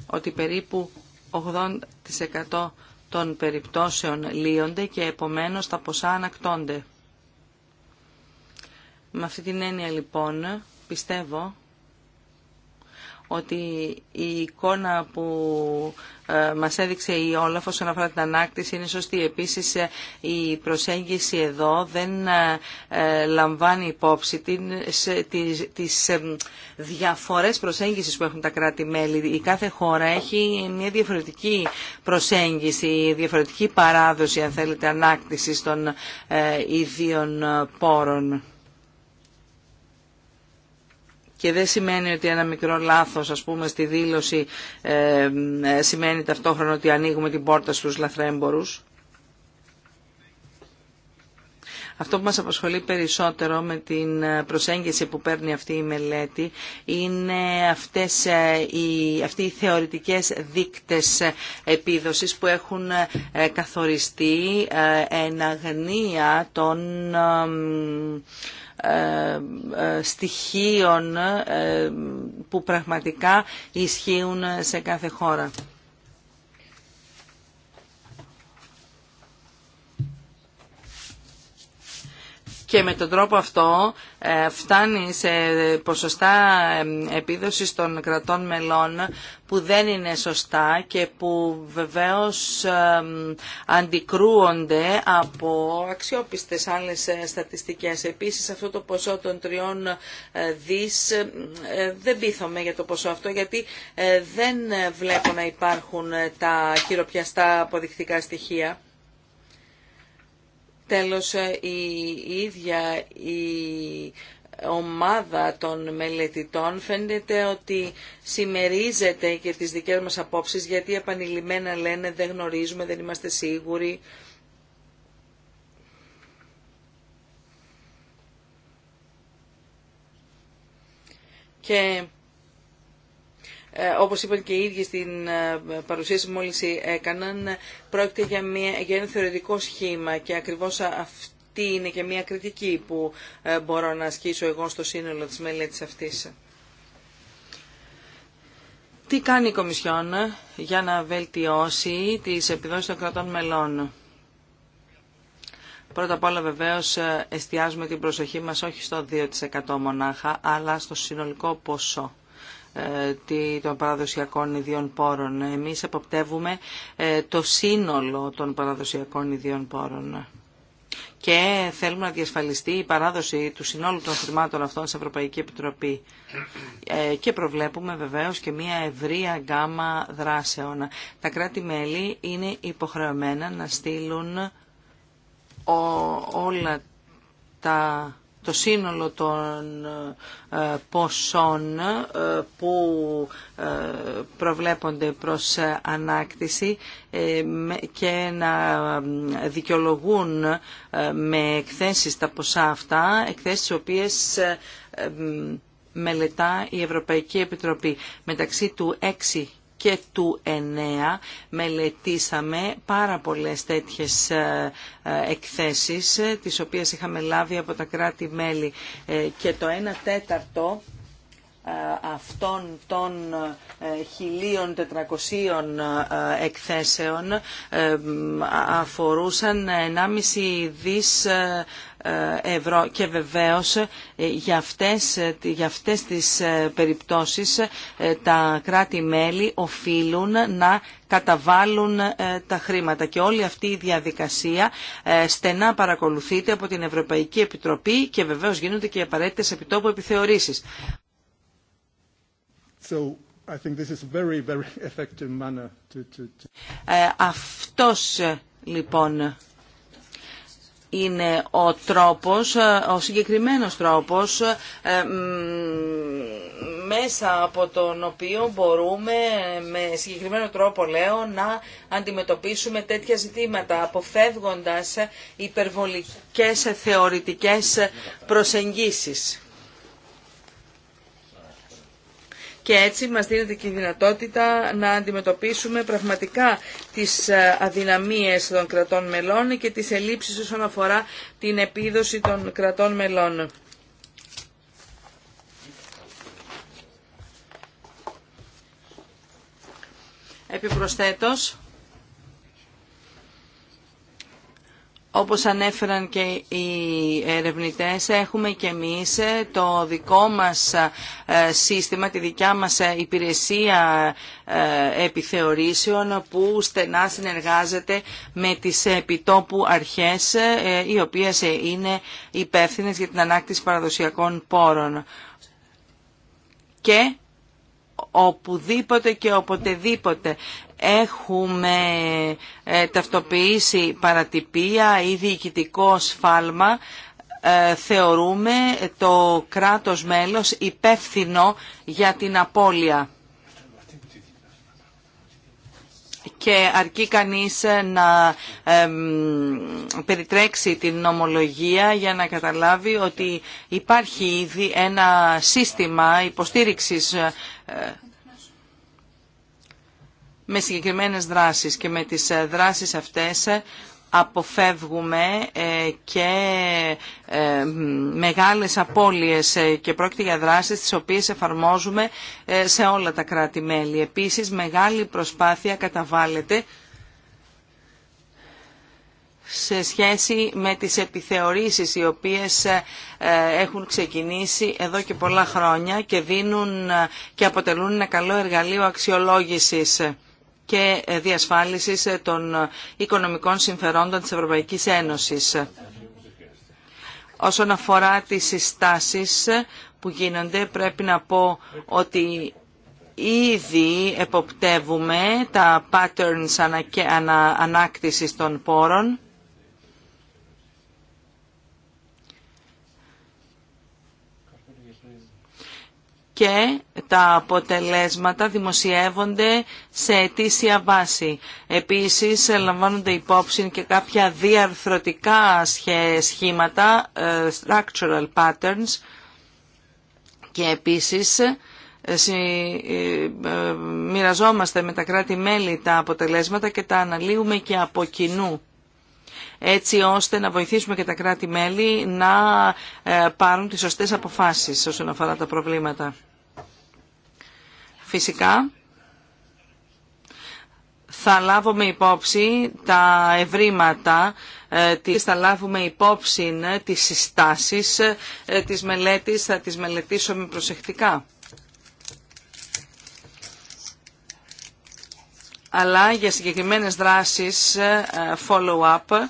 Speaker 4: ότι περίπου 80% των περιπτώσεων λύονται και επομένως τα ποσά ανακτώνται. Με αυτή την έννοια λοιπόν πιστεύω ότι η εικόνα που ε, μας έδειξε η Όλαφ όσον αφορά την ανάκτηση είναι σωστή. Επίσης ε, η προσέγγιση εδώ δεν ε, λαμβάνει υπόψη τις διαφορές προσέγγισης που έχουν τα κράτη-μέλη. Η κάθε χώρα έχει μια διαφορετική προσέγγιση, διαφορετική παράδοση αν θέλετε ανάκτησης των ιδίων πόρων και δεν σημαίνει ότι ένα μικρό λάθος ας πούμε στη δήλωση ε, ε, σημαίνει ταυτόχρονα ότι ανοίγουμε την πόρτα στους λαθρέμπορους. Αυτό που μας απασχολεί περισσότερο με την ε, προσέγγιση που παίρνει αυτή η μελέτη είναι αυτές ε, οι, αυτοί οι θεωρητικές δίκτες επίδοσης που έχουν καθοριστεί εν αγνία των ε, ε, στοιχείων ε, που πραγματικά ισχύουν σε κάθε χώρα. και με τον τρόπο αυτό ε, φτάνει σε ποσοστά ε, επίδοσης των κρατών μελών που δεν είναι σωστά και που βεβαίως ε, αντικρούονται από αξιόπιστες άλλες στατιστικές. Επίσης αυτό το ποσό των τριών δις δεν πείθομαι για το ποσό αυτό γιατί δεν βλέπω να υπάρχουν τα χειροπιαστά αποδεικτικά στοιχεία. Τέλος, ε, η ίδια η ομάδα των μελετητών φαίνεται ότι συμμερίζεται και τις δικές μας απόψεις γιατί επανειλημμένα λένε δεν γνωρίζουμε, δεν είμαστε σίγουροι. Και ε, όπως είπαν και οι ίδιοι στην ε, παρουσίαση που μόλις έκαναν, πρόκειται για, μια, για ένα θεωρητικό σχήμα και ακριβώς αυτή είναι και μια κριτική που ε, μπορώ να ασκήσω εγώ στο σύνολο της μελέτης αυτής. Τι κάνει η Κομισιόν για να βελτιώσει τις επιδόσεις των κρατών μελών. Πρώτα απ' όλα βεβαίως εστιάζουμε την προσοχή μας όχι στο 2% μονάχα, αλλά στο συνολικό ποσό. Ε, των παραδοσιακών ιδιών πόρων. Εμείς αποπτεύουμε ε, το σύνολο των παραδοσιακών ιδιών πόρων και θέλουμε να διασφαλιστεί η παράδοση του συνόλου των χρημάτων αυτών σε Ευρωπαϊκή Επιτροπή. Ε, και προβλέπουμε βεβαίως και μια ευρία γκάμα δράσεων. Τα κράτη-μέλη είναι υποχρεωμένα να στείλουν όλα τα το σύνολο των ε, ποσών ε, που ε, προβλέπονται προς ανάκτηση και να δικαιολογούν με εκθέσεις τα ποσά αυτά, εκθέσεις τις οποίες μελετά η Ευρωπαϊκή Επιτροπή. Μεταξύ του 6 και του 9 μελετήσαμε πάρα πολλές τέτοιες ε, ε, εκθέσεις ε, τις οποίες είχαμε λάβει από τα κράτη-μέλη και το 1 τέταρτο αυτών των 1.400 εκθέσεων αφορούσαν 1,5 δις ε, και βεβαίως ε, για αυτές, ε, για αυτές τις περιπτώσεις τα κράτη-μέλη οφείλουν να καταβάλουν τα χρήματα και όλη αυτή η διαδικασία στενά παρακολουθείται από την Ευρωπαϊκή Επιτροπή και βεβαίως γίνονται και οι απαραίτητες επιτόπου επιθεωρήσεις. So... I think this is very, very to, to, to... αυτός λοιπόν είναι ο τρόπος, ε, ο συγκεκριμένος τρόπος ε, μέσα από τον οποίο μπορούμε με συγκεκριμένο τρόπο λέω να αντιμετωπίσουμε τέτοια ζητήματα αποφεύγοντας υπερβολικές θεωρητικές προσεγγίσεις. και έτσι μας δίνεται και η δυνατότητα να αντιμετωπίσουμε πραγματικά τις ε, αδυναμίες των κρατών μελών και τις ελλείψεις όσον αφορά την επίδοση των κρατών μελών. Επιπροσθέτως, Όπως ανέφεραν και οι ερευνητές, έχουμε και εμείς το δικό μας ε, σύστημα, τη δικιά μας ε, υπηρεσία ε, επιθεωρήσεων που στενά συνεργάζεται με τις επιτόπου αρχές οι οποίες είναι υπεύθυνες για την ανάκτηση παραδοσιακών πόρων. Και οπουδήποτε και οποτεδήποτε έχουμε ε, ταυτοποιήσει παρατυπία ή διοικητικό σφάλμα, ε, θεωρούμε το κράτος μέλος υπεύθυνο για την απώλεια. και αρκεί κανείς να περιτρέξει την νομολογία για να καταλάβει ότι υπάρχει ήδη ένα σύστημα υποστήριξης ε, με συγκεκριμένες δράσεις και με τις ε, δράσεις αυτές αποφεύγουμε ε, και ε, μεγάλες απώλειες ε, και πρόκειται για δράσεις τις οποίες εφαρμόζουμε σε όλα τα κράτη-μέλη. Επίσης, μεγάλη προσπάθεια καταβάλλεται σε σχέση με τις επιθεωρήσεις οι οποίες έχουν ξεκινήσει εδώ και πολλά χρόνια και δίνουν και αποτελούν ένα καλό εργαλείο αξιολόγησης και διασφάλισης των οικονομικών συμφερόντων της Ευρωπαϊκής Ένωσης. Όσον αφορά τις συστάσεις που γίνονται, πρέπει να πω ότι ήδη εποπτεύουμε τα patterns ανάκτησης των πόρων και τα αποτελέσματα δημοσιεύονται σε αιτήσια βάση. Επίσης λαμβάνονται υπόψη και κάποια διαρθρωτικά σχήματα, ε, structural patterns και επίσης ε, ε, μοιραζόμαστε με τα κράτη-μέλη τα αποτελέσματα και τα αναλύουμε και από κοινού έτσι ώστε να βοηθήσουμε και τα κράτη-μέλη να πάρουν τις σωστές αποφάσεις όσον αφορά τα προβλήματα. Φυσικά θα λάβουμε υπόψη τα ευρήματα ε, θα λάβουμε υπόψη ε, τις συστάσεις ε, της μελέτης, θα τις μελετήσουμε προσεκτικά. Αλλά για συγκεκριμένες δράσεις follow-up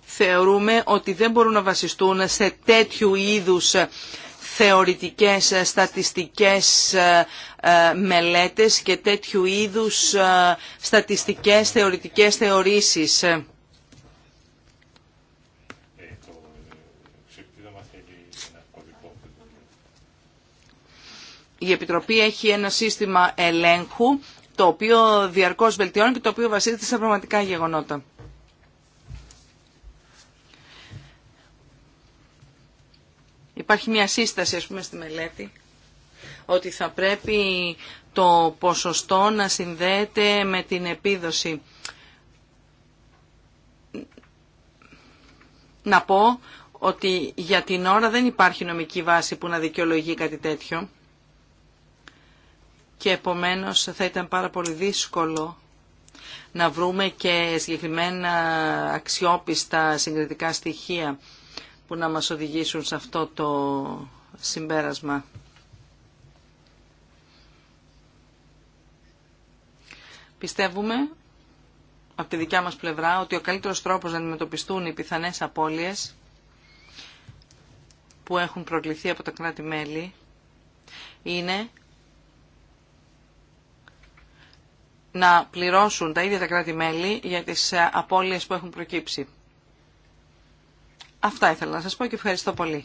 Speaker 4: θεωρούμε ότι δεν μπορούν να βασιστούν σε τέτοιου είδους θεωρητικές ε, στατιστικές ε, ε, μελέτες και τέτοιου είδους στατιστικές θεωρητικές θεωρήσεις. Η Επιτροπή έχει ένα σύστημα ελέγχου το οποίο διαρκώς βελτιώνει και το οποίο βασίζεται σε πραγματικά γεγονότα. υπάρχει μια σύσταση ας πούμε στη μελέτη ότι θα πρέπει το ποσοστό να συνδέεται με την επίδοση. Να πω ότι για την ώρα δεν υπάρχει νομική βάση που να δικαιολογεί κάτι τέτοιο και επομένως θα ήταν πάρα πολύ δύσκολο να βρούμε και συγκεκριμένα αξιόπιστα συγκριτικά στοιχεία που να μας οδηγήσουν σε αυτό το συμπέρασμα. Πιστεύουμε από τη δικιά μας πλευρά ότι ο καλύτερος τρόπος να αντιμετωπιστούν οι πιθανές απώλειες που έχουν προκληθεί από τα κράτη-μέλη είναι να πληρώσουν τα ίδια τα κράτη-μέλη για τις απώλειες που έχουν προκύψει. Αυτά ήθελα να σας πω και ευχαριστώ πολύ.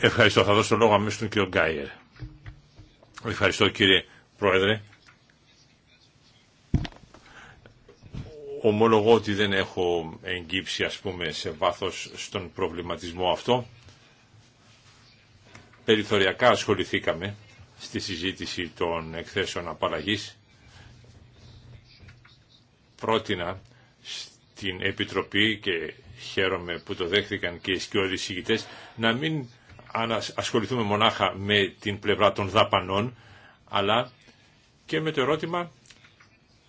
Speaker 1: Ευχαριστώ. Θα δώσω
Speaker 3: λόγο αμέσως τον κύριο Γκάιερ. Ευχαριστώ κύριε Πρόεδρε. Ομολογώ ότι δεν έχω εγγύψει ας πούμε σε βάθος στον προβληματισμό αυτό. Περιθωριακά ασχοληθήκαμε στη συζήτηση των εκθέσεων απαλλαγής πρότεινα στην Επιτροπή και χαίρομαι που το δέχθηκαν και οι σκιώδεις να μην ασχοληθούμε μονάχα με την πλευρά των δαπανών αλλά και με το ερώτημα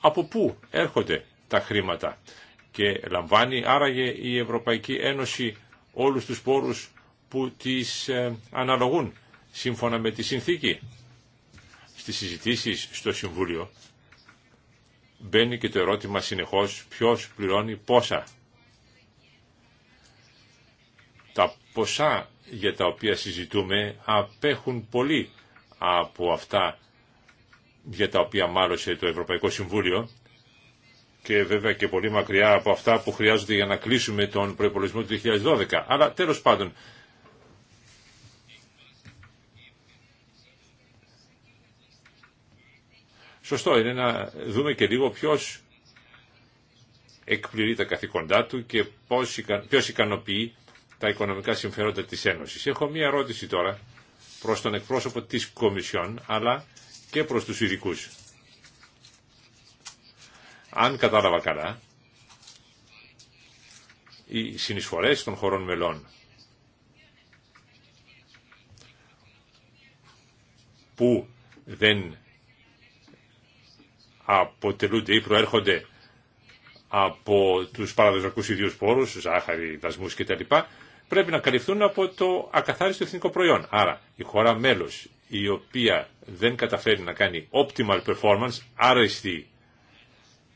Speaker 3: από πού έρχονται τα χρήματα και λαμβάνει άραγε η Ευρωπαϊκή Ένωση όλους τους πόρους που τις ε, αναλογούν σύμφωνα με τη συνθήκη στις συζητήσεις στο Συμβούλιο μπαίνει και το ερώτημα συνεχώς ποιος πληρώνει πόσα. Τα ποσά για τα οποία συζητούμε απέχουν πολύ από αυτά για τα οποία μάλωσε το Ευρωπαϊκό Συμβούλιο και βέβαια και πολύ μακριά από αυτά που χρειάζονται για να κλείσουμε τον προϋπολογισμό του 2012. Αλλά τέλος πάντων Σωστό είναι να δούμε και λίγο ποιος εκπληρεί τα καθήκοντά του και ποιος ικανοποιεί τα οικονομικά συμφέροντα της Ένωσης. Έχω μία ερώτηση τώρα προς τον εκπρόσωπο της Κομισιόν, αλλά και προς τους ειδικού. Αν κατάλαβα καλά, οι συνεισφορές των χωρών μελών που δεν αποτελούνται ή προέρχονται από τους παραδοσιακούς ιδίους πόρους, ζάχαρη, δασμούς κτλ. πρέπει να καλυφθούν από το ακαθάριστο εθνικό προϊόν. Άρα η χώρα μέλος η οποία δεν καταφέρει να κάνει optimal performance, άρεστη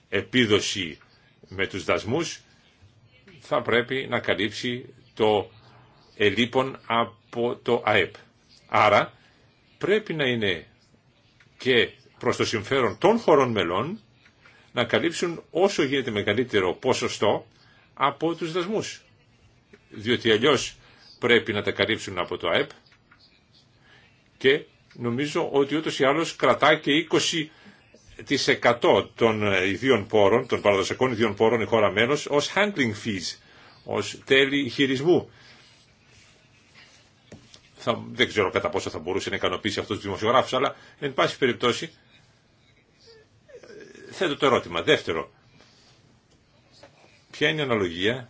Speaker 3: επίδοση με τους δασμούς, θα πρέπει να καλύψει το ελίπον από το ΑΕΠ. Άρα πρέπει να είναι και προς το συμφέρον των χωρών μελών να καλύψουν όσο γίνεται μεγαλύτερο ποσοστό από τους δασμούς. Διότι αλλιώς πρέπει να τα καλύψουν από το ΑΕΠ και νομίζω ότι ούτως ή άλλως κρατά και 20% των ιδίων πόρων, των παραδοσιακών ιδίων πόρων η χώρα μέλος ως handling fees, ως τέλη χειρισμού. Θα, δεν ξέρω κατά πόσο θα μπορούσε να ικανοποιήσει αυτός του δημοσιογράφου, αλλά εν πάση περιπτώσει θέτω το ερώτημα. Δεύτερο, ποια είναι η αναλογία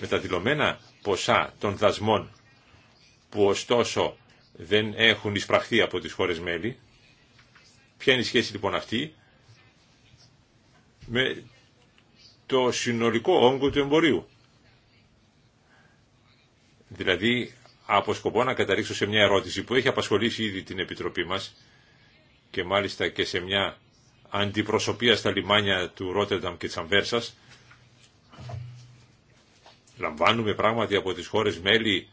Speaker 3: με τα δηλωμένα ποσά των δασμών που ωστόσο δεν έχουν εισπραχθεί από τις χώρες μέλη. Ποια είναι η σχέση λοιπόν αυτή με το συνολικό όγκο του εμπορίου. Δηλαδή, σκοπό να καταλήξω σε μια ερώτηση που έχει απασχολήσει ήδη την Επιτροπή μας και μάλιστα και σε μια αντιπροσωπεία στα λιμάνια του Ρότερνταμ και της Αμβέρσας. Λαμβάνουμε πράγματι από τις χώρες μέλη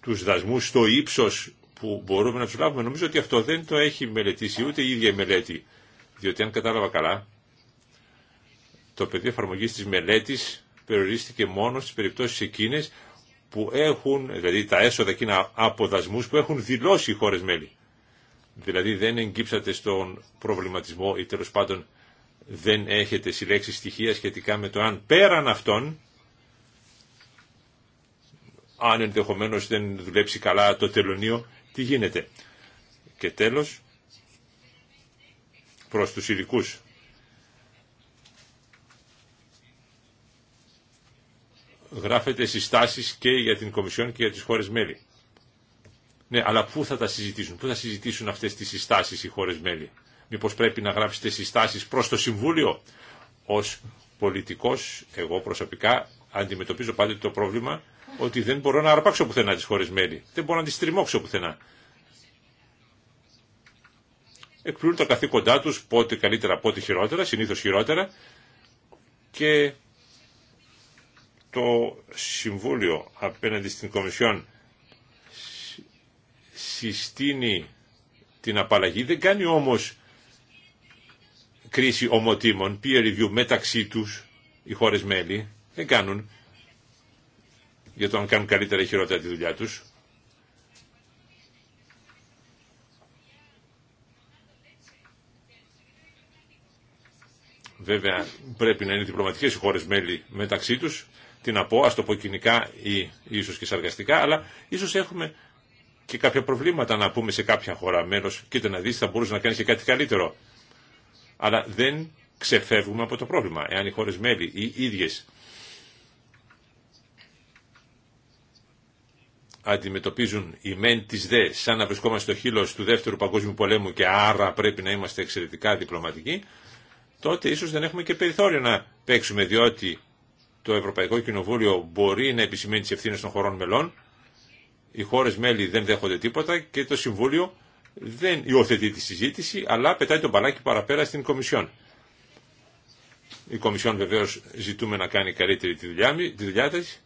Speaker 3: τους δασμούς στο ύψος που μπορούμε να τους λάβουμε. Νομίζω ότι αυτό δεν το έχει μελετήσει ούτε η ίδια η μελέτη. Διότι αν κατάλαβα καλά, το πεδίο εφαρμογή της μελέτης περιορίστηκε μόνο στις περιπτώσεις εκείνες που έχουν, δηλαδή τα έσοδα εκείνα από δασμούς που έχουν δηλώσει οι χώρες μέλη. Δηλαδή δεν εγκύψατε στον προβληματισμό ή τέλο πάντων δεν έχετε συλλέξει στοιχεία σχετικά με το αν πέραν αυτών αν ενδεχομένως δεν δουλέψει καλά το τελωνίο, τι γίνεται. Και τέλος, προς τους ειδικού γράφετε συστάσεις και για την Κομισιόν και για τις χώρε μέλη. Ναι, αλλά πού θα τα συζητήσουν, πού θα συζητήσουν αυτές τις συστάσεις οι χώρε μέλη. Μήπω πρέπει να γράψετε συστάσεις προς το Συμβούλιο. Ως πολιτικός, εγώ προσωπικά αντιμετωπίζω πάντοτε το πρόβλημα ότι δεν μπορώ να αρπάξω πουθενά τι χώρε μέλη. Δεν μπορώ να τι τριμώξω πουθενά. Εκπλούν τα καθήκοντά του, πότε καλύτερα, πότε χειρότερα, συνήθω χειρότερα και το Συμβούλιο απέναντι στην Κομισιόν συστήνει την απαλλαγή, δεν κάνει όμως κρίση ομοτήμων, peer review μεταξύ τους, οι χώρες μέλη, δεν κάνουν για το αν κάνουν καλύτερα ή χειρότερα τη δουλειά τους. Βέβαια πρέπει να είναι διπλωματικές οι χώρες μέλη μεταξύ τους, τι να πω, ας το πω κοινικά ή ίσως και σαργαστικά, αλλά ίσως έχουμε και κάποια προβλήματα να πούμε σε κάποια χώρα μέρος κοίτα να δεις θα μπορούσε να κάνεις και κάτι καλύτερο. Αλλά δεν ξεφεύγουμε από το πρόβλημα, εάν οι χώρες μέλη ή οι ίδιες αντιμετωπίζουν οι μεν τις δε σαν να βρισκόμαστε στο χείλο του δεύτερου παγκόσμιου πολέμου και άρα πρέπει να είμαστε εξαιρετικά διπλωματικοί, τότε ίσως δεν έχουμε και περιθώριο να παίξουμε διότι το Ευρωπαϊκό Κοινοβούλιο μπορεί να επισημαίνει τι ευθύνε των χωρών μελών, οι χώρε μέλη δεν δέχονται τίποτα και το Συμβούλιο δεν υιοθετεί τη συζήτηση, αλλά πετάει τον μπαλάκι παραπέρα στην Κομισιόν. Η Κομισιόν βεβαίω ζητούμε να κάνει καλύτερη τη δουλειά, τη δουλειά της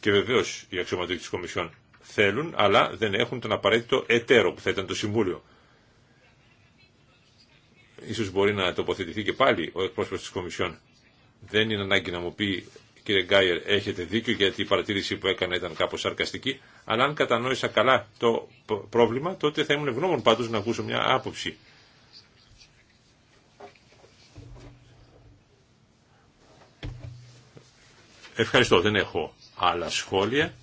Speaker 3: και βεβαίω οι αξιωματικοί τη Κομισιόν θέλουν, αλλά δεν έχουν τον απαραίτητο εταίρο που θα ήταν το Συμβούλιο. Ίσως μπορεί να τοποθετηθεί και πάλι ο εκπρόσωπος της Κομισιόν δεν είναι ανάγκη να μου πει κύριε Γκάιερ έχετε δίκιο γιατί η παρατήρηση που έκανα ήταν κάπως σαρκαστική αλλά αν κατανόησα καλά το πρόβλημα τότε θα ήμουν ευγνώμων πάντως να ακούσω μια άποψη. Ευχαριστώ, δεν έχω άλλα σχόλια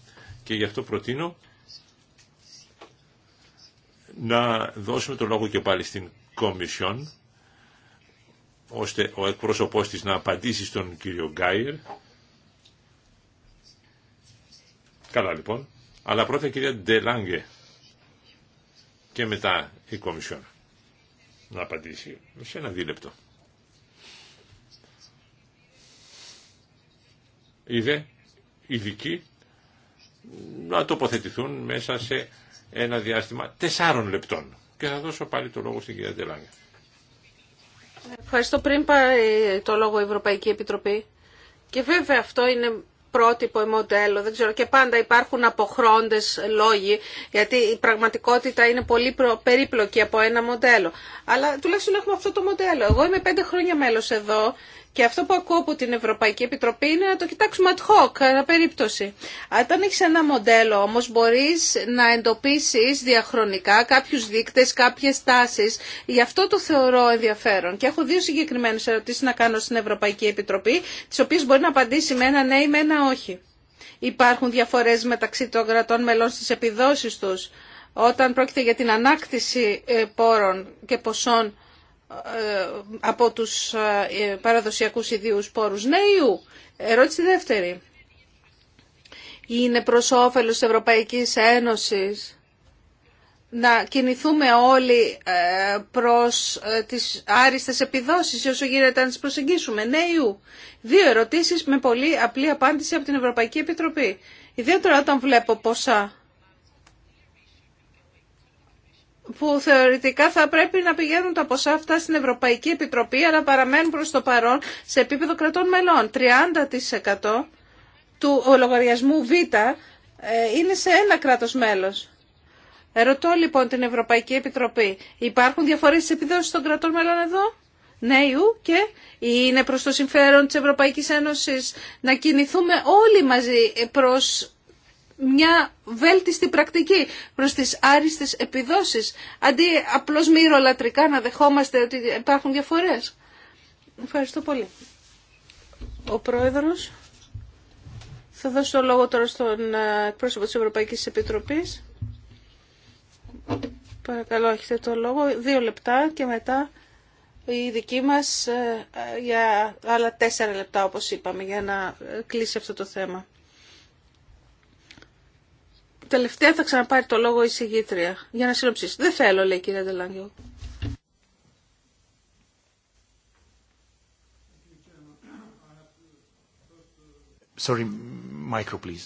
Speaker 3: και γι' αυτό προτείνω να δώσουμε το λόγο και πάλι στην Κομισιόν ώστε ο εκπρόσωπός της να απαντήσει στον κύριο Γκάιρ. Καλά λοιπόν. Αλλά πρώτα η κυρία Ντελάγκε και μετά η Κομισιόν να απαντήσει σε ένα δίλεπτο. Είδε ειδικοί να τοποθετηθούν μέσα σε ένα διάστημα τεσσάρων λεπτών. Και θα δώσω πάλι το λόγο στην κυρία Ντελάγκε.
Speaker 2: Ευχαριστώ πριν πάει το λόγο η Ευρωπαϊκή Επιτροπή. Και βέβαια αυτό είναι πρότυπο ή μοντέλο, δεν ξέρω, και πάντα υπάρχουν αποχρόντες λόγοι, γιατί η πραγματικότητα είναι πολύ περίπλοκη από ένα μοντέλο. Αλλά τουλάχιστον έχουμε αυτό το μοντέλο. Εγώ είμαι πέντε χρόνια μέλος εδώ και αυτό που ακούω από την Ευρωπαϊκή Επιτροπή είναι να το κοιτάξουμε ad hoc, ένα περίπτωση. Όταν έχει ένα μοντέλο όμω μπορεί να εντοπίσει διαχρονικά κάποιου δείκτε, κάποιε τάσει Γι' αυτό το θεωρώ ενδιαφέρον. Και έχω δύο συγκεκριμένε ερωτήσει να κάνω στην Ευρωπαϊκή Επιτροπή, τι οποίε μπορεί να απαντήσει με ένα ναι ή με ένα όχι. Υπάρχουν διαφορέ μεταξύ των κρατών μελών στι επιδόσει του. όταν πρόκειται για την ανάκτηση ε, πόρων και ποσών από τους ε, παραδοσιακούς ιδίους πόρους. Ναι, Ερώτηση δεύτερη. Είναι προς όφελος της Ευρωπαϊκής Ένωσης να κινηθούμε όλοι ε, προς ε, τις άριστες επιδόσεις όσο γίνεται να τις προσεγγίσουμε. Ναι, Δύο ερωτήσεις με πολύ απλή απάντηση από την Ευρωπαϊκή Επιτροπή. Ιδιαίτερα όταν βλέπω ποσά που θεωρητικά θα πρέπει να πηγαίνουν τα ποσά αυτά στην Ευρωπαϊκή Επιτροπή, αλλά παραμένουν προς το παρόν σε επίπεδο κρατών μελών. 30% του λογαριασμού Β ε, είναι σε ένα κράτος μέλος. Ρωτώ λοιπόν την Ευρωπαϊκή Επιτροπή, υπάρχουν διαφορές στις επιδόσεις των κρατών μελών εδώ, νέου και είναι προς το συμφέρον της Ευρωπαϊκής Ένωσης να κινηθούμε όλοι μαζί προς μια βέλτιστη πρακτική προς τις άριστες επιδόσεις, αντί απλώς μυρολατρικά να δεχόμαστε ότι υπάρχουν διαφορές. Ευχαριστώ πολύ. Ο Πρόεδρος. Θα δώσω το λόγο τώρα στον ε, πρόσωπο της Ευρωπαϊκής Επιτροπής. Παρακαλώ, έχετε το λόγο. Δύο λεπτά και μετά η δική μας ε, ε, για άλλα τέσσερα λεπτά, όπως είπαμε, για να κλείσει αυτό το θέμα. Τελευταία θα ξαναπάρει το λόγο η συγγήτρια για να συνοψίσει. Δεν θέλω, λέει η κυρία Ντελάνγκιο.
Speaker 1: Sorry, micro, please.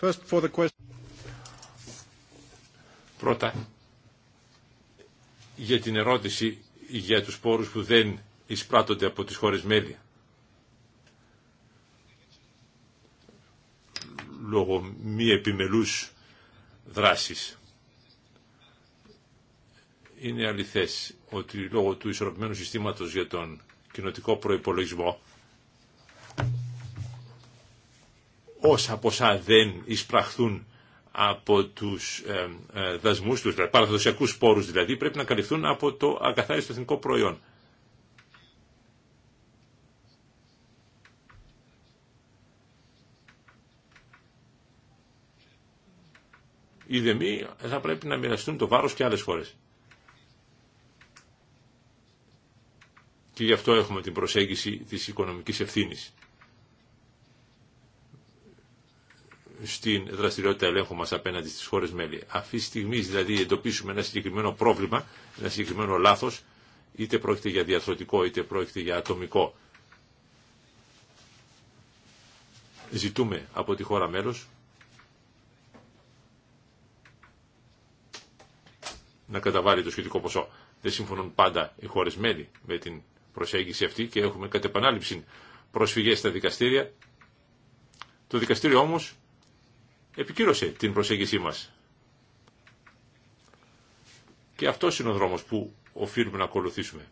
Speaker 1: First for the question. Πρώτα,
Speaker 3: για την ερώτηση για τους πόρους που δεν εισπράττονται από τις χώρες μέλη. λόγω μη επιμελούς δράσης. Είναι αληθές ότι λόγω του ισορροπημένου συστήματος για τον κοινοτικό προϋπολογισμό όσα ποσά δεν εισπραχθούν από τους ε, ε, δασμούς τους, δηλαδή παραδοσιακούς σπόρους δηλαδή, πρέπει να καλυφθούν από το ακαθάριστο εθνικό προϊόν. οι δεμοί θα πρέπει να μοιραστούν το βάρος και άλλες φορές. Και γι' αυτό έχουμε την προσέγγιση της οικονομικής ευθύνης. στην δραστηριότητα ελέγχου μας απέναντι στις χώρες μέλη. Αυτή τη στιγμή δηλαδή εντοπίσουμε ένα συγκεκριμένο πρόβλημα, ένα συγκεκριμένο λάθος, είτε πρόκειται για διαθροτικό είτε πρόκειται για ατομικό. Ζητούμε από τη χώρα μέλος να καταβάλει το σχετικό ποσό. Δεν συμφωνούν πάντα οι χώρε μέλη με την προσέγγιση αυτή και έχουμε κατ' επανάληψη προσφυγέ στα δικαστήρια. Το δικαστήριο όμω επικύρωσε την προσέγγιση μα. Και αυτό είναι ο δρόμο που οφείλουμε να ακολουθήσουμε.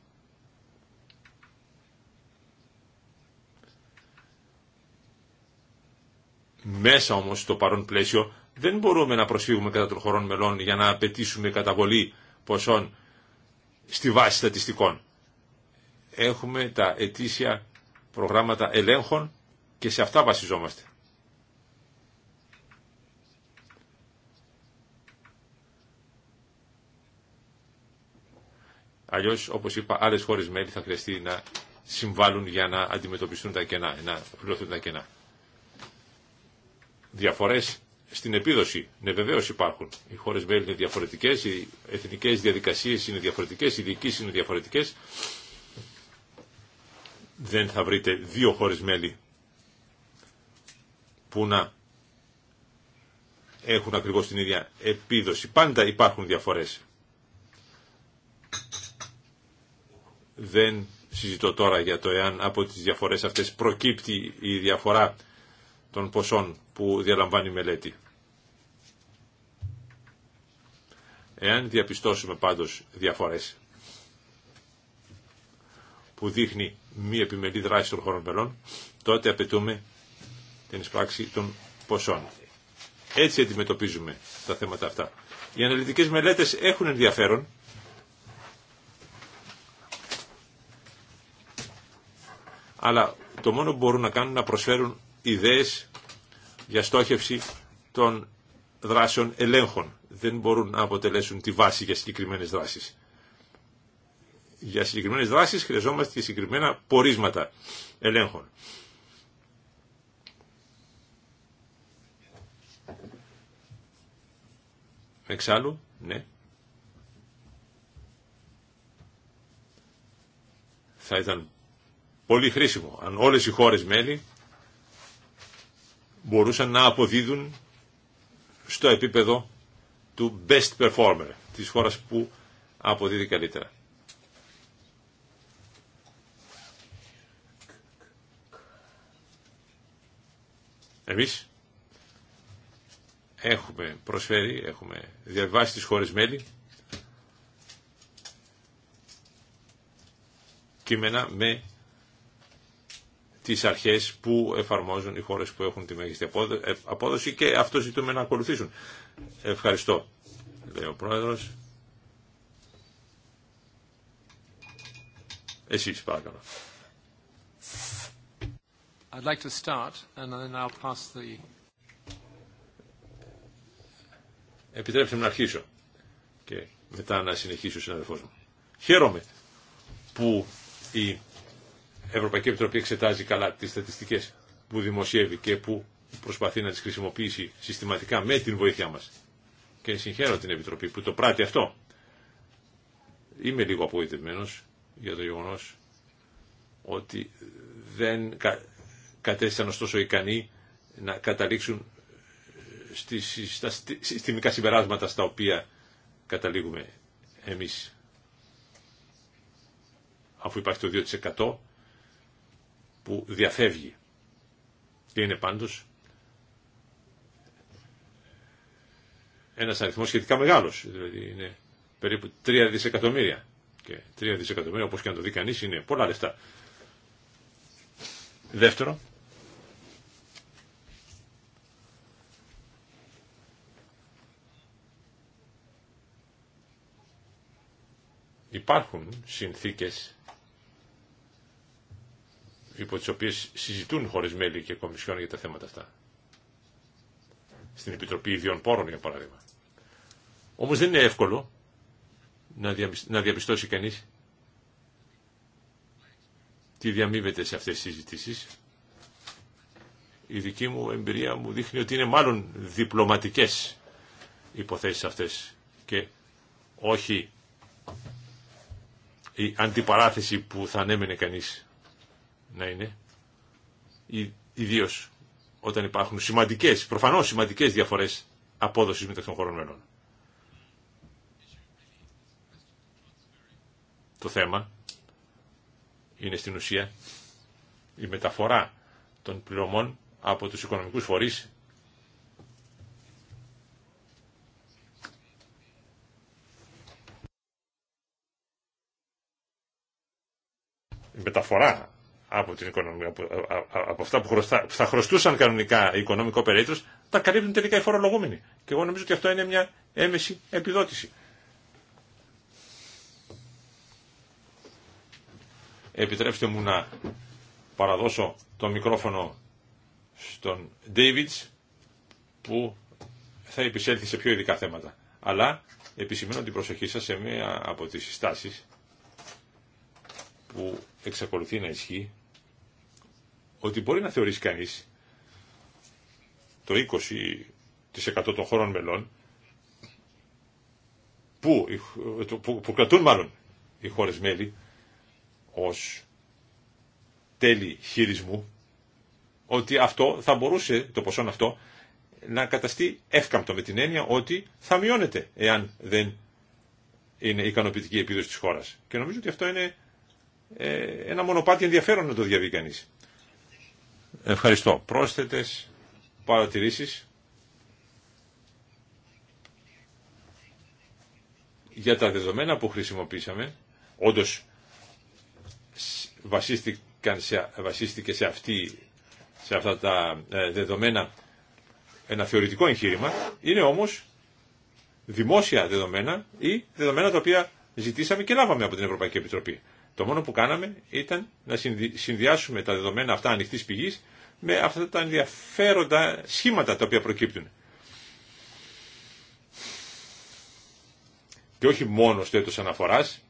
Speaker 3: Μέσα όμως στο παρόν πλαίσιο δεν μπορούμε να προσφύγουμε κατά των χωρών μελών για να απαιτήσουμε καταβολή ποσών στη βάση στατιστικών. Έχουμε τα ετήσια προγράμματα ελέγχων και σε αυτά βασιζόμαστε. Αλλιώ, όπω είπα, άλλε χώρε μέλη θα χρειαστεί να συμβάλλουν για να αντιμετωπιστούν τα κενά, να πληρωθούν τα κενά. Διαφορέ στην επίδοση. Ναι, βεβαίω υπάρχουν. Οι χώρε μέλη είναι διαφορετικέ, οι εθνικέ διαδικασίε είναι διαφορετικέ, οι διοικήσει είναι διαφορετικέ. Δεν θα βρείτε δύο χώρε μέλη που να έχουν ακριβώ την ίδια επίδοση. Πάντα υπάρχουν διαφορέ. Δεν συζητώ τώρα για το εάν από τις διαφορές αυτές προκύπτει η διαφορά των ποσών που διαλαμβάνει η μελέτη. Εάν διαπιστώσουμε πάντως διαφορές που δείχνει μη επιμελή δράση των χωρών μελών, τότε απαιτούμε την εισπράξη των ποσών. Έτσι αντιμετωπίζουμε τα θέματα αυτά. Οι αναλυτικές μελέτες έχουν ενδιαφέρον, αλλά το μόνο που μπορούν να κάνουν να προσφέρουν ιδέες για στόχευση των δράσεων ελέγχων. Δεν μπορούν να αποτελέσουν τη βάση για συγκεκριμένες δράσεις. Για συγκεκριμένες δράσεις χρειαζόμαστε και συγκεκριμένα πορίσματα ελέγχων. Εξάλλου, ναι. Θα ήταν πολύ χρήσιμο αν όλες οι χώρες μέλη μπορούσαν να αποδίδουν στο επίπεδο του best performer, της χώρας που αποδίδει καλύτερα. Εμείς έχουμε προσφέρει, έχουμε διαβάσει τις χώρες μέλη κείμενα με τις αρχές που εφαρμόζουν οι χώρες που έχουν τη μέγιστη ε, απόδοση και αυτό ζητούμε να ακολουθήσουν. Ευχαριστώ, λέει ο Πρόεδρος. Εσείς παρακαλώ.
Speaker 1: I'd like to start and then I'll pass the...
Speaker 3: Επιτρέψτε μου να αρχίσω και μετά να συνεχίσω ο συναδελφός μου. Χαίρομαι που η Ευρωπαϊκή Επιτροπή εξετάζει καλά τις στατιστικές που δημοσιεύει και που προσπαθεί να τις χρησιμοποιήσει συστηματικά με την βοήθειά μας. Και συγχαίρω την Επιτροπή που το πράττει αυτό. Είμαι λίγο απογοητευμένος για το γεγονός ότι δεν κατέστησαν ωστόσο ικανοί να καταλήξουν στις, στα συστημικά συμπεράσματα στα οποία καταλήγουμε εμείς. Αφού υπάρχει το 2% που διαφεύγει. Και είναι πάντως ένας αριθμός σχετικά μεγάλος, δηλαδή είναι περίπου 3 δισεκατομμύρια. Και 3 δισεκατομμύρια, όπως και να το δει κανείς, είναι πολλά λεφτά. Δεύτερο, υπάρχουν συνθήκες υπό τις οποίες συζητούν χωρίς μέλη και κομισιόν για τα θέματα αυτά. Στην Επιτροπή Ιδιών Πόρων, για παράδειγμα. Όμως δεν είναι εύκολο να διαπιστώσει κανείς τι διαμείβεται σε αυτές τις συζητήσεις. Η δική μου εμπειρία μου δείχνει ότι είναι μάλλον διπλωματικές υποθέσεις αυτές και όχι η αντιπαράθεση που θα ανέμενε κανείς να είναι, ιδίω όταν υπάρχουν σημαντικές, προφανώς σημαντικές διαφορές απόδοση μεταξύ των χωρών Το θέμα είναι στην ουσία η μεταφορά των πληρωμών από τους οικονομικούς φορείς η μεταφορά από, την οικονομία, από, αυτά που, χρωστά, θα χρωστούσαν κανονικά οικονομικό περίπτωση τα καλύπτουν τελικά οι φορολογούμενοι. Και εγώ νομίζω ότι αυτό είναι μια έμεση επιδότηση. Επιτρέψτε μου να παραδώσω το μικρόφωνο στον Ντέιβιτς που θα επισέλθει σε πιο ειδικά θέματα. Αλλά επισημαίνω την προσοχή σας σε μία από τις συστάσεις που εξακολουθεί να ισχύει ότι μπορεί να θεωρήσει κανείς το 20% των χωρών μελών που, που, που κρατούν μάλλον οι χώρες μέλη ως τέλη χειρισμού ότι αυτό θα μπορούσε το ποσό αυτό να καταστεί εύκαμπτο με την έννοια ότι θα μειώνεται εάν δεν είναι ικανοποιητική η επίδοση της χώρας. Και νομίζω ότι αυτό είναι ε, ένα μονοπάτι ενδιαφέρον να το διαβεί κανείς. Ευχαριστώ. Πρόσθετες παρατηρήσεις για τα δεδομένα που χρησιμοποίησαμε. Όντως βασίστηκαν σε, βασίστηκε σε, αυτή, σε αυτά τα ε, δεδομένα ένα θεωρητικό εγχείρημα. Είναι όμως δημόσια δεδομένα ή δεδομένα τα οποία ζητήσαμε και λάβαμε από την Ευρωπαϊκή Επιτροπή. Το μόνο που κάναμε ήταν να συνδυάσουμε τα δεδομένα αυτά ανοιχτή πηγή με αυτά τα ενδιαφέροντα σχήματα τα οποία προκύπτουν. Και όχι μόνο στο έτος αναφοράς,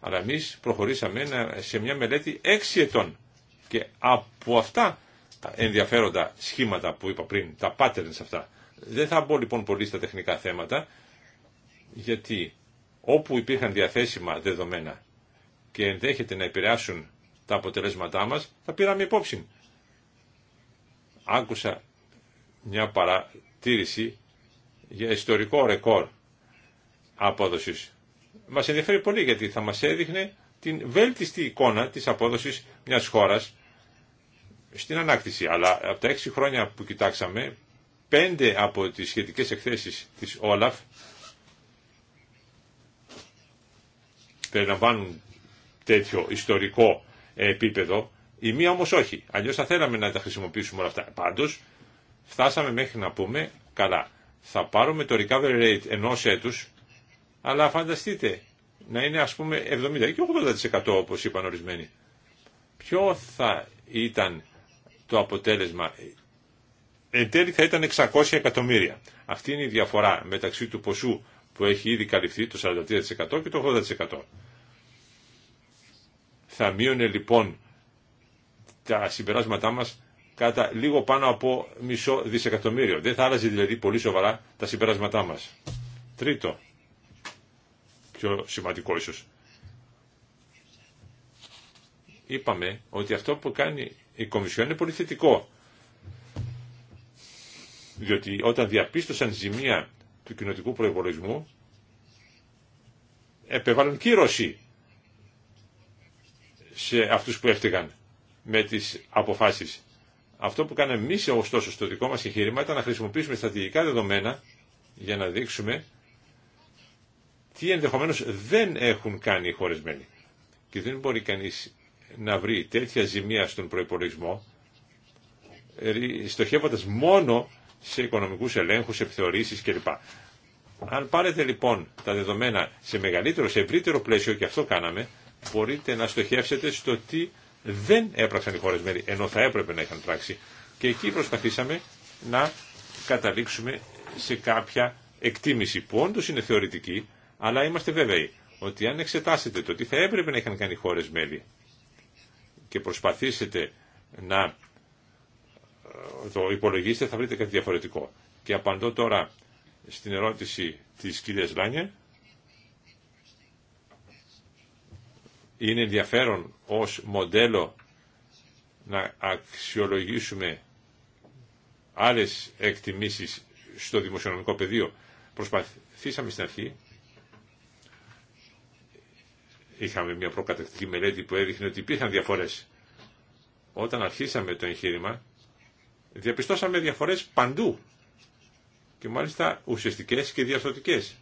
Speaker 3: αλλά εμεί προχωρήσαμε σε μια μελέτη έξι ετών. Και από αυτά τα ενδιαφέροντα σχήματα που είπα πριν, τα patterns αυτά, δεν θα μπω λοιπόν πολύ στα τεχνικά θέματα, γιατί όπου υπήρχαν διαθέσιμα δεδομένα και ενδέχεται να επηρεάσουν τα αποτελέσματά μας, θα πήραμε υπόψη. Άκουσα μια παρατήρηση για ιστορικό ρεκόρ απόδοσης. Μας ενδιαφέρει πολύ γιατί θα μας έδειχνε την βέλτιστη εικόνα της απόδοσης μιας χώρας στην ανάκτηση. Αλλά από τα έξι χρόνια που κοιτάξαμε, πέντε από τις σχετικές εκθέσεις της Όλαφ περιλαμβάνουν τέτοιο ιστορικό ε, επίπεδο. Η μία όμω όχι. Αλλιώ θα θέλαμε να τα χρησιμοποιήσουμε όλα αυτά. Πάντως, φτάσαμε μέχρι να πούμε, καλά, θα πάρουμε το recovery rate ενό έτου, αλλά φανταστείτε να είναι α πούμε 70% ή 80% όπω είπαν ορισμένοι. Ποιο θα ήταν το αποτέλεσμα. Εν τέλει θα ήταν 600 εκατομμύρια. Αυτή είναι η διαφορά μεταξύ του ποσού που έχει ήδη καλυφθεί, το 43% και το 80%. Θα μείωνε λοιπόν τα συμπεράσματά μας κατά λίγο πάνω από μισό δισεκατομμύριο. Δεν θα άλλαζε δηλαδή πολύ σοβαρά τα συμπεράσματά μας. Τρίτο, πιο σημαντικό ίσως. Είπαμε ότι αυτό που κάνει η Κομισιόν είναι πολύ θετικό. Διότι όταν διαπίστωσαν ζημία του κοινοτικού προϋπολογισμού, επεβάλλουν κύρωση σε αυτούς που έφτυγαν με τις αποφάσεις. Αυτό που κάναμε εμεί ωστόσο στο δικό μας εγχείρημα ήταν να χρησιμοποιήσουμε στατηγικά δεδομένα για να δείξουμε τι ενδεχομένως δεν έχουν κάνει οι χωρισμένοι. Και δεν μπορεί κανείς να βρει τέτοια ζημία στον προϋπολογισμό ε, στοχεύοντας μόνο σε οικονομικούς ελέγχους, επιθεωρήσεις κλπ. Αν πάρετε λοιπόν τα δεδομένα σε μεγαλύτερο, σε ευρύτερο πλαίσιο, και αυτό κάναμε, μπορείτε να στοχεύσετε στο τι δεν έπραξαν οι χώρε μέλη, ενώ θα έπρεπε να είχαν πράξει. Και εκεί προσπαθήσαμε να καταλήξουμε σε κάποια εκτίμηση που όντω είναι θεωρητική, αλλά είμαστε βέβαιοι ότι αν εξετάσετε το τι θα έπρεπε να είχαν κάνει οι χώρε μέλη και προσπαθήσετε να ε, το υπολογίσετε θα βρείτε κάτι διαφορετικό. Και απαντώ τώρα στην ερώτηση της κυρίας Λάνια είναι ενδιαφέρον ως μοντέλο να αξιολογήσουμε άλλες εκτιμήσεις στο δημοσιονομικό πεδίο. Προσπαθήσαμε στην αρχή, είχαμε μια προκατακτική μελέτη που έδειχνε ότι υπήρχαν διαφορές. Όταν αρχίσαμε το εγχείρημα, διαπιστώσαμε διαφορές παντού και μάλιστα ουσιαστικές και διαστοτικές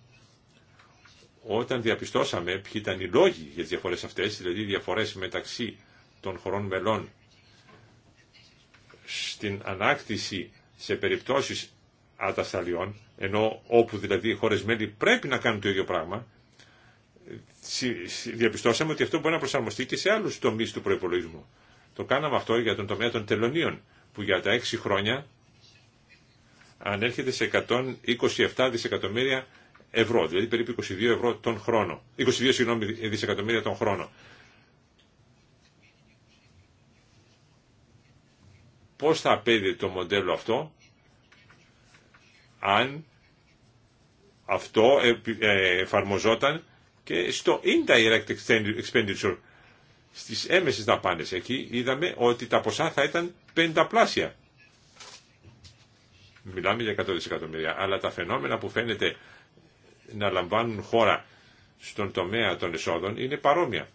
Speaker 3: όταν διαπιστώσαμε ποιοι ήταν οι λόγοι για τις διαφορές αυτές, δηλαδή οι διαφορές μεταξύ των χωρών μελών στην ανάκτηση σε περιπτώσεις ατασταλιών, ενώ όπου δηλαδή οι χώρες μέλη πρέπει να κάνουν το ίδιο πράγμα, διαπιστώσαμε ότι αυτό μπορεί να προσαρμοστεί και σε άλλους τομείς του προϋπολογισμού. Το κάναμε αυτό για τον τομέα των τελωνίων, που για τα έξι χρόνια ανέρχεται σε 127 δισεκατομμύρια ευρώ, δηλαδή περίπου 22 ευρώ τον χρόνο, 22 συγγνώμη, δισεκατομμύρια τον χρόνο. Πώς θα απέδει το μοντέλο αυτό, αν αυτό ε, εφαρμοζόταν και στο indirect expenditure στις έμεσες δαπάνες. Εκεί είδαμε ότι τα ποσά θα ήταν πενταπλάσια. Μιλάμε για 100 δισεκατομμύρια, αλλά τα φαινόμενα που φαίνεται να λαμβάνουν χώρα στον τομέα των εσόδων είναι παρόμοια.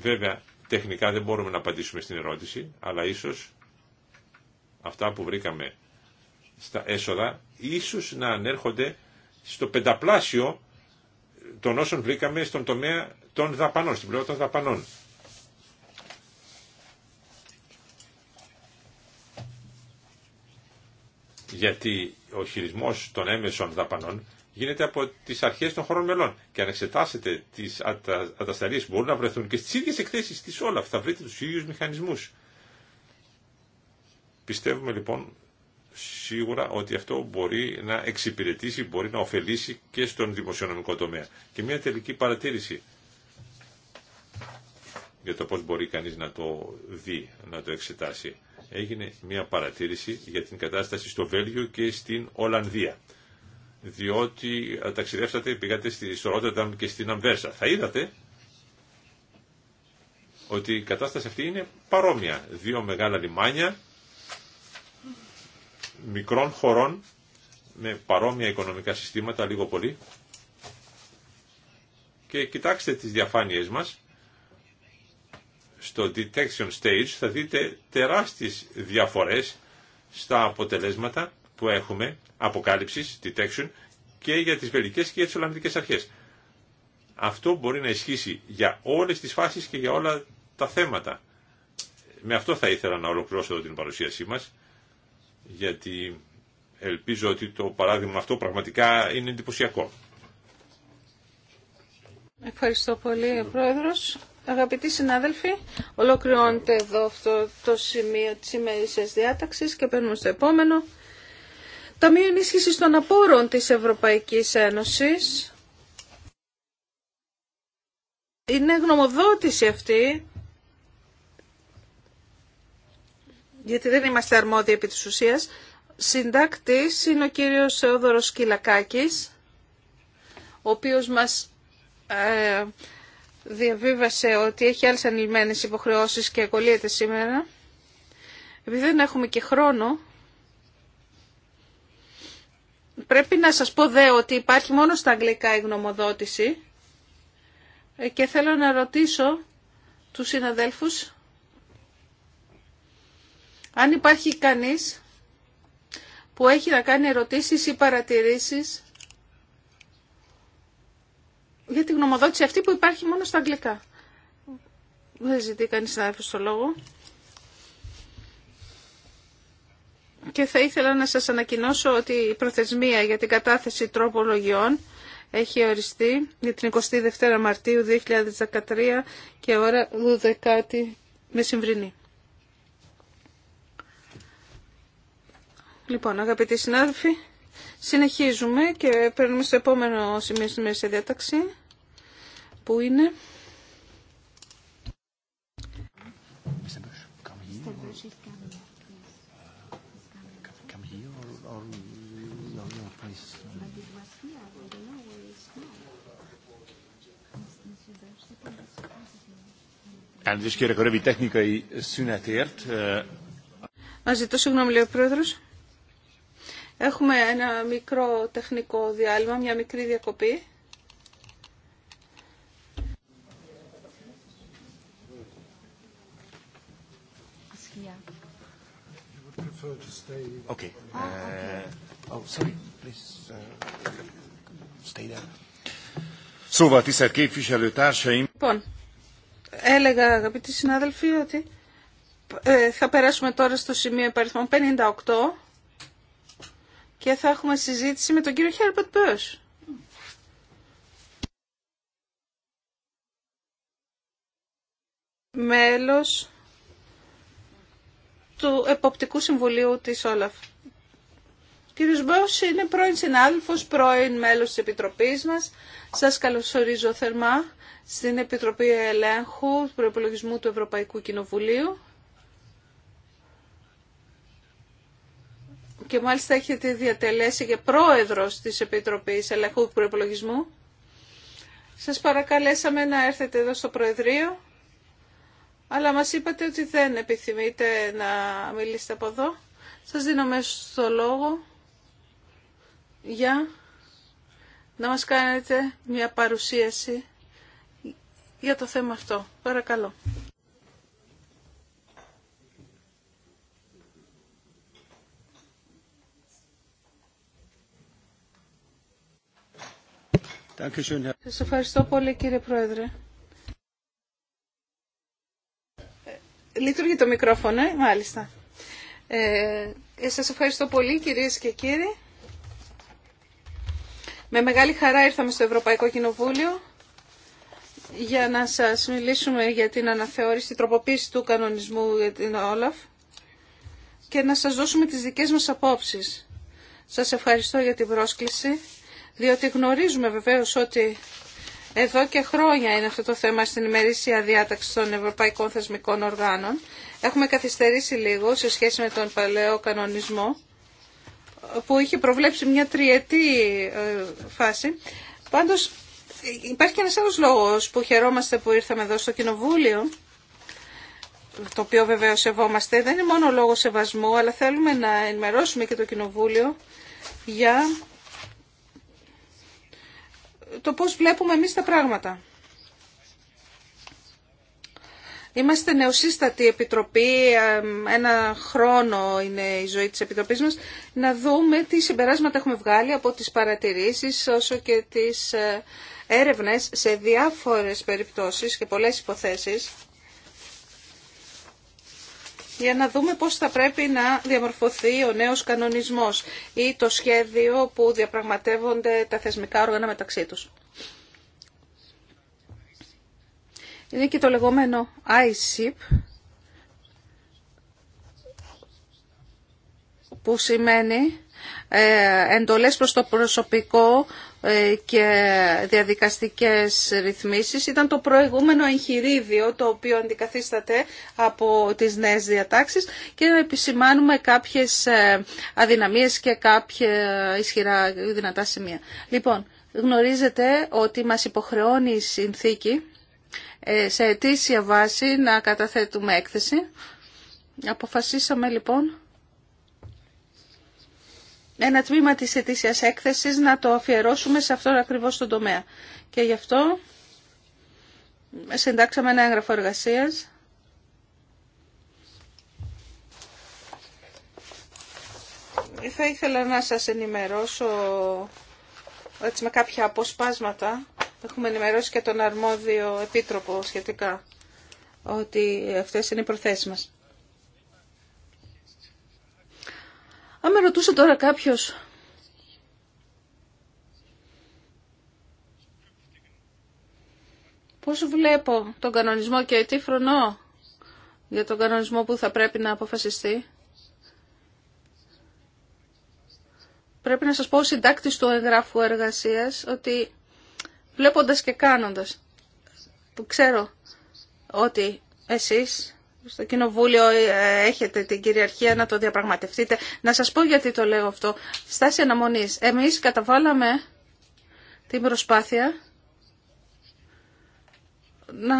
Speaker 3: Βέβαια, τεχνικά δεν μπορούμε να απαντήσουμε στην ερώτηση, αλλά ίσως αυτά που βρήκαμε στα έσοδα, ίσως να ανέρχονται στο πενταπλάσιο των όσων βρήκαμε στον τομέα των δαπανών, στην πλευρά των δαπανών. Γιατί ο χειρισμός των έμεσων δαπανών γίνεται από τις αρχές των χωρών μελών. Και αν εξετάσετε τις ατα, που μπορούν να βρεθούν και στις ίδιες εκθέσεις της όλα, θα βρείτε τους ίδιους μηχανισμούς. Πιστεύουμε λοιπόν σίγουρα ότι αυτό μπορεί να εξυπηρετήσει, μπορεί να ωφελήσει και στον δημοσιονομικό τομέα. Και μια τελική παρατήρηση για το πώς μπορεί κανείς να το δει, να το εξετάσει έγινε μια παρατήρηση για την κατάσταση στο Βέλγιο και στην Ολλανδία. Διότι ε, ταξιδεύσατε, πήγατε στη Ρότερνταμ και στην Αμβέρσα. Θα είδατε ότι η κατάσταση αυτή είναι παρόμοια. Δύο μεγάλα λιμάνια μικρών χωρών με παρόμοια οικονομικά συστήματα λίγο πολύ. Και κοιτάξτε τις διαφάνειες μας στο detection stage θα δείτε τεράστιες διαφορές στα αποτελέσματα που έχουμε αποκάλυψης, detection και για τις βελικές και για τις ολλανδικές αρχές. Αυτό μπορεί να ισχύσει για όλες τις φάσεις και για όλα τα θέματα. Με αυτό θα ήθελα να ολοκληρώσω εδώ την παρουσίασή μας, γιατί ελπίζω ότι το παράδειγμα αυτό πραγματικά είναι εντυπωσιακό.
Speaker 2: Ευχαριστώ πολύ, Πρόεδρος. Αγαπητοί συνάδελφοι, ολοκληρώνεται εδώ αυτό το σημείο της ημερήσιας διάταξης και παίρνουμε στο επόμενο. Ταμείο ενίσχυσης των απόρων της Ευρωπαϊκής Ένωσης. Είναι γνωμοδότηση αυτή, γιατί δεν είμαστε αρμόδιοι επί της ουσίας. Συντάκτης είναι ο κύριος Σεόδωρος Κυλακάκης, ο οποίος μας ε, διαβίβασε ότι έχει άλλες ανηλμένες υποχρεώσεις και ακολύεται σήμερα. Επειδή δεν έχουμε και χρόνο, πρέπει να σας πω δε ότι υπάρχει μόνο στα αγγλικά η γνωμοδότηση και θέλω να ρωτήσω τους συναδέλφους αν υπάρχει κανείς που έχει να κάνει ερωτήσεις ή παρατηρήσεις για τη γνωμοδότηση αυτή που υπάρχει μόνο στα αγγλικά. Δεν ζητεί κανείς να έρθει στο λόγο. Και θα ήθελα να σας ανακοινώσω ότι η προθεσμία για την κατάθεση τροπολογιών έχει οριστεί για την 22η Μαρτίου 2013 και ώρα 12η μεσημβρινή. Λοιπόν, αγαπητοί συνάδελφοι, Συνεχίζουμε και παίρνουμε στο επόμενο σημείο στη μέση διάταξη που είναι...
Speaker 1: Ε,
Speaker 2: Μα ζητώ συγγνώμη, λέει ο Πρόεδρος. Έχουμε ένα μικρό τεχνικό διάλειμμα, μια μικρή διακοπή.
Speaker 1: Okay. Ah, uh, oh, sorry. Please uh, stay there. Szóval, tisztelt képviselőtársaim!
Speaker 2: Λοιπόν, έλεγα αγαπητοί συνάδελφοι ότι ε, θα περάσουμε τώρα στο σημείο υπαριθμών 58 και θα έχουμε συζήτηση με τον κύριο Χέρμπερτ Μπέρς. Μέλος του Εποπτικού Συμβουλίου της Όλαφ. Κύριος Μπέρς είναι πρώην συνάδελφος, πρώην μέλος της Επιτροπής μας. Σας καλωσορίζω θερμά στην Επιτροπή Ελέγχου του Προπολογισμού του Ευρωπαϊκού Κοινοβουλίου. και μάλιστα έχετε διατελέσει και πρόεδρος της Επιτροπής Ελεγχού Προϋπολογισμού. Σας παρακαλέσαμε να έρθετε εδώ στο Προεδρείο, αλλά μας είπατε ότι δεν επιθυμείτε να μιλήσετε από εδώ. Σας δίνω μέσα στο λόγο για να μας κάνετε μια παρουσίαση για το θέμα αυτό. Παρακαλώ. Σας ευχαριστώ πολύ κύριε Πρόεδρε. Λειτουργεί το μικρόφωνο, ε, μάλιστα. Ε, ε, σας ευχαριστώ πολύ κυρίες και κύριοι. Με μεγάλη χαρά ήρθαμε στο Ευρωπαϊκό Κοινοβούλιο για να σας μιλήσουμε για την αναθεώρηση, τροποποίηση του κανονισμού για την Όλαφ και να σας δώσουμε τις δικές μας απόψεις. Σας ευχαριστώ για την πρόσκληση διότι γνωρίζουμε βεβαίως ότι εδώ και χρόνια είναι αυτό το θέμα στην ημερήσια διάταξη των Ευρωπαϊκών Θεσμικών Οργάνων. Έχουμε καθυστερήσει λίγο σε σχέση με τον παλαιό κανονισμό που είχε προβλέψει μια τριετή ε, φάση. Πάντως υπάρχει και ένας άλλος λόγος που χαιρόμαστε που ήρθαμε εδώ στο Κοινοβούλιο το οποίο βεβαίω σεβόμαστε, δεν είναι μόνο λόγο σεβασμού, αλλά θέλουμε να ενημερώσουμε και το Κοινοβούλιο για το πώς βλέπουμε εμείς τα πράγματα. Είμαστε νεοσύστατη επιτροπή, ένα χρόνο είναι η ζωή της επιτροπής μας, να δούμε τι συμπεράσματα έχουμε βγάλει από τις παρατηρήσεις όσο και τις ε, έρευνες σε διάφορες περιπτώσεις και πολλές υποθέσεις για να δούμε πώς θα πρέπει να διαμορφωθεί ο νέος κανονισμός ή το σχέδιο που διαπραγματεύονται τα θεσμικά όργανα μεταξύ τους. Είναι και το λεγόμενο ISIP, που σημαίνει ε, εντολές προς το προσωπικό ε, και διαδικαστικές ρυθμίσεις. Ήταν το προηγούμενο εγχειρίδιο το οποίο αντικαθίσταται από τις νέες διατάξεις και να επισημάνουμε κάποιες ε, αδυναμίες και κάποια ισχυρά δυνατά σημεία. Λοιπόν, γνωρίζετε ότι μας υποχρεώνει η συνθήκη ε, σε αιτήσια βάση να καταθέτουμε έκθεση. Αποφασίσαμε λοιπόν ένα τμήμα της ετήσιας έκθεσης να το αφιερώσουμε σε αυτόν ακριβώς τον τομέα. Και γι' αυτό συντάξαμε ένα έγγραφο εργασίας. Θα ήθελα να σας ενημερώσω έτσι, με κάποια αποσπάσματα. Έχουμε ενημερώσει και τον αρμόδιο επίτροπο σχετικά ότι αυτές είναι οι προθέσεις μας. Αν με ρωτούσε τώρα κάποιος πώς βλέπω τον κανονισμό και τι φρονώ για τον κανονισμό που θα πρέπει να αποφασιστεί. Πρέπει να σας πω συντάκτης του εγγράφου εργασίας ότι βλέποντας και κάνοντας που ξέρω ότι εσείς στο Κοινοβούλιο ε, έχετε την κυριαρχία να το διαπραγματευτείτε. Να σας πω γιατί το λέω αυτό. Στάση αναμονής. Εμείς καταβάλαμε την προσπάθεια να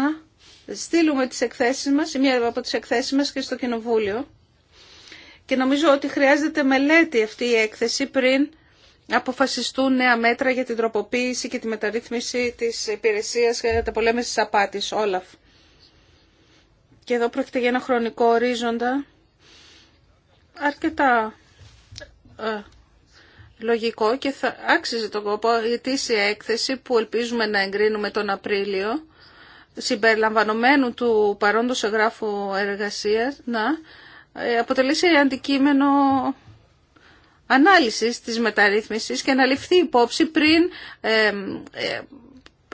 Speaker 2: στείλουμε τις εκθέσεις μας, μία από τις εκθέσεις μας και στο Κοινοβούλιο. Και νομίζω ότι χρειάζεται μελέτη αυτή η έκθεση πριν αποφασιστούν νέα μέτρα για την τροποποίηση και τη μεταρρύθμιση της υπηρεσίας τα πολέμες της απάτης, όλα και εδώ πρόκειται για ένα χρονικό ορίζοντα αρκετά ε, λογικό και θα άξιζε τον κόπο η ετήσια έκθεση που ελπίζουμε να εγκρίνουμε τον Απρίλιο συμπεριλαμβανομένου του παρόντος εγγράφου εργασίας να ε, αποτελέσει αντικείμενο ανάλυσης της μεταρρύθμισης και να ληφθεί υπόψη πριν ε,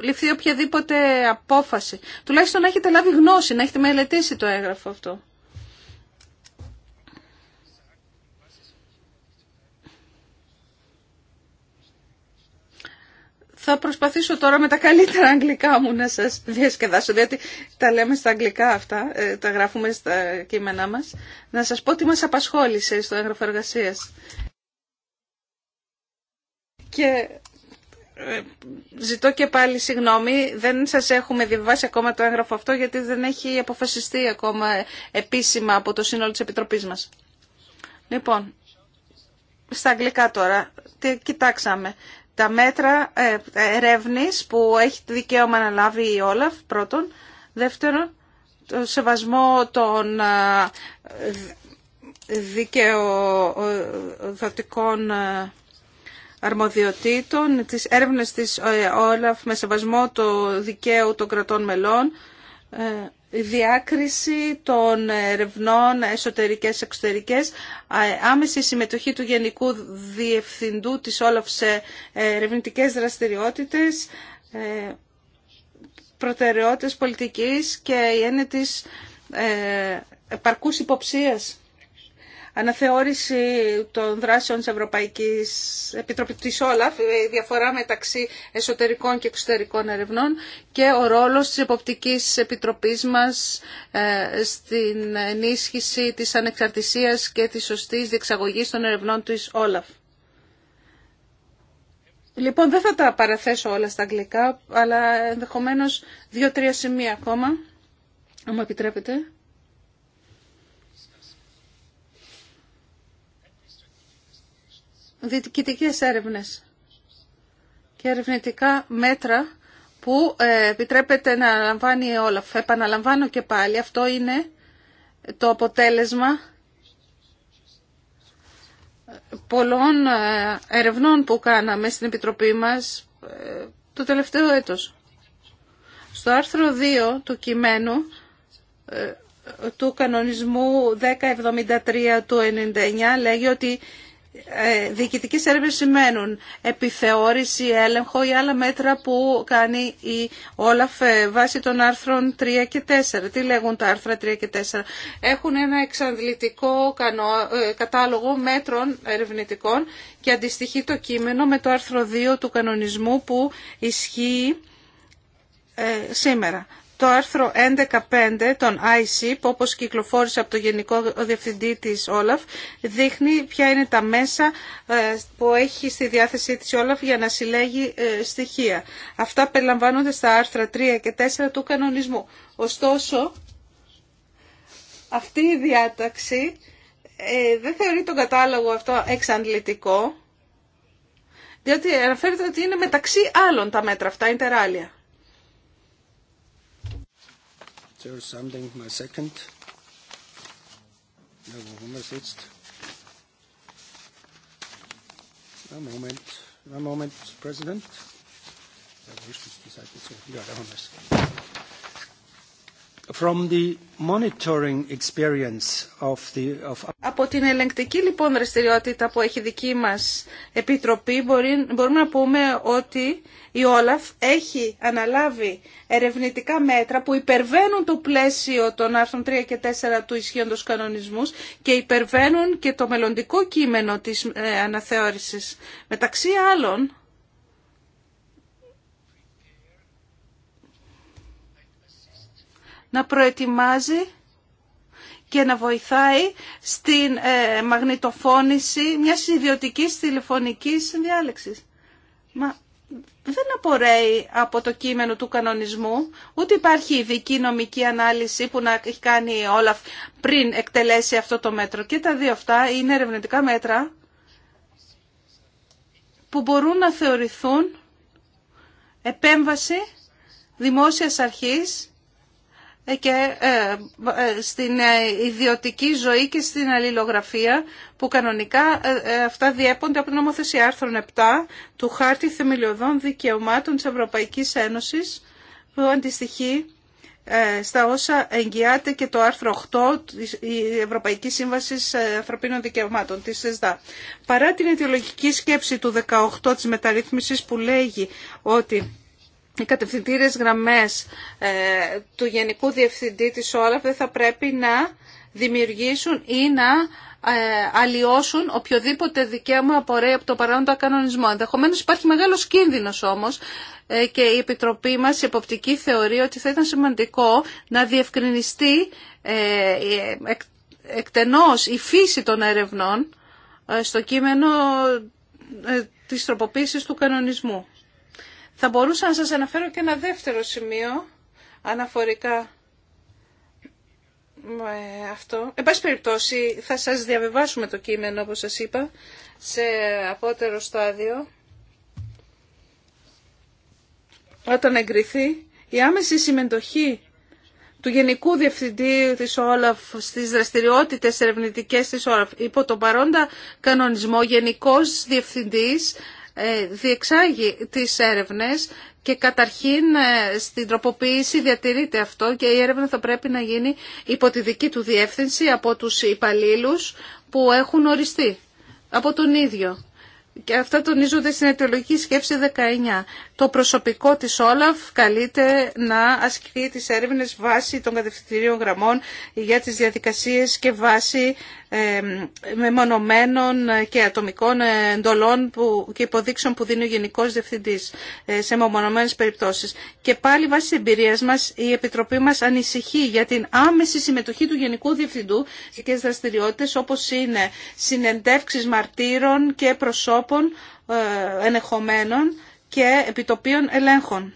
Speaker 2: ληφθεί οποιαδήποτε απόφαση. Τουλάχιστον να έχετε λάβει γνώση, να έχετε μελετήσει το έγγραφο αυτό. Θα προσπαθήσω τώρα με τα καλύτερα αγγλικά μου να σας διασκεδάσω, διότι τα λέμε στα αγγλικά αυτά, ε, τα γράφουμε στα κείμενά μας. Να σας πω τι μας απασχόλησε στο έγγραφο εργασίας. Και ε, ζητώ και πάλι συγγνώμη, δεν σας έχουμε διαβάσει ακόμα το έγγραφο αυτό γιατί δεν έχει αποφασιστεί ακόμα επίσημα από το σύνολο της Επιτροπής μας. Λοιπόν, στα αγγλικά τώρα, τι κοιτάξαμε. Τα μέτρα ε, ερεύνης που έχει δικαίωμα να λάβει η Όλαφ, πρώτον. Δεύτερον, το σεβασμό των ε, δικαιοδοτικών ε, αρμοδιοτήτων, της έρευνε της ΟΛΑΦ με σεβασμό το δικαίου των κρατών μελών, ε, η διάκριση των ερευνών εσωτερικές εξωτερικές, άμεση συμμετοχή του Γενικού Διευθυντού της Όλαφ σε ε, ερευνητικές δραστηριότητες, ε, προτεραιότητες πολιτικής και η έννοια της επαρκούς υποψίας αναθεώρηση των δράσεων της Ευρωπαϊκής Επιτροπής της Όλαφ, η διαφορά μεταξύ εσωτερικών και εξωτερικών ερευνών και ο ρόλος της Εποπτικής Επιτροπής μας ε, στην ενίσχυση της ανεξαρτησίας και της σωστής διεξαγωγής των ερευνών της Όλαφ. Λοιπόν, δεν θα τα παραθέσω όλα στα αγγλικά, αλλά ενδεχομένως δύο-τρία σημεία ακόμα, αν μου επιτρέπετε. διοικητικές έρευνες και ερευνητικά μέτρα που ε, επιτρέπεται να λαμβάνει όλα. Επαναλαμβάνω και πάλι, αυτό είναι το αποτέλεσμα πολλών ε, ερευνών που κάναμε στην Επιτροπή μας ε, το τελευταίο έτος. Στο άρθρο 2 του κειμένου του κανονισμού 1073 του 99 λέγει ότι ε, διοικητικές έρευνες σημαίνουν επιθεώρηση, έλεγχο ή άλλα μέτρα που κάνει η Όλαφ ε, βάσει των άρθρων 3 και 4. Τι λέγουν τα άρθρα 3 και 4. Έχουν ένα εξαντλητικό ε, κατάλογο μέτρων ερευνητικών και αντιστοιχεί το κείμενο με το άρθρο 2 του κανονισμού που ισχύει σήμερα το άρθρο 11.5 των IC, που όπως κυκλοφόρησε από το Γενικό Διευθυντή της Όλαφ, δείχνει ποια είναι τα μέσα ε, που έχει στη διάθεσή της Όλαφ για να συλλέγει ε, στοιχεία. Αυτά περιλαμβάνονται στα άρθρα 3 και 4 του κανονισμού. Ωστόσο, αυτή η διάταξη ε, δεν θεωρεί τον κατάλογο αυτό εξαντλητικό, διότι αναφέρεται ότι είναι μεταξύ άλλων τα μέτρα αυτά, είναι τεράλια. there something, my second. Ja, wo haben wir es jetzt? Einen Moment, ein Moment, President. Ja, wo ist das, die Seite zu? Ja, da haben wir es. Από την ελεγκτική λοιπόν δραστηριότητα που έχει δική μας επιτροπή μπορούμε να πούμε ότι η Όλαφ έχει αναλάβει ερευνητικά μέτρα που υπερβαίνουν το πλαίσιο των άρθρων 3 και 4 του ισχύοντος κανονισμούς και υπερβαίνουν και το μελλοντικό κείμενο της ε, αναθεώρησης. Μεταξύ άλλων να προετοιμάζει και να βοηθάει στην ε, μαγνητοφώνηση μιας ιδιωτικής τηλεφωνικής συνδιάλεξη; Μα δεν απορρέει από το κείμενο του κανονισμού, ούτε υπάρχει ειδική νομική ανάλυση που να έχει κάνει όλα Όλαφ πριν εκτελέσει αυτό το μέτρο. Και τα δύο αυτά είναι ερευνητικά μέτρα που μπορούν να θεωρηθούν επέμβαση δημόσιας αρχής ε, και ε, ε, στην ιδιωτική ζωή και στην αλληλογραφία που κανονικά αυτά διέπονται από την νομοθεσία άρθρων 7 του Χάρτη Θεμελιωδών Δικαιωμάτων της Ευρωπαϊκής Ένωσης που αντιστοιχεί στα όσα εγγυάται και το άρθρο 8 της Ευρωπαϊκής Σύμβασης Ανθρωπίνων Δικαιωμάτων της ΕΣΔΑ. Παρά την αιτιολογική σκέψη του 18 της μεταρρύθμισης που λέγει ότι οι κατευθυντήρες γραμμές ε, του Γενικού Διευθυντή της Όλαφ δεν θα πρέπει να δημιουργήσουν ή να ε, αλλοιώσουν οποιοδήποτε δικαίωμα απορρέει από το παράγοντα κανονισμό. Ενδεχομένως υπάρχει μεγάλος κίνδυνος όμως ε, και η Επιτροπή μας η Εποπτική θεωρεί ότι θα ήταν σημαντικό να διευκρινιστεί εκτενώς η φύση των ερευνών στο κείμενο της τροποποίησης του κανονισμού. Θα μπορούσα να σας αναφέρω και ένα δεύτερο σημείο αναφορικά με αυτό. Εν πάση περιπτώσει θα σας διαβεβάσουμε το κείμενο όπως σας είπα σε απότερο στάδιο. Όταν εγκριθεί η άμεση συμμετοχή του Γενικού Διευθυντή της Όλαφ στις δραστηριότητες ερευνητικές της Όλαφ υπό τον παρόντα κανονισμό Γενικός Διευθυντής ε, διεξάγει τις έρευνες και καταρχήν ε, στην τροποποίηση διατηρείται αυτό και η έρευνα θα πρέπει να γίνει υπό τη δική του διεύθυνση από τους υπαλλήλους που έχουν οριστεί από τον ίδιο. Και αυτά τονίζονται στην αιτιολογική σκέψη 19. Το προσωπικό της Όλαφ καλείται να ασκεί τις έρευνες βάσει των κατευθυντηρίων γραμμών για τις διαδικασίες και βάσει μεμονωμένων και ατομικών εντολών που, και υποδείξεων που δίνει ο Γενικός Διευθυντής ε, σε μεμονωμένες περιπτώσεις. Και πάλι βάσει τη εμπειρία η Επιτροπή μας ανησυχεί για την άμεση συμμετοχή του Γενικού Διευθυντού σε δραστηριότητε, όπως είναι συνεντεύξει μαρτύρων και προσώπων ε, ενεχομένων και επιτοπίων ελέγχων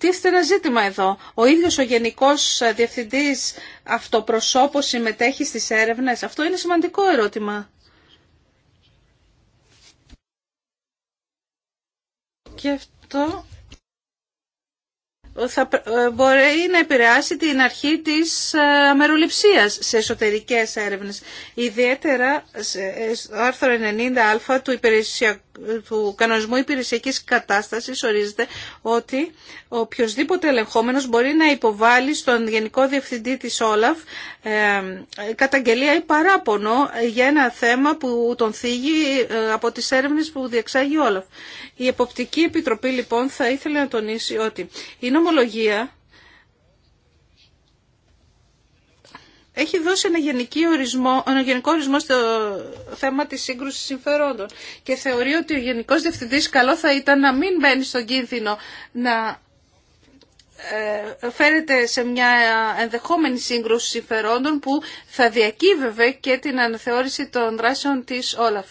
Speaker 2: τίθεται ένα ζήτημα εδώ. Ο ίδιος ο Γενικός Διευθυντής Αυτοπροσώπος συμμετέχει στις έρευνες. Αυτό είναι σημαντικό ερώτημα. Και αυτό θα ε, μπορεί να επηρεάσει την αρχή της ε, αμεροληψίας σε εσωτερικές έρευνες. Ιδιαίτερα ε, στο άρθρο 90α του υπηρεσιακού του κανονισμού υπηρεσιακής κατάστασης ορίζεται ότι οποιοδήποτε ελεγχόμενος μπορεί να υποβάλει στον Γενικό Διευθυντή της Όλαφ ε, καταγγελία ή παράπονο για ένα θέμα που τον θίγει ε, από τις έρευνες που διεξάγει Όλαφ. Η Εποπτική Επιτροπή λοιπόν θα ήθελε να τονίσει ότι η νομολογία έχει δώσει ένα, ορισμό, ένα γενικό ορισμό στο θέμα της σύγκρουσης συμφερόντων και θεωρεί ότι ο Γενικός Διευθυντής καλό θα ήταν να μην μπαίνει στον κίνδυνο να ε, φέρεται σε μια ενδεχόμενη σύγκρουση συμφερόντων που θα διακύβευε και την αναθεώρηση των δράσεων της Όλαφ.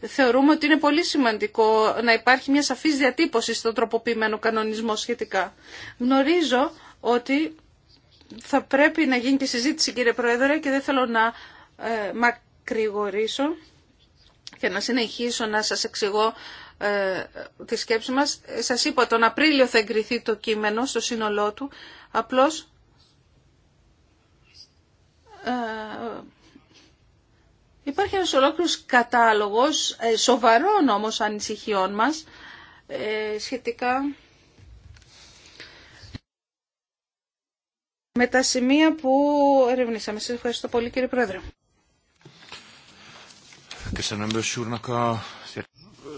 Speaker 2: Θεωρούμε ότι είναι πολύ σημαντικό να υπάρχει μια σαφής διατύπωση στον τροποποιημένο κανονισμό σχετικά. Γνωρίζω ότι θα πρέπει να γίνει και συζήτηση κύριε Πρόεδρε και δεν θέλω να ε, μακρηγορήσω και να συνεχίσω να σας εξηγώ ε, τη σκέψη μας. Σας είπα τον Απρίλιο θα εγκριθεί το κείμενο στο σύνολό του. Απλώς ε, υπάρχει ένας ολόκληρος κατάλογος σοβαρών όμως ανησυχιών μας σχετικά με τα σημεία που ερευνήσαμε. Σας ευχαριστώ πολύ κύριε Πρόεδρε.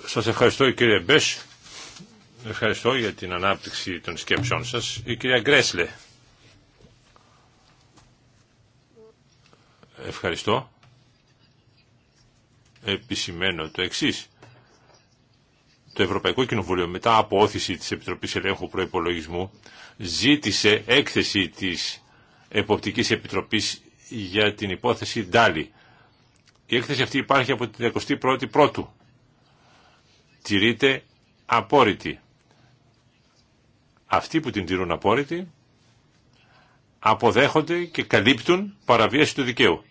Speaker 3: Σας ευχαριστώ κύριε Μπες. Ευχαριστώ για την ανάπτυξη των σκέψεών σας. Η κυρία Γκρέσλε. Ευχαριστώ. Επισημαίνω το εξής. Το Ευρωπαϊκό Κοινοβούλιο μετά από όθηση της Επιτροπής Ελέγχου Προϋπολογισμού ζήτησε έκθεση της Εποπτικής Επιτροπής για την υπόθεση Ντάλι. Η έκθεση αυτή υπάρχει από την 21η Πρώτου. Τηρείται απόρριτη. Αυτοί που την τηρούν απόρριτη αποδέχονται και καλύπτουν παραβίαση του δικαίου.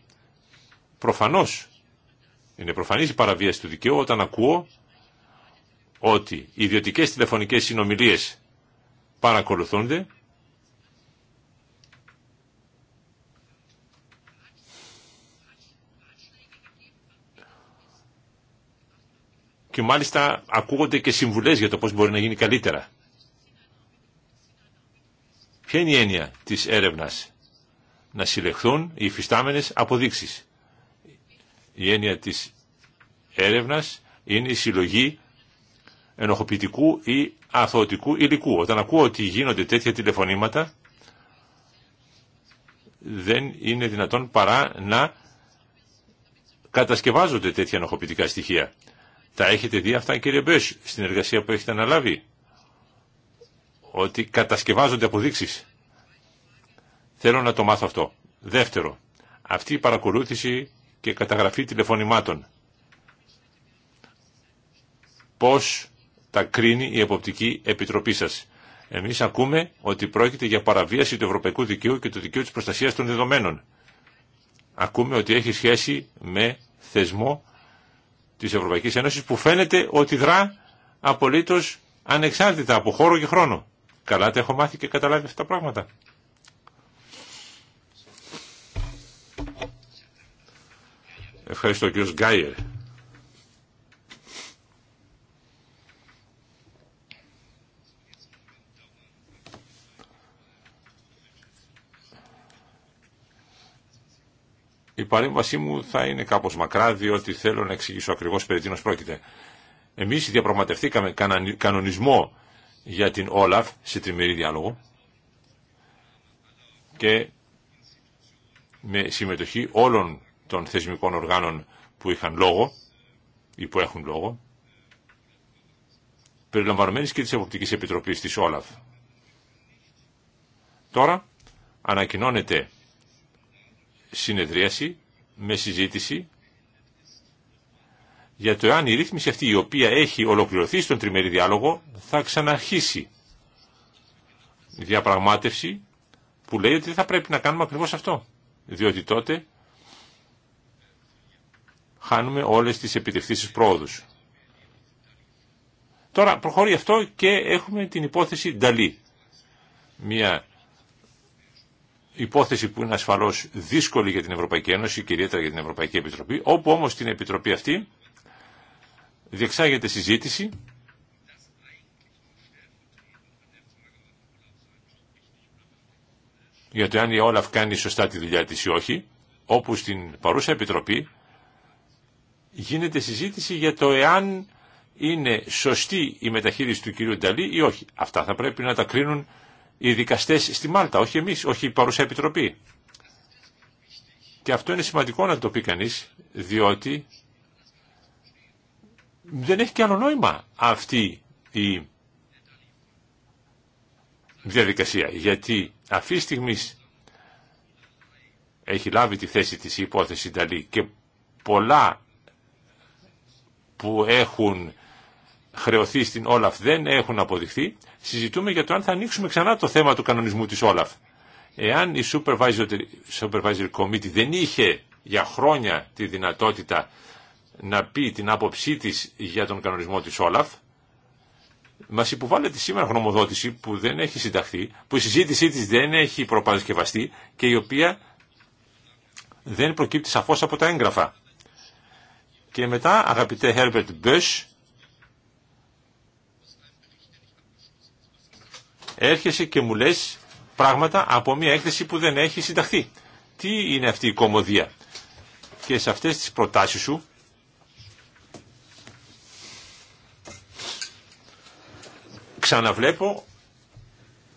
Speaker 3: Προφανώς, είναι προφανής η παραβίαση του δικαίου όταν ακούω ότι οι ιδιωτικές τηλεφωνικές συνομιλίες παρακολουθούνται και μάλιστα ακούγονται και συμβουλές για το πώς μπορεί να γίνει καλύτερα. Ποια είναι η έννοια της έρευνας να συλλεχθούν οι υφιστάμενες αποδείξεις. Η έννοια της έρευνας είναι η συλλογή ενοχοποιητικού ή αθωτικού υλικού. Όταν ακούω ότι γίνονται τέτοια τηλεφωνήματα, δεν είναι δυνατόν παρά να κατασκευάζονται τέτοια ενοχοποιητικά στοιχεία. Τα έχετε δει αυτά κύριε Μπέσ στην εργασία που έχετε αναλάβει. Ότι κατασκευάζονται αποδείξεις. Θέλω να το μάθω αυτό. Δεύτερο, αυτή η παρακολούθηση και καταγραφή τηλεφωνημάτων. Πώς τα κρίνει η Εποπτική Επιτροπή σας. Εμείς ακούμε ότι πρόκειται για παραβίαση του ευρωπαϊκού δικαίου και του δικαίου της προστασίας των δεδομένων. Ακούμε ότι έχει σχέση με θεσμό της Ευρωπαϊκής Ένωσης που φαίνεται ότι δρά απολύτως ανεξάρτητα από χώρο και χρόνο. Καλά τα έχω μάθει και καταλάβει αυτά τα πράγματα. Ευχαριστώ κύριος Γκάιερ. Η παρέμβασή μου θα είναι κάπως μακρά, διότι θέλω να εξηγήσω ακριβώς περί τίνος πρόκειται. Εμείς διαπραγματευτήκαμε κανονισμό για την Όλαφ σε τριμερή διάλογο και με συμμετοχή όλων των θεσμικών οργάνων που είχαν λόγο ή που έχουν λόγο, περιλαμβανομένης και της Εποπτικής Επιτροπής της Όλαφ. Τώρα ανακοινώνεται συνεδρίαση με συζήτηση για το αν η ρύθμιση αυτή η οποία έχει ολοκληρωθεί στον τριμερή διάλογο θα ξαναρχίσει διαπραγμάτευση που λέει ότι δεν θα πρέπει να κάνουμε ακριβώς αυτό. Διότι τότε χάνουμε όλες τις επιτευθύνσεις πρόοδους. Τώρα προχωρεί αυτό και έχουμε την υπόθεση Νταλή. Μια υπόθεση που είναι ασφαλώς δύσκολη για την Ευρωπαϊκή Ένωση και ιδιαίτερα για την Ευρωπαϊκή Επιτροπή, όπου όμως την Επιτροπή αυτή διεξάγεται συζήτηση για το αν η Όλαφ κάνει σωστά τη δουλειά της ή όχι, όπου στην παρούσα Επιτροπή γίνεται συζήτηση για το εάν είναι σωστή η μεταχείριση του κυρίου Νταλή ή όχι. Αυτά θα πρέπει να τα κρίνουν οι δικαστέ στη Μάλτα, όχι εμείς, όχι η παρούσα επιτροπή. Και αυτό είναι σημαντικό να το πει κανείς, διότι δεν έχει και άλλο νόημα αυτή η διαδικασία. Γιατί αυτή τη στιγμή έχει λάβει τη θέση της υπόθεση Νταλή και πολλά που έχουν χρεωθεί στην Όλαφ δεν έχουν αποδειχθεί, συζητούμε για το αν θα ανοίξουμε ξανά το θέμα του κανονισμού της Όλαφ. Εάν η Supervisory, Committee δεν είχε για χρόνια τη δυνατότητα να πει την άποψή της για τον κανονισμό της Όλαφ, Μα υποβάλλεται σήμερα γνωμοδότηση που δεν έχει συνταχθεί, που η συζήτησή της δεν έχει προπαρασκευαστεί και η οποία δεν προκύπτει σαφώς από τα έγγραφα. Και μετά, αγαπητέ Herbert Bush, έρχεσαι και μου λες πράγματα από μια έκθεση που δεν έχει συνταχθεί. Τι είναι αυτή η κομμωδία. Και σε αυτές τις προτάσεις σου ξαναβλέπω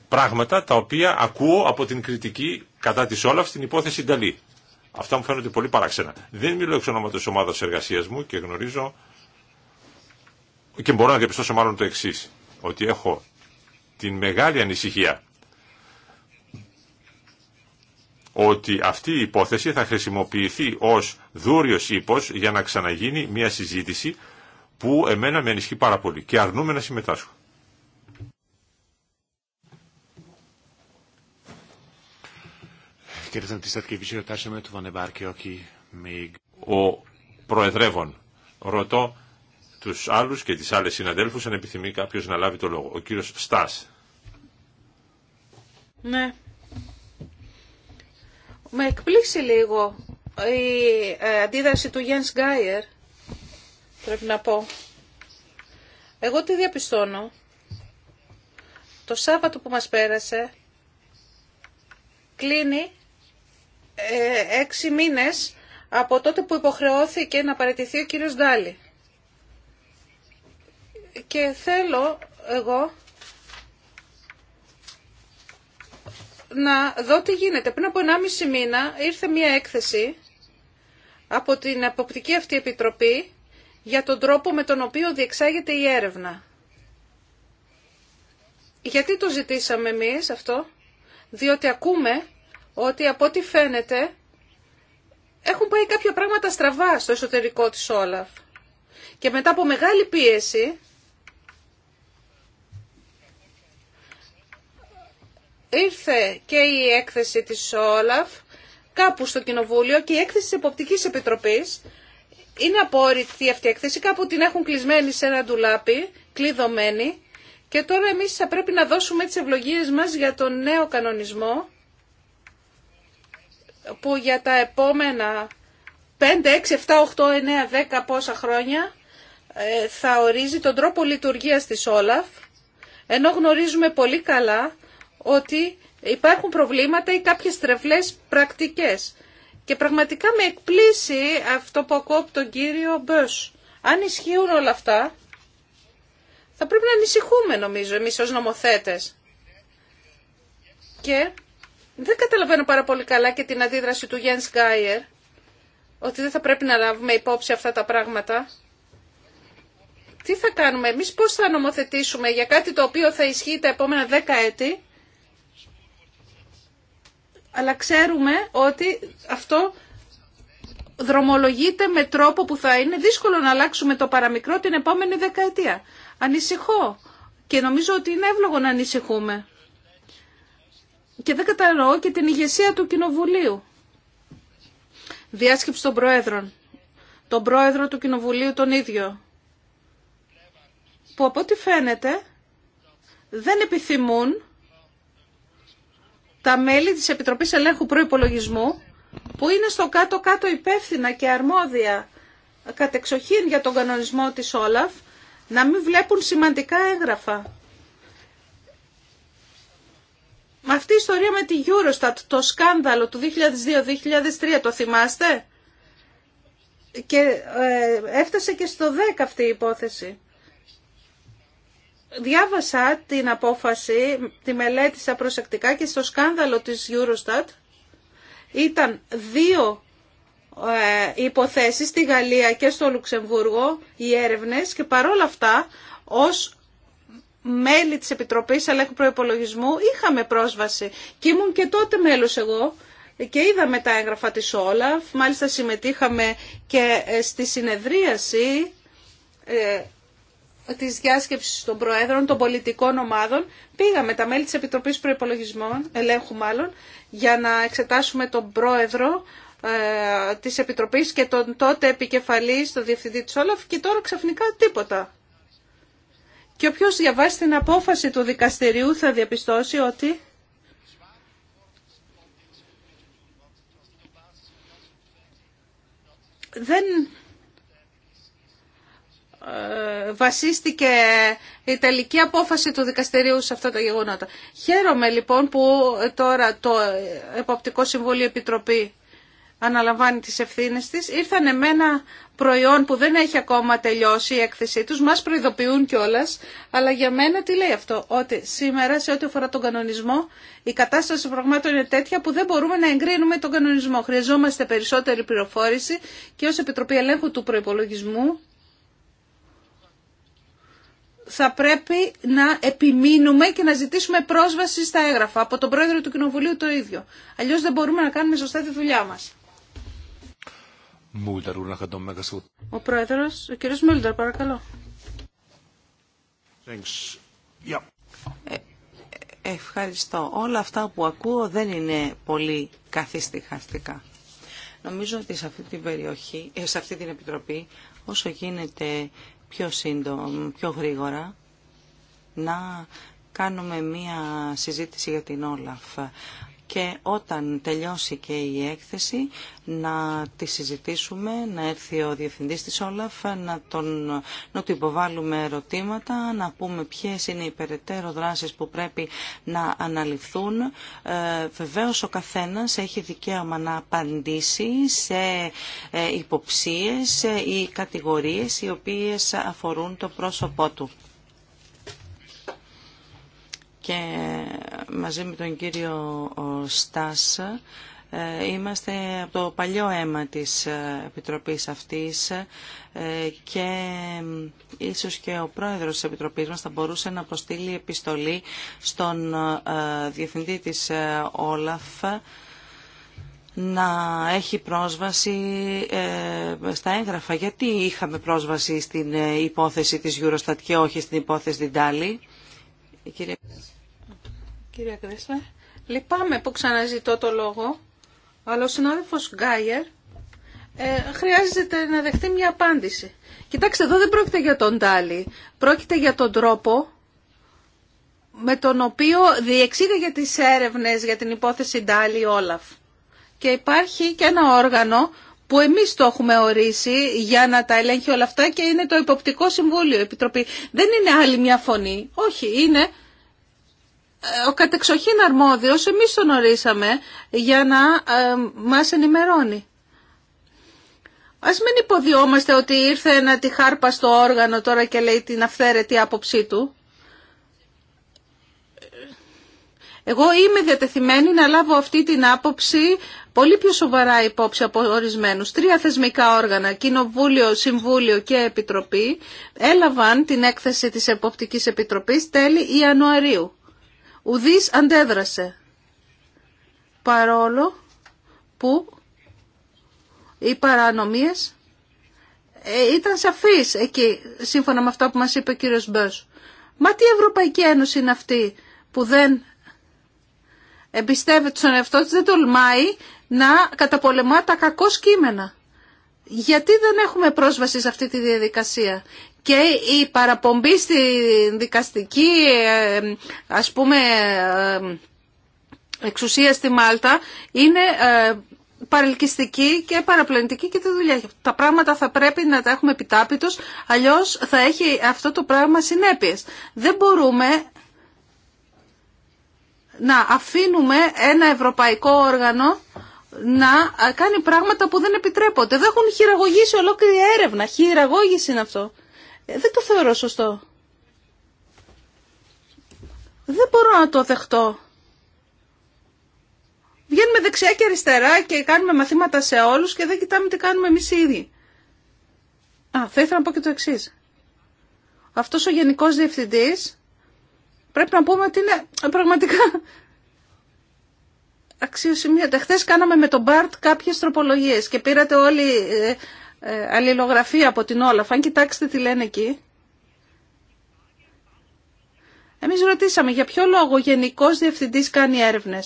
Speaker 3: πράγματα τα οποία ακούω από την κριτική κατά της Όλαφ στην υπόθεση Νταλή. Αυτά μου φαίνονται πολύ παράξενα. Δεν μιλώ εξ ονόματος ομάδα εργασίας μου και γνωρίζω και μπορώ να διαπιστώσω μάλλον το εξή ότι έχω την μεγάλη ανησυχία ότι αυτή η υπόθεση θα χρησιμοποιηθεί ως δούριος ύπος για να ξαναγίνει μια συζήτηση που εμένα με ενισχύει πάρα πολύ και αρνούμε να συμμετάσχω. Ο Προεδρεύων, ρωτώ τους άλλους και τις άλλες συναδέλφους αν επιθυμεί κάποιος να λάβει το λόγο. Ο κύριος Στάς.
Speaker 2: Ναι. Με εκπλήσει λίγο η ε, αντίδραση του Γιάννη Γκάιερ, πρέπει να πω. Εγώ τι διαπιστώνω. Το Σάββατο που μας πέρασε κλείνει ε, έξι μήνες από τότε που υποχρεώθηκε να παραιτηθεί ο κύριος Ντάλι. Και θέλω εγώ να δω τι γίνεται. Πριν από 1,5 μήνα ήρθε μια έκθεση από την αποπτική αυτή επιτροπή για τον τρόπο με τον οποίο διεξάγεται η έρευνα. Γιατί το ζητήσαμε εμείς αυτό, διότι ακούμε ότι από ό,τι φαίνεται έχουν πάει κάποια πράγματα στραβά στο εσωτερικό της Όλαφ. Και μετά από μεγάλη πίεση ήρθε και η έκθεση της Όλαφ κάπου στο Κοινοβούλιο και η έκθεση της Εποπτικής Επιτροπής είναι απόρριτη αυτή η έκθεση, κάπου την έχουν κλεισμένη σε ένα ντουλάπι, κλειδωμένη και τώρα εμείς θα πρέπει να δώσουμε τις ευλογίες μας για τον νέο κανονισμό που για τα επόμενα 5, 6, 7, 8, 9, 10 πόσα χρόνια ε, θα ορίζει τον τρόπο λειτουργίας της Όλαφ ενώ γνωρίζουμε πολύ καλά ότι υπάρχουν προβλήματα ή κάποιες τρευλές πρακτικές. Και πραγματικά με εκπλήσει αυτό που ακούω από τον κύριο Μπεσ. Αν ισχύουν όλα αυτά, θα πρέπει να ανησυχούμε νομίζω εμείς ως νομοθέτες. Και δεν καταλαβαίνω πάρα πολύ καλά και την αντίδραση του Γιάννη Γκάιερ, ότι δεν θα πρέπει να λάβουμε υπόψη αυτά τα πράγματα. Τι θα κάνουμε εμείς, πώς θα νομοθετήσουμε για κάτι το οποίο θα ισχύει τα επόμενα δέκα έτη, αλλά ξέρουμε ότι αυτό δρομολογείται με τρόπο που θα είναι δύσκολο να αλλάξουμε το παραμικρό την επόμενη δεκαετία. Ανησυχώ και νομίζω ότι είναι εύλογο να ανησυχούμε. Και δεν κατανοώ και την ηγεσία του Κοινοβουλίου. Διάσκεψη των Προέδρων. Τον Πρόεδρο του Κοινοβουλίου τον ίδιο. Που από ό,τι φαίνεται δεν επιθυμούν τα μέλη της Επιτροπής Ελέγχου Προϋπολογισμού που είναι στο κάτω-κάτω υπεύθυνα και αρμόδια κατεξοχήν για τον κανονισμό της Όλαφ να μην βλέπουν σημαντικά έγγραφα. Με αυτή η ιστορία με τη Eurostat, το σκάνδαλο του 2002-2003, το θυμάστε? Και ε, έφτασε και στο 10 αυτή η υπόθεση. Διάβασα την απόφαση, τη μελέτησα προσεκτικά και στο σκάνδαλο της Eurostat ήταν δύο ε, υποθέσεις στη Γαλλία και στο Λουξεμβούργο οι έρευνες και παρόλα αυτά ως μέλη της Επιτροπής Ελέγχου Προϋπολογισμού είχαμε πρόσβαση και ήμουν και τότε μέλος εγώ και είδαμε τα έγγραφα της Όλαφ, μάλιστα συμμετείχαμε και ε, στη συνεδρίαση ε, της διάσκεψης των Προέδρων των πολιτικών ομάδων πήγαμε τα μέλη της Επιτροπής Προϋπολογισμών, ελέγχου μάλλον, για να εξετάσουμε τον Πρόεδρο ε, της Επιτροπής και τον τότε επικεφαλή τον Διευθυντή της Όλαφ και τώρα ξαφνικά τίποτα. Και οποίο διαβάσει την απόφαση του δικαστηριού θα διαπιστώσει ότι... Δεν ε, βασίστηκε η τελική απόφαση του δικαστηρίου σε αυτά τα γεγονότα. Χαίρομαι λοιπόν που τώρα το Εποπτικό Συμβούλιο Επιτροπή αναλαμβάνει τις ευθύνες της. Ήρθανε με ένα προϊόν που δεν έχει ακόμα τελειώσει η έκθεσή τους, μας προειδοποιούν κιόλα, αλλά για μένα τι λέει αυτό, ότι σήμερα σε ό,τι αφορά τον κανονισμό η κατάσταση πραγμάτων είναι τέτοια που δεν μπορούμε να εγκρίνουμε τον κανονισμό. Χρειαζόμαστε περισσότερη πληροφόρηση και ως Επιτροπή Ελέγχου του Προϋπολογισμού θα πρέπει να επιμείνουμε και να ζητήσουμε πρόσβαση στα έγγραφα. Από τον πρόεδρο του Κοινοβουλίου το ίδιο. Αλλιώς δεν μπορούμε να κάνουμε σωστά τη δουλειά μας. Ο πρόεδρος,
Speaker 4: ο κύριος παρακαλώ. Ε, ευχαριστώ. Όλα αυτά που ακούω δεν είναι πολύ καθυστυχαστικά. Νομίζω ότι σε αυτή την περιοχή, ε, σε αυτή την επιτροπή, όσο γίνεται πιο σύντομα, πιο γρήγορα να κάνουμε μία συζήτηση για την Όλαφ και όταν τελειώσει και η έκθεση να τη συζητήσουμε, να έρθει ο Διευθυντής της Όλαφ, να, τον, να του υποβάλουμε ερωτήματα, να πούμε ποιες είναι οι περαιτέρω δράσεις που πρέπει να αναλυθούν. Ε, βεβαίως ο καθένας έχει δικαίωμα να απαντήσει σε ε, υποψίες ή κατηγορίες οι οποίες αφορούν το πρόσωπό του και μαζί με τον κύριο Στάς ε, είμαστε από το παλιό αίμα της ε, Επιτροπής αυτής ε, και ίσως και ο πρόεδρος της Επιτροπής μας θα μπορούσε να αποστείλει επιστολή στον διευθυντή της Όλαφ να έχει πρόσβαση στα έγγραφα. Γιατί είχαμε πρόσβαση στην υπόθεση της Eurostat και όχι στην υπόθεση της κυρία,
Speaker 2: κυρία Λυπάμαι που ξαναζητώ το λόγο, αλλά ο συνάδελφος Γκάιερ ε, χρειάζεται να δεχτεί μια απάντηση. Κοιτάξτε, εδώ δεν πρόκειται για τον Τάλι. Πρόκειται για τον τρόπο με τον οποίο για τις έρευνες για την υπόθεση Ντάλι Όλαφ. Και υπάρχει και ένα όργανο που εμεί το έχουμε ορίσει για να τα ελέγχει όλα αυτά και είναι το Υποπτικό Συμβούλιο, Επιτροπή. Δεν είναι άλλη μια φωνή. Όχι, είναι ε, ο κατεξοχήν αρμόδιος, εμείς τον ορίσαμε για να ε, μα ενημερώνει. Ας μην υποδιόμαστε ότι ήρθε ένα χάρπα στο όργανο τώρα και λέει την αυθαίρετη άποψή του. Εγώ είμαι διατεθειμένη να λάβω αυτή την άποψη πολύ πιο σοβαρά υπόψη από ορισμένους. Τρία θεσμικά όργανα, Κοινοβούλιο, Συμβούλιο και Επιτροπή, έλαβαν την έκθεση της Εποπτικής Επιτροπής τέλη Ιανουαρίου. Ουδής αντέδρασε. Παρόλο που οι παρανομίες ε, ήταν σαφείς εκεί, σύμφωνα με αυτό που μας είπε ο κύριος Μπέρσου. Μα τι Ευρωπαϊκή Ένωση είναι αυτή που δεν εμπιστεύεται στον εαυτό της, δεν τολμάει να καταπολεμά τα κακό κείμενα. Γιατί δεν έχουμε πρόσβαση σε αυτή τη διαδικασία. Και η παραπομπή στη δικαστική, ε, ας πούμε, ε, εξουσία στη Μάλτα είναι ε, παρελκυστική και παραπλανητική και τη δουλειά. Τα πράγματα θα πρέπει να τα έχουμε επιτάπητος, αλλιώς θα έχει αυτό το πράγμα συνέπειες. Δεν μπορούμε να αφήνουμε ένα ευρωπαϊκό όργανο να κάνει πράγματα που δεν επιτρέπονται. Δεν έχουν χειραγωγήσει ολόκληρη έρευνα. Χειραγώγηση είναι αυτό. Ε, δεν το θεωρώ σωστό. Δεν μπορώ να το δεχτώ. Βγαίνουμε δεξιά και αριστερά και κάνουμε μαθήματα σε όλους και δεν κοιτάμε τι κάνουμε εμείς οι ίδιοι. Α, θα ήθελα να πω και το εξή. Αυτός ο γενικός διευθυντής πρέπει να πούμε ότι είναι πραγματικά αξιοσημείωτα. Χθε κάναμε με τον Μπάρτ κάποιε τροπολογίε και πήρατε όλη ε, ε, αλληλογραφία από την Όλαφ. Αν κοιτάξετε τι λένε εκεί. Εμεί ρωτήσαμε για ποιο λόγο ο Γενικός Διευθυντής κάνει έρευνε.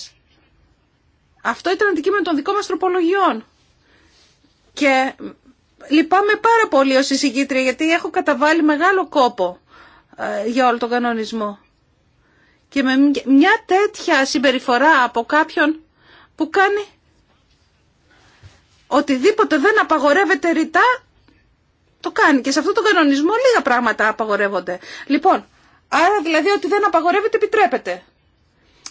Speaker 2: Αυτό ήταν αντικείμενο των δικών μας τροπολογιών. Και λυπάμαι πάρα πολύ ως εισηγήτρια γιατί έχω καταβάλει μεγάλο κόπο ε, για όλο τον κανονισμό. Και με μια τέτοια συμπεριφορά από κάποιον που κάνει οτιδήποτε δεν απαγορεύεται ρητά, το κάνει. Και σε αυτόν τον κανονισμό λίγα πράγματα απαγορεύονται. Λοιπόν, άρα δηλαδή ότι δεν απαγορεύεται επιτρέπεται.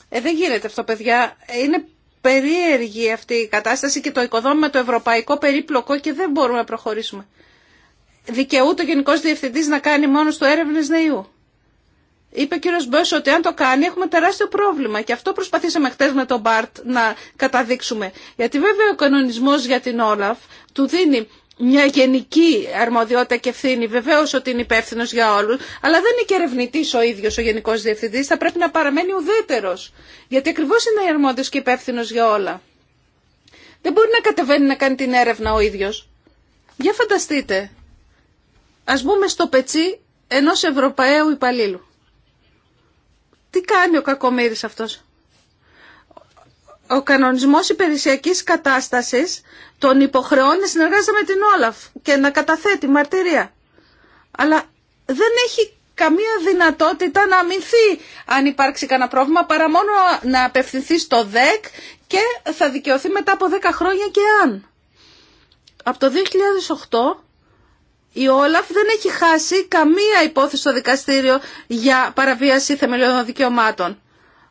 Speaker 2: Ε, δεν γίνεται αυτό παιδιά. Είναι περίεργη αυτή η κατάσταση και το οικοδόμημα το ευρωπαϊκό περίπλοκο και δεν μπορούμε να προχωρήσουμε. Δικαιούται ο Γενικός Διευθυντής να κάνει μόνο του έρευνες νεϊού. Είπε ο κύριο Μπέσο ότι αν το κάνει έχουμε τεράστιο πρόβλημα και αυτό προσπαθήσαμε χτε με τον Μπάρτ να καταδείξουμε. Γιατί βέβαια ο κανονισμό για την Όλαφ του δίνει μια γενική αρμοδιότητα και ευθύνη. Βεβαίω ότι είναι υπεύθυνο για όλου, αλλά δεν είναι και ερευνητή ο ίδιο ο Γενικό Διευθυντή. Θα πρέπει να παραμένει ουδέτερο. Γιατί ακριβώ είναι αρμόδιο και υπεύθυνο για όλα. Δεν μπορεί να κατεβαίνει να κάνει την έρευνα ο ίδιο. Για φανταστείτε. Α μπούμε στο πετσί ενό Ευρωπαίου υπαλλήλου. Τι κάνει ο κακομύρης αυτός. Ο κανονισμός υπηρεσιακής κατάστασης τον υποχρεώνει να συνεργάζεται με την Όλαφ και να καταθέτει μαρτυρία. Αλλά δεν έχει καμία δυνατότητα να αμυνθεί αν υπάρξει κανένα πρόβλημα παρά μόνο να απευθυνθεί στο ΔΕΚ και θα δικαιωθεί μετά από 10 χρόνια και αν. Από το 2008 η Όλαφ δεν έχει χάσει καμία υπόθεση στο δικαστήριο για παραβίαση θεμελιωδών δικαιωμάτων.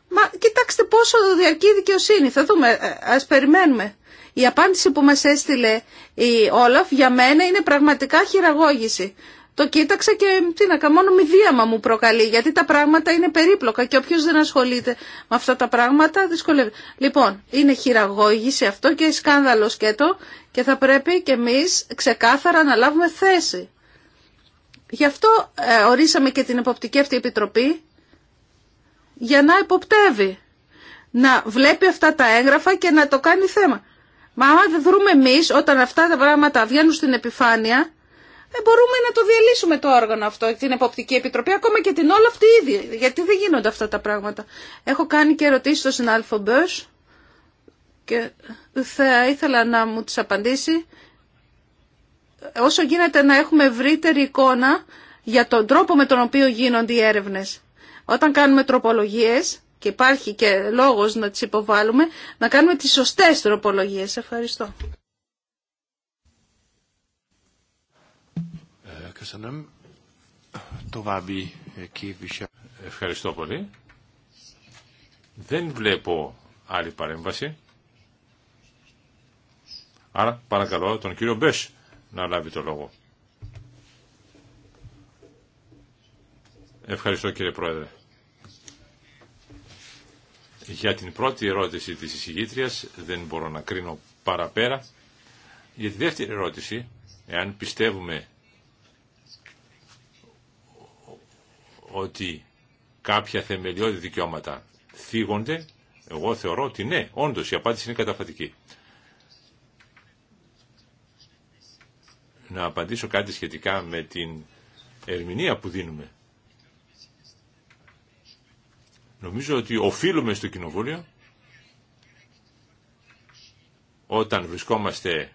Speaker 2: Μα κοιτάξτε πόσο διαρκεί η δικαιοσύνη. Θα δούμε. Ε, ας περιμένουμε. Η απάντηση που μας έστειλε η Όλαφ για μένα είναι πραγματικά χειραγώγηση το κοίταξα και τι να κάνω, μόνο μηδίαμα μου προκαλεί, γιατί τα πράγματα είναι περίπλοκα και όποιος δεν ασχολείται με αυτά τα πράγματα δυσκολεύει. Λοιπόν, είναι χειραγώγηση αυτό και σκάνδαλο το και θα πρέπει και εμείς ξεκάθαρα να λάβουμε θέση. Γι' αυτό ε, ορίσαμε και την εποπτική αυτή επιτροπή για να εποπτεύει, να βλέπει αυτά τα έγγραφα και να το κάνει θέμα. Μα άμα δεν βρούμε εμείς όταν αυτά τα πράγματα βγαίνουν στην επιφάνεια, ε, μπορούμε να το διαλύσουμε το όργανο αυτό, την Εποπτική Επιτροπή, ακόμα και την όλα αυτή ήδη. Γιατί δεν γίνονται αυτά τα πράγματα. Έχω κάνει και ερωτήσει στον συνάδελφο Μπέρς και θα ήθελα να μου τις απαντήσει. Όσο γίνεται να έχουμε ευρύτερη εικόνα για τον τρόπο με τον οποίο γίνονται οι έρευνες. Όταν κάνουμε τροπολογίες και υπάρχει και λόγος να τις υποβάλουμε, να κάνουμε τις σωστές τροπολογίες. Ευχαριστώ.
Speaker 1: Ευχαριστώ πολύ.
Speaker 3: Δεν βλέπω άλλη παρέμβαση. Άρα παρακαλώ τον κύριο Μπεσ να λάβει το λόγο. Ευχαριστώ κύριε Πρόεδρε. Για την πρώτη ερώτηση της εισηγήτριας δεν μπορώ να κρίνω παραπέρα. Για τη δεύτερη ερώτηση, εάν πιστεύουμε ότι κάποια θεμελιώδη δικαιώματα θίγονται, εγώ θεωρώ ότι ναι, όντως η απάντηση είναι καταφατική. Να απαντήσω κάτι σχετικά με την ερμηνεία που δίνουμε. Νομίζω ότι οφείλουμε στο Κοινοβούλιο όταν βρισκόμαστε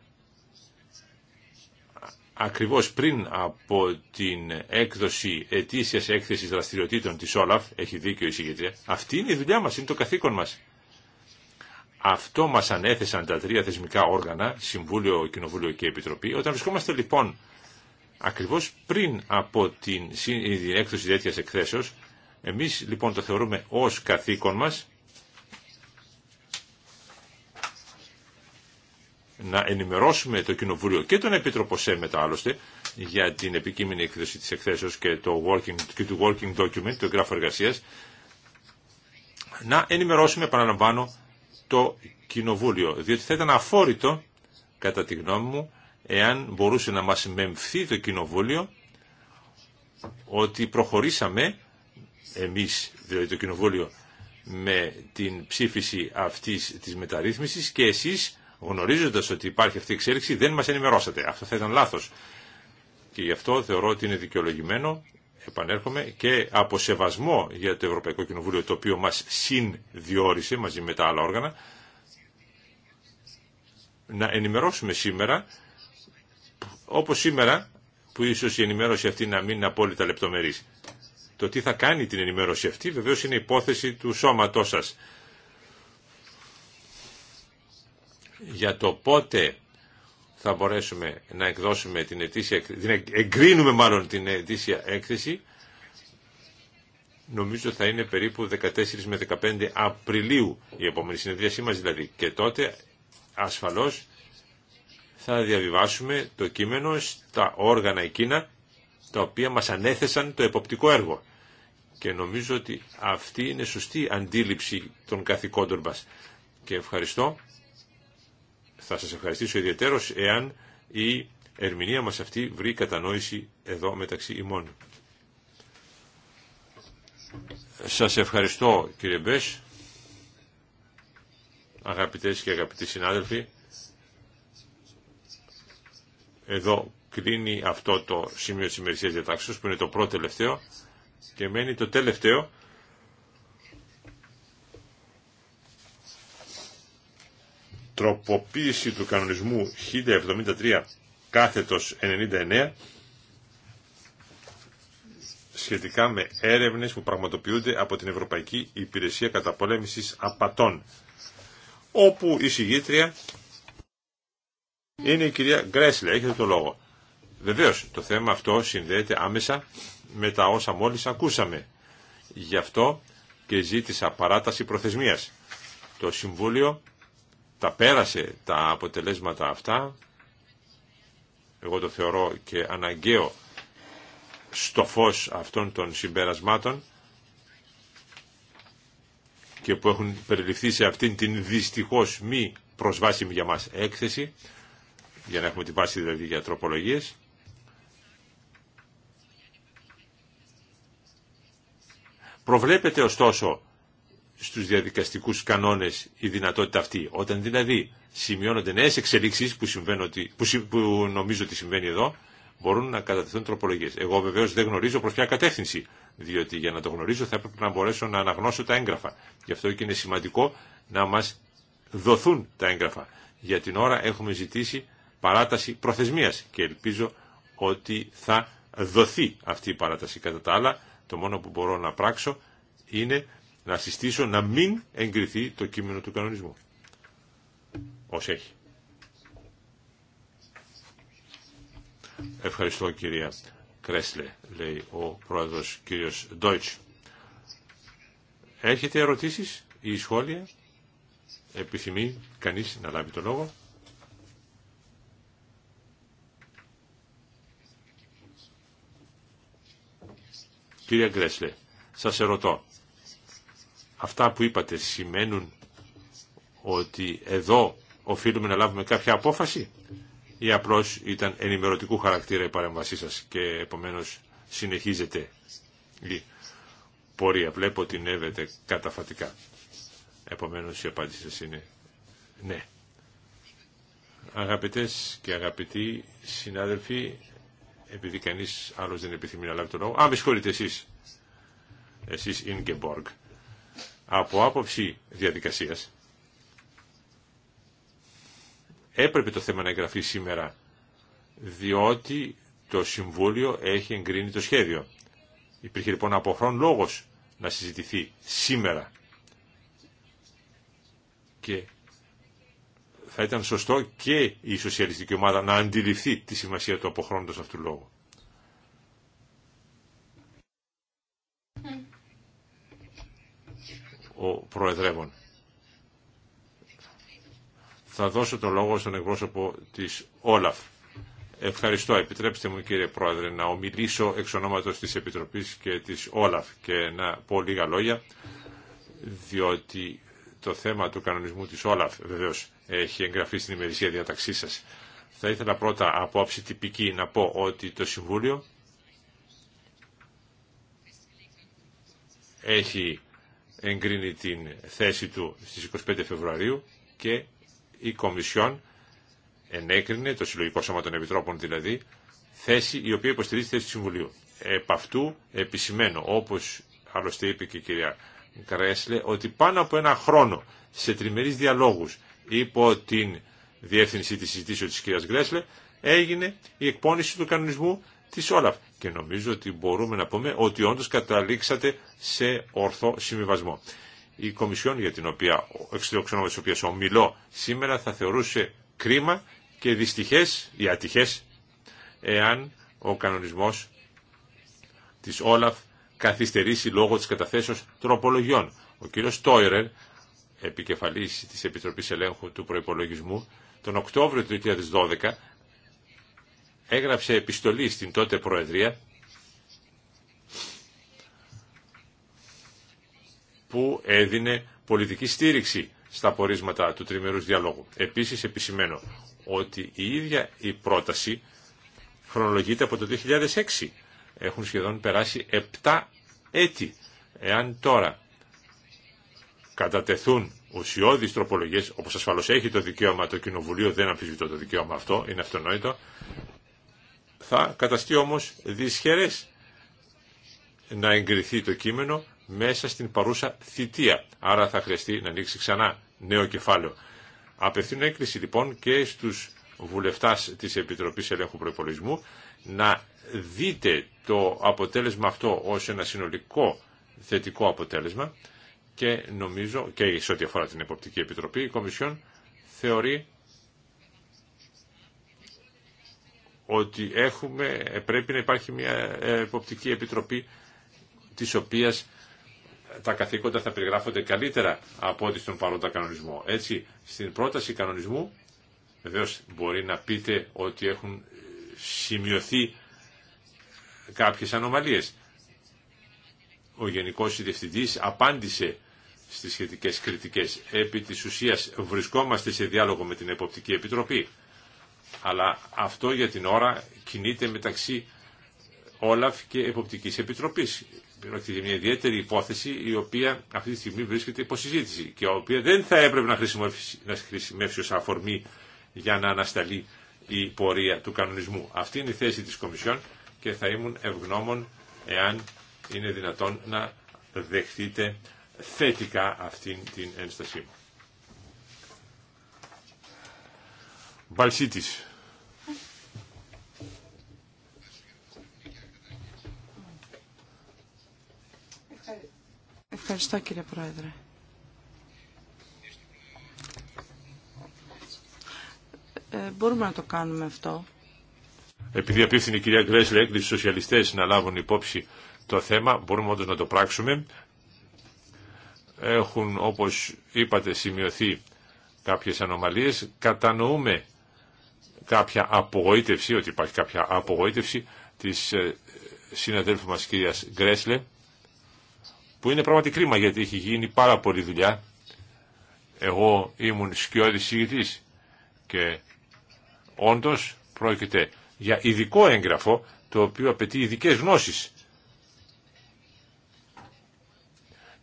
Speaker 3: ακριβώς πριν από την έκδοση ετήσιας έκθεσης δραστηριοτήτων της Όλαφ, έχει δίκιο η συγκεκριά, αυτή είναι η δουλειά μας, είναι το καθήκον μας. Αυτό μας ανέθεσαν τα τρία θεσμικά όργανα, Συμβούλιο, Κοινοβούλιο και Επιτροπή. Όταν βρισκόμαστε λοιπόν ακριβώς πριν από την έκδοση τέτοια εκθέσεως, εμείς λοιπόν το θεωρούμε ως καθήκον μας να ενημερώσουμε το Κοινοβούλιο και τον Επίτροπο ΣΕΜΕΤΑ άλλωστε για την επικείμενη εκδοσή της εκθέσεως και, το working, και του Working Document, του εγγράφου εργασίας, να ενημερώσουμε, επαναλαμβάνω, το Κοινοβούλιο, διότι θα ήταν αφόρητο, κατά τη γνώμη μου, εάν μπορούσε να μας μεμφθεί το Κοινοβούλιο ότι προχωρήσαμε εμείς, δηλαδή το Κοινοβούλιο, με την ψήφιση αυτής της μεταρρύθμισης και εσείς γνωρίζοντας ότι υπάρχει αυτή η εξέλιξη δεν μας ενημερώσατε. Αυτό θα ήταν λάθος. Και γι' αυτό θεωρώ ότι είναι δικαιολογημένο, επανέρχομαι, και από σεβασμό για το Ευρωπαϊκό Κοινοβούλιο το οποίο μας συνδιόρισε μαζί με τα άλλα όργανα, να ενημερώσουμε σήμερα, όπως σήμερα, που ίσως η ενημέρωση αυτή να μην είναι απόλυτα λεπτομερής. Το τι θα κάνει την ενημέρωση αυτή βεβαίως είναι υπόθεση του σώματός σας. για το πότε θα μπορέσουμε να εκδώσουμε την ετήσια, την εγκρίνουμε μάλλον την ετήσια έκθεση, νομίζω θα είναι περίπου 14 με 15 Απριλίου η επόμενη συνεδρίασή μας δηλαδή. Και τότε ασφαλώς θα διαβιβάσουμε το κείμενο στα όργανα εκείνα τα οποία μας ανέθεσαν το εποπτικό έργο. Και νομίζω ότι αυτή είναι σωστή αντίληψη των καθηκόντων μας. Και ευχαριστώ θα σας ευχαριστήσω ιδιαίτερος εάν η ερμηνεία μας αυτή βρει κατανόηση εδώ μεταξύ ημών. Σας ευχαριστώ κύριε Μπες, αγαπητές και αγαπητοί συνάδελφοι. Εδώ κλείνει αυτό το σημείο της ημερησίας διατάξεως που είναι το πρώτο τελευταίο και μένει το τελευταίο τροποποίηση του κανονισμού 1073 κάθετος 99 σχετικά με έρευνες που πραγματοποιούνται από την Ευρωπαϊκή Υπηρεσία Καταπολέμησης Απατών όπου η συγγήτρια είναι η κυρία Γκρέσλε, έχετε το λόγο. Βεβαίως, το θέμα αυτό συνδέεται άμεσα με τα όσα μόλις ακούσαμε. Γι' αυτό και ζήτησα παράταση προθεσμίας. Το Συμβούλιο τα πέρασε τα αποτελέσματα αυτά. Εγώ το θεωρώ και αναγκαίο στο φως αυτών των συμπερασμάτων και που έχουν περιληφθεί σε αυτήν την δυστυχώς μη προσβάσιμη για μας έκθεση για να έχουμε την βάση δηλαδή για τροπολογίες προβλέπεται ωστόσο στους διαδικαστικούς κανόνες η δυνατότητα αυτή. Όταν δηλαδή σημειώνονται νέες εξελίξεις που, ότι, που, που νομίζω ότι συμβαίνει εδώ, μπορούν να κατατεθούν τροπολογίες. Εγώ βεβαίως δεν γνωρίζω προς ποια κατεύθυνση, διότι για να το γνωρίζω θα έπρεπε να μπορέσω να αναγνώσω τα έγγραφα. Γι' αυτό και είναι σημαντικό να μας δοθούν τα έγγραφα. Για την ώρα έχουμε ζητήσει παράταση προθεσμίας και ελπίζω ότι θα δοθεί αυτή η παράταση. Κατά τα άλλα, το μόνο που μπορώ να πράξω είναι να συστήσω να μην εγκριθεί το κείμενο του κανονισμού. Ως έχει. Ευχαριστώ κυρία Κρέσλε, λέει ο πρόεδρος κύριος Ντόιτς. Έχετε ερωτήσεις ή σχόλια. Επιθυμεί κανείς να λάβει το λόγο. Κυρία Κρέσλε, σας ερωτώ αυτά που είπατε σημαίνουν ότι εδώ οφείλουμε να λάβουμε κάποια απόφαση ή απλώς ήταν ενημερωτικού χαρακτήρα η παρέμβασή σας και επομένως συνεχίζεται η πορεία. Βλέπω ότι νεύεται καταφατικά. Επομένως η απάντηση σας είναι ναι. Αγαπητές και αγαπητοί συνάδελφοι, επειδή κανείς άλλος δεν επιθυμεί να λάβει τον λόγο. Α, με συγχωρείτε εσείς. Εσείς από άποψη διαδικασίας έπρεπε το θέμα να εγγραφεί σήμερα διότι το Συμβούλιο έχει εγκρίνει το σχέδιο. Υπήρχε λοιπόν από χρόνο λόγος να συζητηθεί σήμερα και θα ήταν σωστό και η σοσιαλιστική ομάδα να αντιληφθεί τη σημασία του αποχρόντος αυτού λόγου. ο Προεδρεύων. Θα δώσω το λόγο στον εκπρόσωπο της Όλαφ. Ευχαριστώ. Επιτρέψτε μου κύριε Πρόεδρε να ομιλήσω εξ ονόματος της Επιτροπής και της Όλαφ και να πω λίγα λόγια διότι το θέμα του κανονισμού της Όλαφ βεβαίως έχει εγγραφεί στην ημερησία διαταξή σας. Θα ήθελα πρώτα από άψη τυπική να πω ότι το Συμβούλιο έχει εγκρίνει την θέση του στις 25 Φεβρουαρίου και η Κομισιόν ενέκρινε, το Συλλογικό Σώμα των Επιτρόπων δηλαδή, θέση η οποία υποστηρίζει τη θέση του Συμβουλίου. Επ' αυτού επισημαίνω, όπως άλλωστε είπε και η κυρία Κρέσλε, ότι πάνω από ένα χρόνο σε τριμερείς διαλόγους υπό την διεύθυνση της συζητήσεως της κυρίας Γκρέσλε έγινε η εκπόνηση του κανονισμού της Όλαφ. Και νομίζω ότι μπορούμε να πούμε ότι όντως καταλήξατε σε ορθό συμβιβασμό. Η Κομισιόν για την οποία, εξωτερικό της οποίας ομιλώ σήμερα θα θεωρούσε κρίμα και δυστυχές ή ατυχές εάν ο κανονισμός της Όλαφ καθυστερήσει λόγω της καταθέσεως τροπολογιών. Ο κύριος Τόιρερ, επικεφαλής της Επιτροπής Ελέγχου του Προϋπολογισμού, τον Οκτώβριο του 2012 έγραψε επιστολή στην τότε Προεδρία που έδινε πολιτική στήριξη στα πορίσματα του τριμερούς διαλόγου. Επίσης επισημαίνω ότι η ίδια η πρόταση χρονολογείται από το 2006. Έχουν σχεδόν περάσει 7 έτη. Εάν τώρα κατατεθούν ουσιώδει τροπολογίες, όπως ασφαλώς έχει το δικαίωμα το Κοινοβουλίο, δεν αμφισβητώ το δικαίωμα αυτό, είναι αυτονόητο, θα καταστεί όμως δυσχερές να εγκριθεί το κείμενο μέσα στην παρούσα θητεία. Άρα θα χρειαστεί να ανοίξει ξανά νέο κεφάλαιο. Απευθύνω έκκληση λοιπόν και στους βουλευτές της Επιτροπής Ελέγχου Προπολισμού να δείτε το αποτέλεσμα αυτό ως ένα συνολικό θετικό αποτέλεσμα και νομίζω και σε ό,τι αφορά την Εποπτική Επιτροπή η Κομισιόν θεωρεί ότι έχουμε, ε, πρέπει να υπάρχει μια ε, εποπτική επιτροπή της οποίας τα καθήκοντα θα περιγράφονται καλύτερα από ό,τι στον παρόντα κανονισμό. Έτσι, στην πρόταση κανονισμού, βεβαίω μπορεί να πείτε ότι έχουν ε, σημειωθεί κάποιες ανομαλίες. Ο Γενικός Διευθυντής απάντησε στις σχετικές κριτικές. Επί της ουσίας βρισκόμαστε σε διάλογο με την Εποπτική Επιτροπή αλλά αυτό για την ώρα κινείται μεταξύ Όλαφ και Εποπτικής Επιτροπής. Πρόκειται μια ιδιαίτερη υπόθεση η οποία αυτή τη στιγμή βρίσκεται υπό συζήτηση και η οποία δεν θα έπρεπε να χρησιμεύσει, να αφορμή για να ανασταλεί η πορεία του κανονισμού. Αυτή είναι η θέση της Κομισιόν και θα ήμουν ευγνώμων εάν είναι δυνατόν να δεχτείτε θετικά αυτήν την ένστασή μου.
Speaker 4: Ευχαριστώ κύριε Πρόεδρε. Ε, μπορούμε να το κάνουμε αυτό.
Speaker 3: Επειδή απίθυνε η κυρία Γκρέσλε έκκληση στους σοσιαλιστές να λάβουν υπόψη το θέμα, μπορούμε όντως να το πράξουμε. Έχουν, όπως είπατε, σημειωθεί κάποιες ανομαλίες. Κατανοούμε κάποια απογοήτευση, ότι υπάρχει κάποια απογοήτευση της ε, συναδέλφου μας κυρίας Γκρέσλε, που είναι πράγματι κρίμα γιατί έχει γίνει πάρα πολλή δουλειά. Εγώ ήμουν σκιώδης συγητής και όντως πρόκειται για ειδικό έγγραφο το οποίο απαιτεί ειδικέ γνώσεις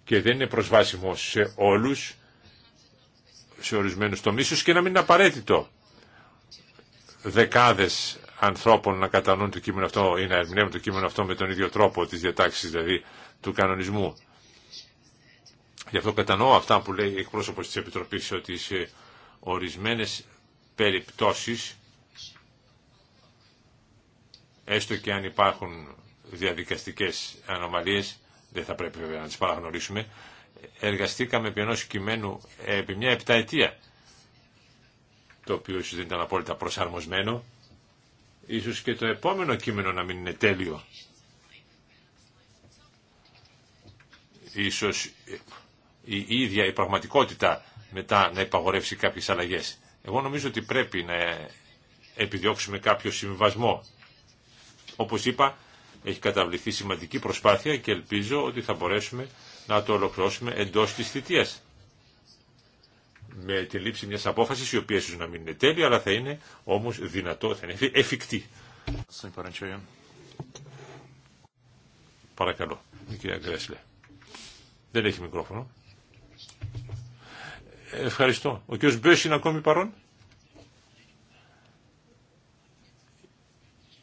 Speaker 3: και δεν είναι προσβάσιμο σε όλους, σε ορισμένους τομείς, και να μην είναι απαραίτητο δεκάδες ανθρώπων να κατανοούν το κείμενο αυτό ή να ερμηνεύουν το κείμενο αυτό με τον ίδιο τρόπο της διατάξεις δηλαδή του κανονισμού. Γι' αυτό κατανοώ αυτά που λέει εκπρόσωπος της Επιτροπής ότι σε ορισμένες περιπτώσεις έστω και αν υπάρχουν διαδικαστικές ανομαλίες δεν θα πρέπει βέβαια να τις παραγνωρίσουμε εργαστήκαμε επί ενός κειμένου επί μια το οποίο ίσως δεν ήταν απόλυτα προσαρμοσμένο. Ίσως και το επόμενο κείμενο να μην είναι τέλειο. Ίσως η ίδια η πραγματικότητα μετά να υπαγορεύσει κάποιες αλλαγές. Εγώ νομίζω ότι πρέπει να επιδιώξουμε κάποιο συμβιβασμό. Όπως είπα, έχει καταβληθεί σημαντική προσπάθεια και ελπίζω ότι θα μπορέσουμε να το ολοκληρώσουμε εντός της θητείας με τη λήψη μιας απόφασης η οποία ίσως να μην είναι τέλεια αλλά θα είναι όμως δυνατό, θα είναι εφικτή. Παρακαλώ, η κυρία Γκρέσλε. Δεν έχει μικρόφωνο. Ευχαριστώ. Ο κύριος Μπέος είναι ακόμη παρόν.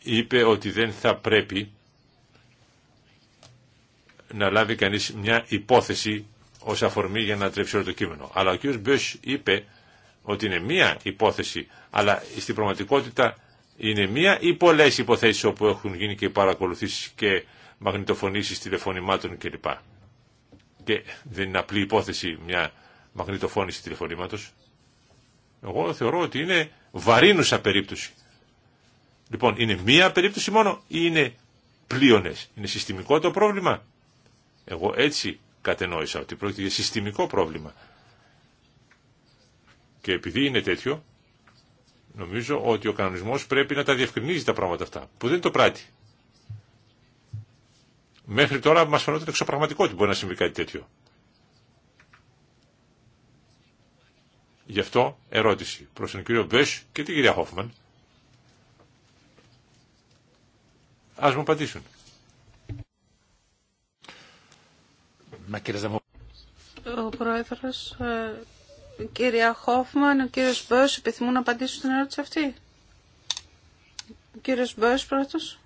Speaker 3: Είπε ότι δεν θα πρέπει να λάβει κανείς μια υπόθεση Ω αφορμή για να τρεψει όλο το κείμενο. Αλλά ο κ. Μπέσ είπε ότι είναι μία υπόθεση, αλλά στην πραγματικότητα είναι μία ή πολλέ υποθέσει όπου έχουν γίνει και παρακολουθήσει και μαγνητοφωνήσει τηλεφωνημάτων κλπ. Και δεν είναι απλή υπόθεση μια μαγνητοφώνηση τηλεφωνήματος. Εγώ θεωρώ ότι είναι βαρύνουσα περίπτωση. Λοιπόν, είναι μία περίπτωση μόνο ή είναι πλείονες. Είναι συστημικό το πρόβλημα. Εγώ έτσι κατενόησα ότι πρόκειται για συστημικό πρόβλημα. Και επειδή είναι τέτοιο, νομίζω ότι ο κανονισμός πρέπει να τα διευκρινίζει τα πράγματα αυτά, που δεν το πράττει. Μέχρι τώρα μας φαινόταν εξωπραγματικό ότι μπορεί να συμβεί κάτι τέτοιο. Γι' αυτό ερώτηση προς τον κύριο Μπέσ και την κυρία Χόφμαν. Ας μου απαντήσουν.
Speaker 2: Ο Πρόεδρος, η ε, κυρία Χόφμαν, ο κύριος Μπέρς επιθυμούν να απαντήσουν στην ερώτηση αυτή. Ο κύριος Μπέρς πρώτος.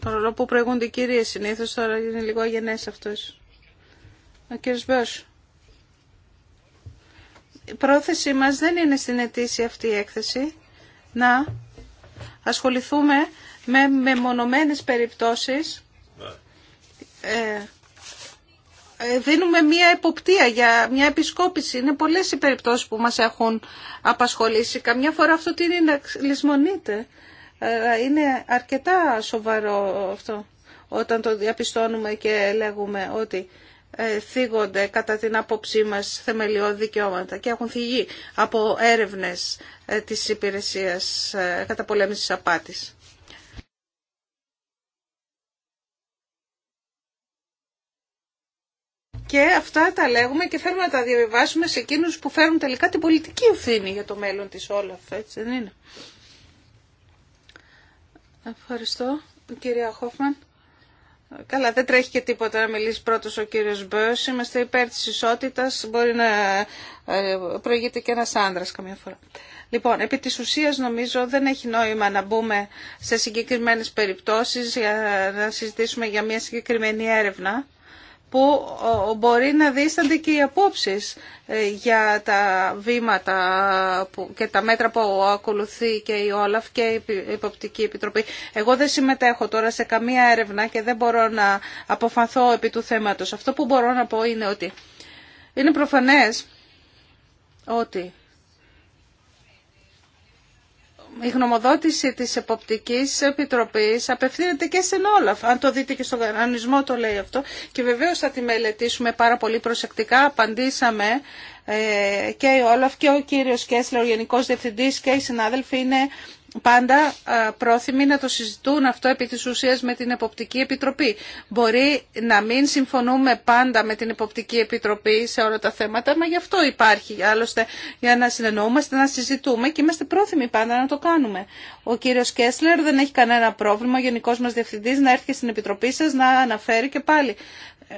Speaker 2: Παρόλο που προηγούνται οι κυρίες συνήθως, τώρα είναι λίγο αγενές αυτός. Ο κύριος Μπέρς. Η πρόθεση μας δεν είναι στην αιτήση αυτή η έκθεση να ασχοληθούμε με μεμονωμένες περιπτώσεις ναι. ε, ε, δίνουμε μια εποπτεία για μια επισκόπηση. Είναι πολλές οι περιπτώσεις που μας έχουν απασχολήσει. Καμιά φορά αυτό τι είναι να λησμονείται. Ε, είναι αρκετά σοβαρό αυτό όταν το διαπιστώνουμε και λέγουμε ότι ε, θίγονται κατά την άποψή μας θεμελιώδη δικαιώματα και έχουν θυγεί από έρευνες της υπηρεσίας καταπολέμησης απάτης. Και αυτά τα λέγουμε και θέλουμε να τα διαβιβάσουμε σε εκείνους που φέρουν τελικά την πολιτική ευθύνη για το μέλλον της Όλαφ, έτσι δεν είναι. Ευχαριστώ, κυρία Χόφμαν. Καλά, δεν τρέχει και τίποτα να μιλήσει πρώτος ο κύριος Μπέος. Είμαστε υπέρ της ισότητας, μπορεί να ε, προηγείται και ένας άνδρας καμιά φορά. Λοιπόν, επί της ουσίας νομίζω δεν έχει νόημα να μπούμε σε συγκεκριμένες περιπτώσεις για να συζητήσουμε για μια συγκεκριμένη έρευνα που μπορεί να δίστανται και οι απόψεις ε, για τα βήματα και τα μέτρα που ακολουθεί και η Όλαφ και η Υποπτική Επιτροπή. Εγώ δεν συμμετέχω τώρα σε καμία έρευνα και δεν μπορώ να αποφανθώ επί του θέματος. Αυτό που μπορώ να πω είναι ότι είναι προφανές ότι η γνωμοδότηση της Εποπτικής Επιτροπής απευθύνεται και σε Όλαφ, Αν το δείτε και στον κανονισμό το λέει αυτό. Και βεβαίως θα τη μελετήσουμε πάρα πολύ προσεκτικά. Απαντήσαμε ε, και η Όλαφ και ο κύριος Κέσλερ, ο Γενικός Διευθυντής και οι συνάδελφοι είναι πάντα πρόθυμοι να το συζητούν αυτό επί της ουσίας με την Εποπτική Επιτροπή. Μπορεί να μην συμφωνούμε πάντα με την Εποπτική Επιτροπή σε όλα τα θέματα, μα γι' αυτό υπάρχει άλλωστε για να συνεννοούμαστε, να συζητούμε και είμαστε πρόθυμοι πάντα να το κάνουμε. Ο κύριος Κέσλερ δεν έχει κανένα πρόβλημα, ο γενικός μας διευθυντής να έρθει στην Επιτροπή σας να αναφέρει και πάλι. Ε,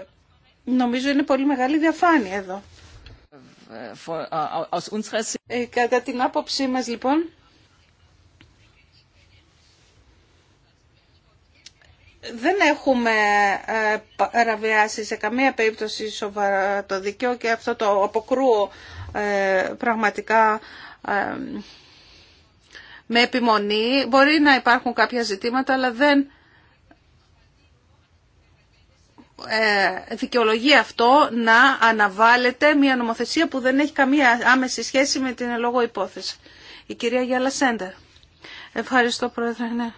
Speaker 2: νομίζω είναι πολύ μεγάλη διαφάνεια εδώ. Ε, ε, κατά την άποψή μας λοιπόν, δεν έχουμε ε, παραβιάσει σε καμία περίπτωση σοβαρά το δικαίωμα και αυτό το αποκρούω ε, πραγματικά ε, με επιμονή. Μπορεί να υπάρχουν κάποια ζητήματα, αλλά δεν δικαιολογεί αυτό να αναβάλλεται μια νομοθεσία που δεν έχει καμία άμεση σχέση με την λόγω υπόθεση. Η κυρία Γιάλα Σέντερ. Ευχαριστώ, Πρόεδρε. Ναι.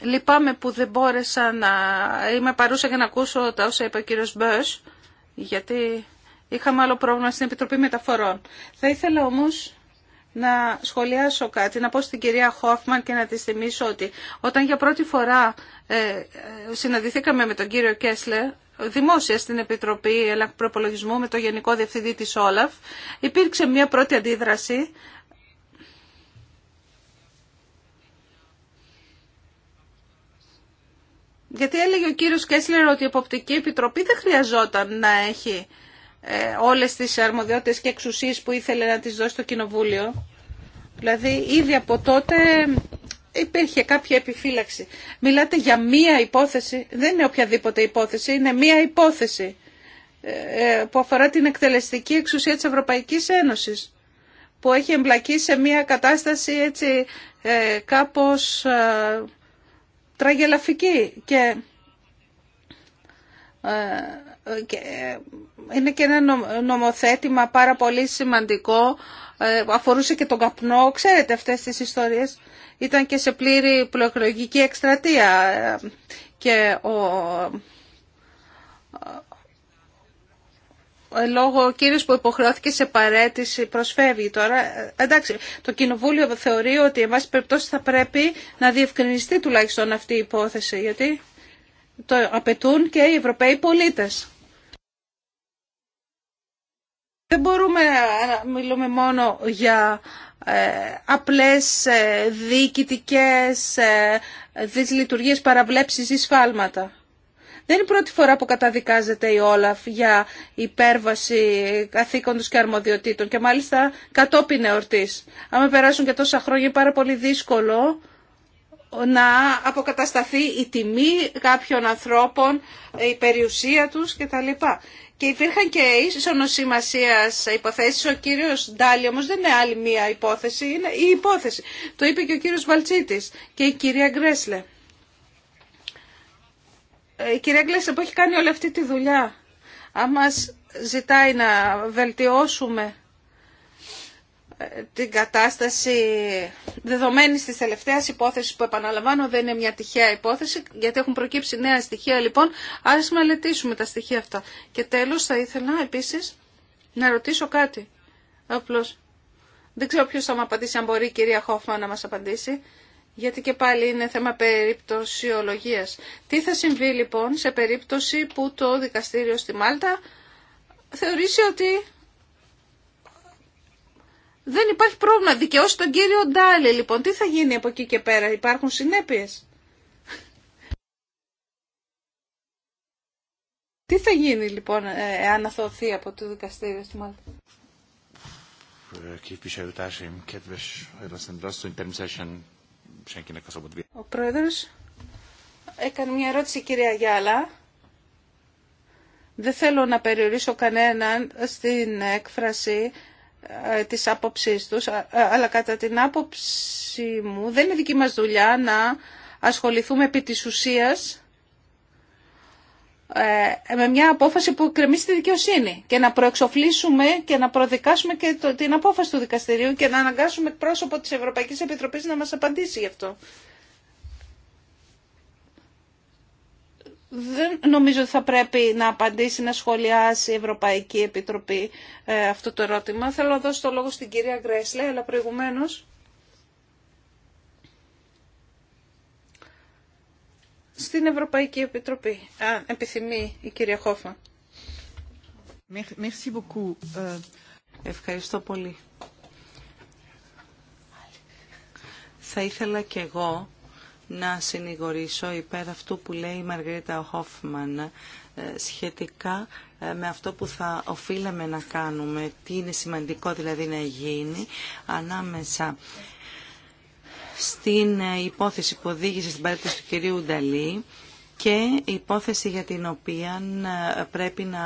Speaker 2: Λυπάμαι που δεν μπόρεσα να είμαι παρούσα για να ακούσω τα όσα είπε ο κύριος Μπέρς, γιατί είχαμε άλλο πρόβλημα στην Επιτροπή Μεταφορών. Θα ήθελα όμως να σχολιάσω κάτι, να πω στην κυρία Χόφμαν και να τη θυμίσω ότι όταν για πρώτη φορά ε, ε, συναντηθήκαμε με τον κύριο Κέσλε, δημόσια στην Επιτροπή Ελέγχου Προπολογισμού με τον Γενικό Διευθυντή της Όλαφ, υπήρξε μια πρώτη αντίδραση Γιατί έλεγε ο κύριος Κέσλερ ότι η Εποπτική Επιτροπή δεν χρειαζόταν να έχει ε, όλες τις αρμοδιότητες και εξουσίες που ήθελε να τις δώσει το Κοινοβούλιο. Δηλαδή ήδη από τότε υπήρχε κάποια επιφύλαξη. Μιλάτε για μία υπόθεση, δεν είναι οποιαδήποτε υπόθεση, είναι μία υπόθεση ε, ε, που αφορά την εκτελεστική εξουσία της Ευρωπαϊκής Ένωσης που έχει εμπλακεί σε μία κατάσταση έτσι κάπως τραγελαφική ε, και είναι και ένα νομοθέτημα πάρα πολύ σημαντικό ε, αφορούσε και τον καπνό ξέρετε αυτές τις ιστορίες ήταν και σε πλήρη προεκλογική εκστρατεία ε, και ο ε, λόγω ο κύριος που υποχρεώθηκε σε παρέτηση προσφεύγει τώρα. Ε, εντάξει, το Κοινοβούλιο θεωρεί ότι εν πάση περιπτώσει θα πρέπει να διευκρινιστεί τουλάχιστον αυτή η υπόθεση, γιατί το απαιτούν και οι Ευρωπαίοι πολίτες. Δεν μπορούμε να μιλούμε μόνο για ε, απλές διοικητικές δυσλειτουργίες παραβλέψεις ή σφάλματα. Δεν είναι η πρώτη φορά που καταδικάζεται η Όλαφ για υπέρβαση καθήκοντος και αρμοδιοτήτων και μάλιστα κατόπιν εορτής. Άμα περάσουν και τόσα χρόνια είναι πάρα πολύ δύσκολο να αποκατασταθεί η τιμή κάποιων ανθρώπων, η περιουσία τους κτλ. Και υπήρχαν και ίσονος σημασία υποθέσεις. Ο κύριος Ντάλι όμως δεν είναι άλλη μία υπόθεση, είναι η υπόθεση. Το είπε και ο κύριος Βαλτσίτης και η κυρία Γκρέσλε. Ε, η κυρία Γκλέσσα που έχει κάνει όλη αυτή τη δουλειά, αν μας ζητάει να βελτιώσουμε ε, την κατάσταση δεδομένη της τελευταίας υπόθεσης που επαναλαμβάνω δεν είναι μια τυχαία υπόθεση γιατί έχουν προκύψει νέα στοιχεία λοιπόν ας μελετήσουμε τα στοιχεία αυτά και τέλος θα ήθελα επίσης να ρωτήσω κάτι απλώς δεν ξέρω ποιος θα μου απαντήσει αν μπορεί η κυρία Χόφμα να μας απαντήσει γιατί και πάλι είναι θέμα περιπτωσιολογίας. Τι θα συμβεί λοιπόν σε περίπτωση που το δικαστήριο στη Μάλτα θεωρήσει ότι δεν υπάρχει πρόβλημα. Δικαιώσει τον κύριο Ντάλι λοιπόν. Τι θα γίνει από εκεί και πέρα. Υπάρχουν συνέπειες. Τι θα γίνει λοιπόν ε, εάν αθωθεί από το δικαστήριο στη Μάλτα. Ε, ο πρόεδρο. έκανε μια ερώτηση κυρία Γιάλα. Δεν θέλω να περιορίσω κανέναν στην έκφραση ε, της άποψής τους, ε, αλλά κατά την άποψή μου δεν είναι δική μας δουλειά να ασχοληθούμε επί της ουσίας ε, με μια απόφαση που κρεμεί τη δικαιοσύνη και να προεξοφλήσουμε και να προδικάσουμε και το, την απόφαση του δικαστηρίου και να αναγκάσουμε πρόσωπο της Ευρωπαϊκής Επιτροπής να μας απαντήσει γι' αυτό. Δεν νομίζω ότι θα πρέπει να απαντήσει, να σχολιάσει η Ευρωπαϊκή Επιτροπή ε, αυτό το ερώτημα. Θέλω να δώσω το λόγο στην κυρία Γκρέσλε, αλλά προηγουμένως στην Ευρωπαϊκή Επιτροπή. Α, επιθυμεί η κυρία Χόφα.
Speaker 4: Ε, ευχαριστώ πολύ. Θα ήθελα και εγώ να συνηγορήσω υπέρ αυτού που λέει η Μαργαρίτα Χόφμαν ε, σχετικά ε, με αυτό που θα οφείλαμε να κάνουμε, τι είναι σημαντικό δηλαδή να γίνει ανάμεσα στην ε, υπόθεση που οδήγησε στην παρέτηση του κυρίου Νταλή και υπόθεση για την οποία ε, πρέπει να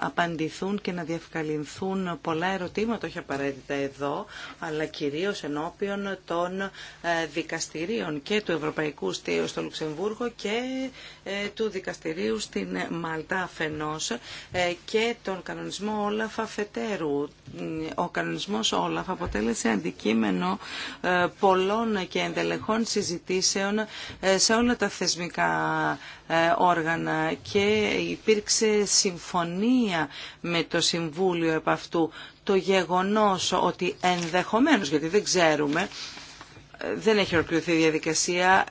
Speaker 4: απαντηθούν και να διευκαλυνθούν πολλά ερωτήματα, όχι απαραίτητα εδώ, αλλά κυρίως ενώπιον των ε, δικαστηρίων και του Ευρωπαϊκού Στείου στο Λουξεμβούργο και ε, του δικαστηρίου στην Μαλτά αφενός και τον κανονισμό Όλαφα Φετέρου. Ο κανονισμός Όλαφα αποτέλεσε αντικείμενο πολλών και εντελεχών συζητήσεων σε όλα τα θεσμικά ε, όργανα και υπήρξε συμφωνία με το Συμβούλιο επ' αυτού το γεγονός ότι ενδεχομένως, γιατί δεν ξέρουμε, δεν έχει ολοκληρωθεί η διαδικασία.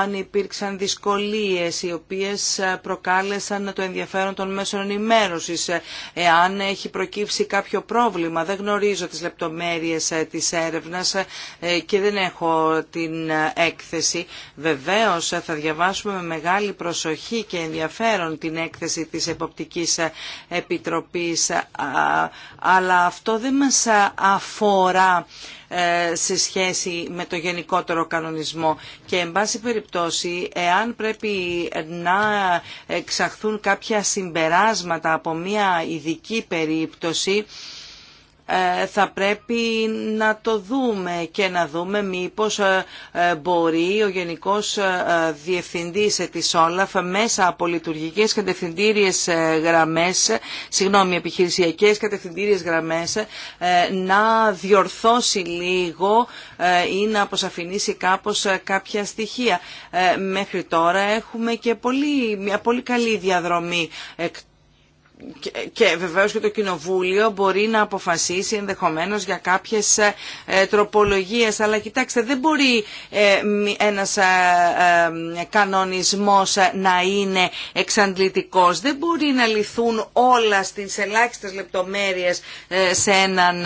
Speaker 4: Αν υπήρξαν δυσκολίες οι οποίες προκάλεσαν το ενδιαφέρον των μέσων ενημέρωσης, εάν έχει προκύψει κάποιο πρόβλημα, δεν γνωρίζω τις λεπτομέρειες ε, της έρευνας ε, και δεν έχω την έκθεση. Βεβαίως ε, θα διαβάσουμε με μεγάλη προσοχή και ενδιαφέρον την έκθεση της Εποπτικής Επιτροπής, αλλά αυτό δεν μας αφορά ε, σε σχέση με το γενικότερο κανονισμό. Και εν πάση περιπτώσει, εάν πρέπει να εξαχθούν κάποια συμπεράσματα από μια ειδική περίπτωση, ε, θα πρέπει να το δούμε και να δούμε μήπως ε, ε, μπορεί ο Γενικός Διευθυντής της Όλαφ μέσα από λειτουργικές κατευθυντήριες γραμμές, συγγνώμη επιχειρησιακές κατευθυντήριες γραμμές να διορθώσει λίγο ή να αποσαφηνίσει κάπως κάποια στοιχεία. Μέχρι τώρα έχουμε και πολύ, μια πολύ καλή διαδρομή και βεβαίως και το Κοινοβούλιο μπορεί να αποφασίσει ενδεχομένως για κάποιες ε, τροπολογίες αλλά κοιτάξτε δεν μπορεί ε, ένας ε, κανονισμός να είναι εξαντλητικός δεν μπορεί να λυθούν όλα στις ελάχιστες λεπτομέρειες σε έναν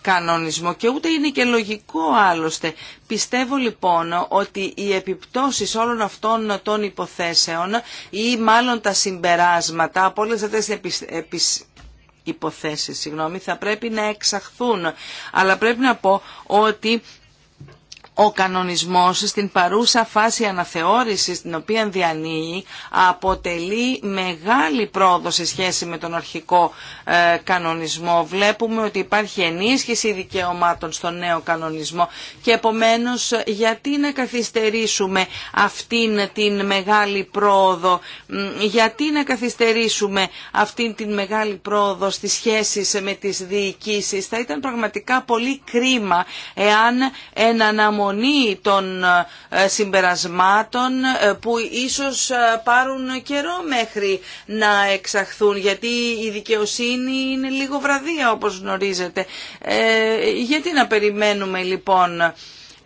Speaker 4: κανονισμό και ούτε είναι και λογικό άλλωστε Πιστεύω λοιπόν ότι οι επιπτώσεις όλων αυτών των υποθέσεων ή μάλλον τα συμπεράσματα από όλες αυτές τις επισ υποθέσεις, συγγνώμη, θα πρέπει να εξαχθούν. Αλλά πρέπει να πω ότι ο κανονισμός στην παρούσα φάση αναθεώρησης την οποία διανύει αποτελεί μεγάλη πρόοδο σε σχέση με τον αρχικό ε, κανονισμό. Βλέπουμε ότι υπάρχει ενίσχυση δικαιωμάτων στο νέο κανονισμό και επομένως γιατί να καθυστερήσουμε αυτήν την μεγάλη πρόοδο, γιατί να καθυστερήσουμε αυτήν την μεγάλη πρόοδο στις σχέσεις με τις διοικήσεις. Θα ήταν πραγματικά πολύ κρίμα εάν ένα υπομονή των ε, συμπερασμάτων ε, που ίσως ε, πάρουν καιρό μέχρι να εξαχθούν γιατί η δικαιοσύνη είναι λίγο βραδία όπως γνωρίζετε. Γιατί να περιμένουμε λοιπόν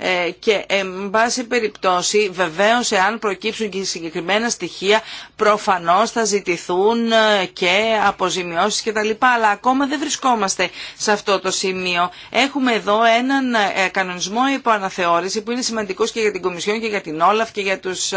Speaker 4: ε, και εν πάση περιπτώσει βεβαίως εάν προκύψουν και συγκεκριμένα στοιχεία προφανώς θα ζητηθούν ε, και αποζημιώσεις και αλλά ακόμα δεν βρισκόμαστε σε αυτό το σημείο. Έχουμε εδώ έναν ε, κανονισμό αναθεώρηση που είναι σημαντικός και για την Κομισιόν και για την Όλαφ και για τους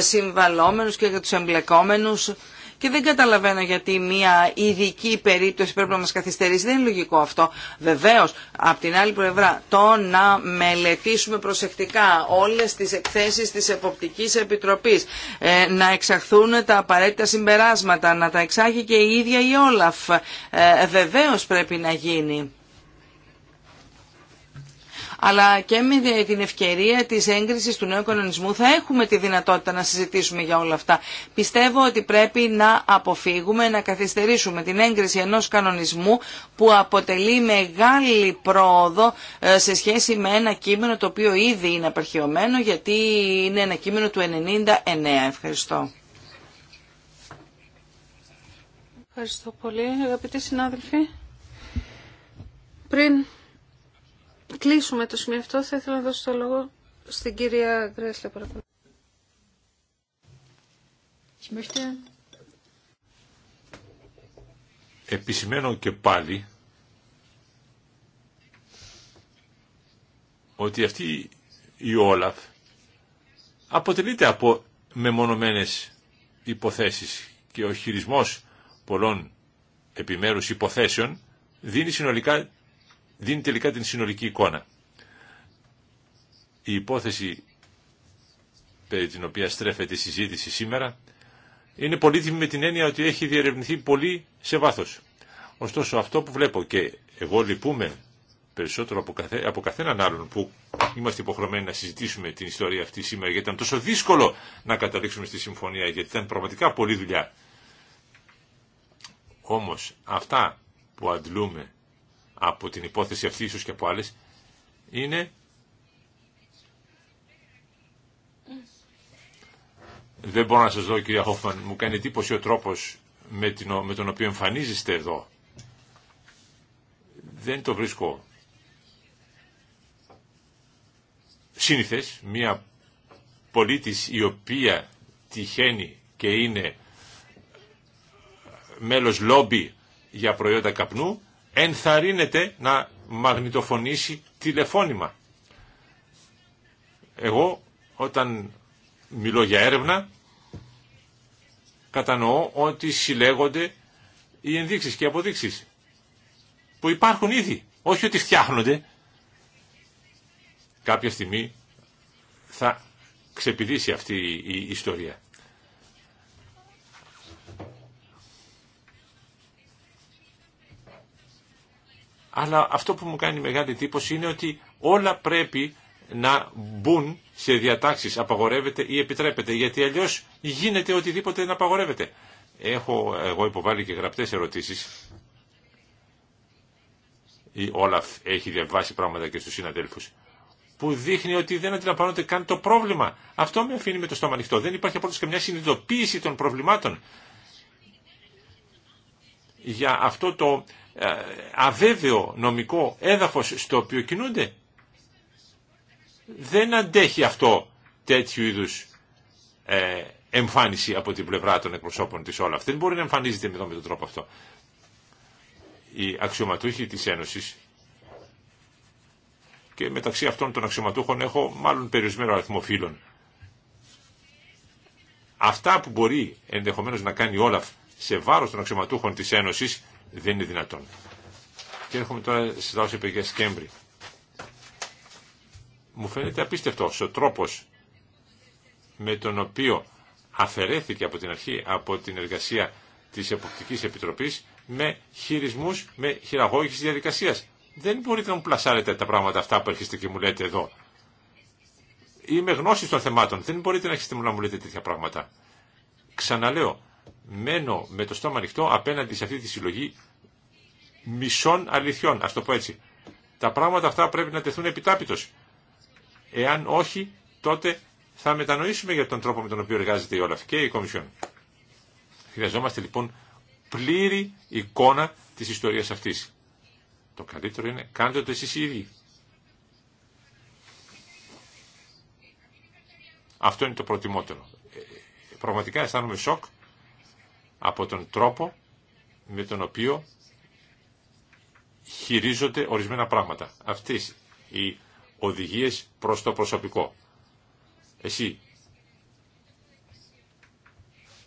Speaker 4: συμβαλόμενους και για τους εμπλεκόμενους και δεν καταλαβαίνω γιατί μια ειδική περίπτωση πρέπει να μας καθυστερήσει. Δεν είναι λογικό αυτό. Βεβαίως, από την άλλη πλευρά, το να μελετήσουμε προσεκτικά όλες τις εκθέσεις της Εποπτικής Επιτροπής, ε, να εξαχθούν τα απαραίτητα συμπεράσματα, να τα εξάγει και η ίδια η Όλαφ, ε, βεβαίως πρέπει να γίνει αλλά και με την ευκαιρία της έγκρισης του νέου κανονισμού θα έχουμε τη δυνατότητα να συζητήσουμε για όλα αυτά. Πιστεύω ότι πρέπει να αποφύγουμε, να καθυστερήσουμε την έγκριση ενός κανονισμού που αποτελεί μεγάλη πρόοδο ε, σε σχέση με ένα κείμενο το οποίο ήδη είναι απαρχαιωμένο γιατί είναι ένα κείμενο του 99. Ευχαριστώ.
Speaker 2: Ευχαριστώ πολύ αγαπητοί συνάδελφοι. Πριν κλείσουμε το σημείο αυτό, θα ήθελα να δώσω το λόγο στην κυρία Γκρέσλε, παρακαλώ.
Speaker 3: Επισημένω και πάλι ότι αυτή η Όλαφ αποτελείται από μεμονωμένες υποθέσεις και ο χειρισμός πολλών επιμέρους υποθέσεων δίνει συνολικά δίνει τελικά την συνολική εικόνα. Η υπόθεση περί την οποία στρέφεται η συζήτηση σήμερα είναι πολύτιμη με την έννοια ότι έχει διερευνηθεί πολύ σε βάθος. Ωστόσο αυτό που βλέπω και εγώ λυπούμε περισσότερο από, καθέ, από καθέναν άλλον που είμαστε υποχρεωμένοι να συζητήσουμε την ιστορία αυτή σήμερα γιατί ήταν τόσο δύσκολο να καταλήξουμε στη συμφωνία γιατί ήταν πραγματικά πολλή δουλειά. Όμως αυτά που αντλούμε από την υπόθεση αυτή, ίσως και από άλλες, είναι Δεν μπορώ να σας δω κυρία Χόφμαν, μου κάνει εντύπωση ο τρόπος με, την, με τον οποίο εμφανίζεστε εδώ. Δεν το βρίσκω σύνηθες, μια πολίτης η οποία τυχαίνει και είναι μέλος λόμπι για προϊόντα καπνού ενθαρρύνεται να μαγνητοφωνήσει τηλεφώνημα. Εγώ όταν μιλώ για έρευνα κατανοώ ότι συλλέγονται οι ενδείξεις και οι αποδείξεις που υπάρχουν ήδη, όχι ότι φτιάχνονται. Κάποια στιγμή θα ξεπηδήσει αυτή η ιστορία. Αλλά αυτό που μου κάνει μεγάλη εντύπωση είναι ότι όλα πρέπει να μπουν σε διατάξεις απαγορεύεται ή επιτρέπεται, γιατί αλλιώς γίνεται οτιδήποτε να απαγορεύεται. Έχω εγώ υποβάλει και γραπτές ερωτήσεις. Η Όλαφ έχει διαβάσει πράγματα και στους συναδέλφους που δείχνει ότι δεν αντιλαμβάνονται καν το πρόβλημα. Αυτό με αφήνει με το στόμα ανοιχτό. Δεν υπάρχει απόλυτα καμιά συνειδητοποίηση των προβλημάτων για αυτό το ε, αβέβαιο νομικό έδαφος στο οποίο κινούνται. Δεν αντέχει αυτό τέτοιου είδους ε, εμφάνιση από την πλευρά των εκπροσώπων της Όλαφ. Δεν μπορεί να εμφανίζεται με τον τρόπο αυτό. Οι αξιωματούχοι της Ένωσης και μεταξύ αυτών των αξιωματούχων έχω μάλλον περιορισμένο αριθμό φίλων. Αυτά που μπορεί ενδεχομένως να κάνει όλα Όλαφ σε βάρος των αξιωματούχων της Ένωσης δεν είναι δυνατόν. Και έρχομαι τώρα στις δάσεις επαιγές Κέμπρη. Μου φαίνεται απίστευτο ο τρόπος με τον οποίο αφαιρέθηκε από την αρχή από την εργασία της Εποπτικής Επιτροπής με χειρισμούς, με χειραγώγηση διαδικασίας. Δεν μπορείτε να μου πλασάρετε τα πράγματα αυτά που έρχεστε και μου λέτε εδώ. Είμαι γνώση των θεμάτων. Δεν μπορείτε να έχετε να μου λέτε τέτοια πράγματα. Ξαναλέω, μένω με το στόμα ανοιχτό απέναντι σε αυτή τη συλλογή μισών αληθιών, ας το πω έτσι. Τα πράγματα αυτά πρέπει να τεθούν επιτάπητος. Εάν όχι, τότε θα μετανοήσουμε για τον τρόπο με τον οποίο εργάζεται η Όλαφ και η Κομισιόν. Χρειαζόμαστε λοιπόν πλήρη εικόνα της ιστορίας αυτής. Το καλύτερο είναι κάντε το εσείς οι ίδιοι. Αυτό είναι το προτιμότερο. Ε, πραγματικά αισθάνομαι σοκ από τον τρόπο με τον οποίο χειρίζονται ορισμένα πράγματα. Αυτές οι οδηγίες προς το προσωπικό. Εσύ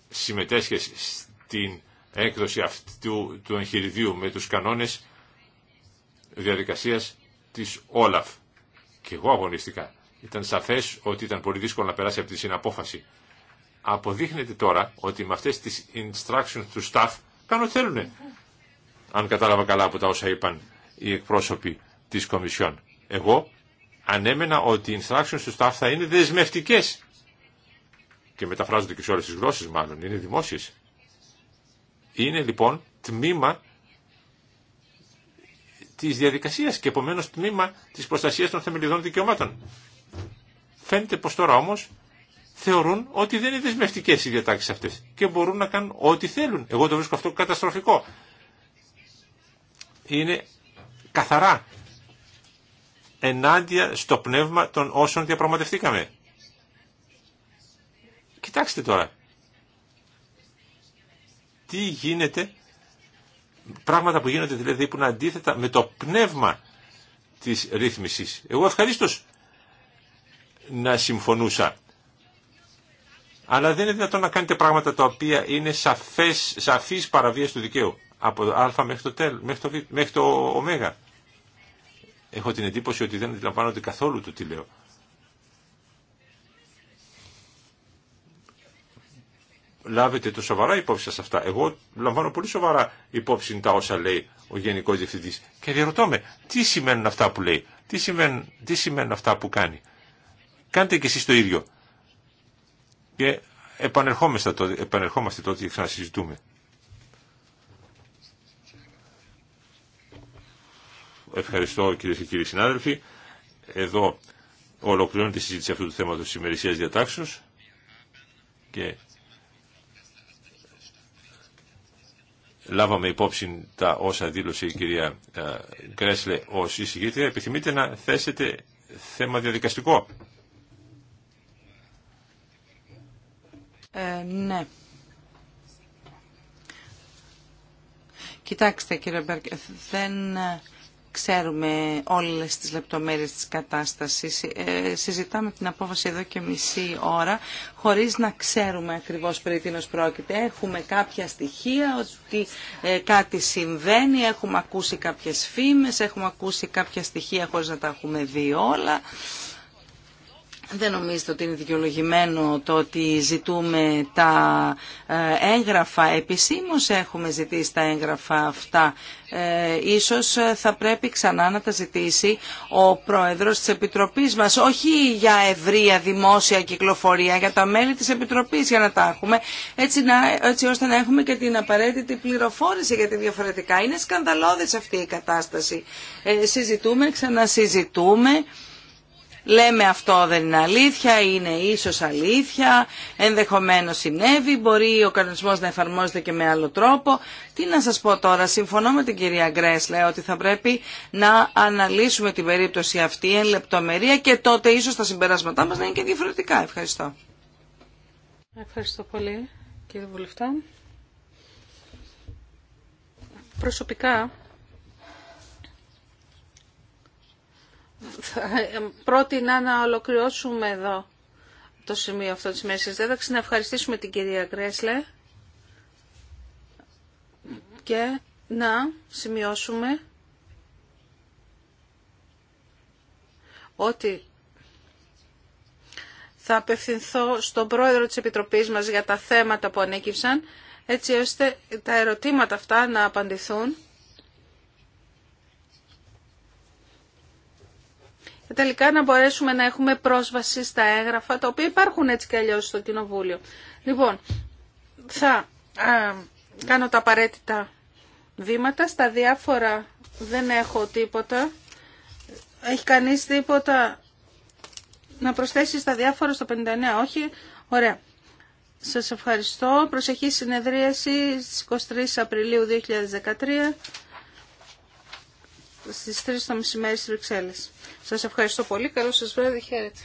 Speaker 3: συμμετέσχες στην έκδοση αυτού του εγχειριδίου με τους κανόνες διαδικασίας της Όλαφ. Και εγώ αγωνίστηκα. Ήταν σαφές ότι ήταν πολύ δύσκολο να περάσει από τη συναπόφαση αποδείχνεται τώρα ότι με αυτές τις instructions του staff κάνουν θέλουν. Αν κατάλαβα καλά από τα όσα είπαν οι εκπρόσωποι της Κομισιόν. Εγώ ανέμενα ότι οι instructions του staff θα είναι δεσμευτικές και μεταφράζονται και σε όλες τις γλώσσες μάλλον, είναι δημόσιες. Είναι λοιπόν τμήμα της διαδικασίας και επομένως τμήμα της προστασίας των θεμελιδών δικαιωμάτων. Φαίνεται πως τώρα όμως θεωρούν ότι δεν είναι δεσμευτικέ οι διατάξει αυτέ και μπορούν να κάνουν ό,τι θέλουν. Εγώ το βρίσκω αυτό καταστροφικό. Είναι καθαρά ενάντια στο πνεύμα των όσων διαπραγματευτήκαμε. Κοιτάξτε τώρα. Τι γίνεται, πράγματα που γίνονται δηλαδή που είναι αντίθετα με το πνεύμα της ρύθμισης. Εγώ ευχαρίστως να συμφωνούσα αλλά δεν είναι δυνατόν να κάνετε πράγματα τα οποία είναι σαφές, σαφής παραβίαση του δικαίου. Από α μέχρι το, τελ, μέχρι το, β, μέχρι ω. Έχω την εντύπωση ότι δεν αντιλαμβάνονται καθόλου το τι λέω. Λάβετε το σοβαρά υπόψη σας αυτά. Εγώ λαμβάνω πολύ σοβαρά υπόψη τα όσα λέει ο Γενικός Διευθυντής. Και διαρωτώ με, τι σημαίνουν αυτά που λέει, τι σημαίνουν, τι σημαίνουν αυτά που κάνει. Κάντε και εσείς το ίδιο και επανερχόμαστε τότε, επανερχόμαστε και ξανασυζητούμε. Ευχαριστώ κυρίε και κύριοι συνάδελφοι. Εδώ ολοκληρώνεται η συζήτηση αυτού του θέματος της ημερησίας διατάξεως και λάβαμε υπόψη τα όσα δήλωσε η κυρία ε, Γκρέσλε ως εισηγήτρια. Επιθυμείτε να θέσετε θέμα διαδικαστικό.
Speaker 4: Ε, ναι. Κοιτάξτε κύριε Μπέρκ, δεν ε, ξέρουμε όλες τις λεπτομέρειες της κατάστασης. Ε, συζητάμε την απόφαση εδώ και μισή ώρα, χωρίς να ξέρουμε ακριβώς περί τι πρόκειται. Έχουμε κάποια στοιχεία ότι κάτι συμβαίνει, έχουμε ακούσει κάποιες φήμες, έχουμε ακούσει κάποια στοιχεία χωρίς να τα έχουμε δει όλα. Δεν νομίζετε ότι είναι δικαιολογημένο το ότι ζητούμε τα ε, έγγραφα. Επισήμως έχουμε ζητήσει τα έγγραφα αυτά. Ε, ίσως θα πρέπει ξανά να τα ζητήσει ο Πρόεδρος της Επιτροπής μας. Όχι για ευρεία δημόσια κυκλοφορία, για τα μέλη της Επιτροπής για να τα έχουμε. Έτσι, να, έτσι ώστε να έχουμε και την απαραίτητη πληροφόρηση γιατί διαφορετικά. Είναι σκανδαλώδες αυτή η κατάσταση. Ε, συζητούμε, ξανασυζητούμε. Λέμε αυτό δεν είναι αλήθεια, είναι ίσως αλήθεια, ενδεχομένως συνέβη, μπορεί ο κανονισμός να εφαρμόζεται και με άλλο τρόπο. Τι να σας πω τώρα, συμφωνώ με την κυρία Γκρέσλε ότι θα πρέπει να αναλύσουμε την περίπτωση αυτή εν λεπτομερία και τότε ίσως τα συμπεράσματά μας να είναι και διαφορετικά. Ευχαριστώ.
Speaker 2: Ευχαριστώ πολύ κύριε Βουλευτά. Προσωπικά Ε, πρότεινα να ολοκληρώσουμε εδώ το σημείο αυτό της μέσης δέδαξης, Να ευχαριστήσουμε την κυρία Γκρέσλε και να σημειώσουμε ότι θα απευθυνθώ στον πρόεδρο της Επιτροπής μας για τα θέματα που ανέκυψαν, έτσι ώστε τα ερωτήματα αυτά να απαντηθούν τελικά να μπορέσουμε να έχουμε πρόσβαση στα έγγραφα, τα οποία υπάρχουν έτσι και αλλιώς στο Κοινοβούλιο. Λοιπόν, θα ε, κάνω τα απαραίτητα βήματα. Στα διάφορα δεν έχω τίποτα. Έχει κανείς τίποτα να προσθέσει στα διάφορα στο 59, όχι. Ωραία. Σας ευχαριστώ. Προσεχή συνεδρίαση στις 23 Απριλίου 2013 στις 3 το μεσημέρι στις Βρυξέλλες. Σας ευχαριστώ πολύ. Καλό σας βράδυ. Χαίρετε.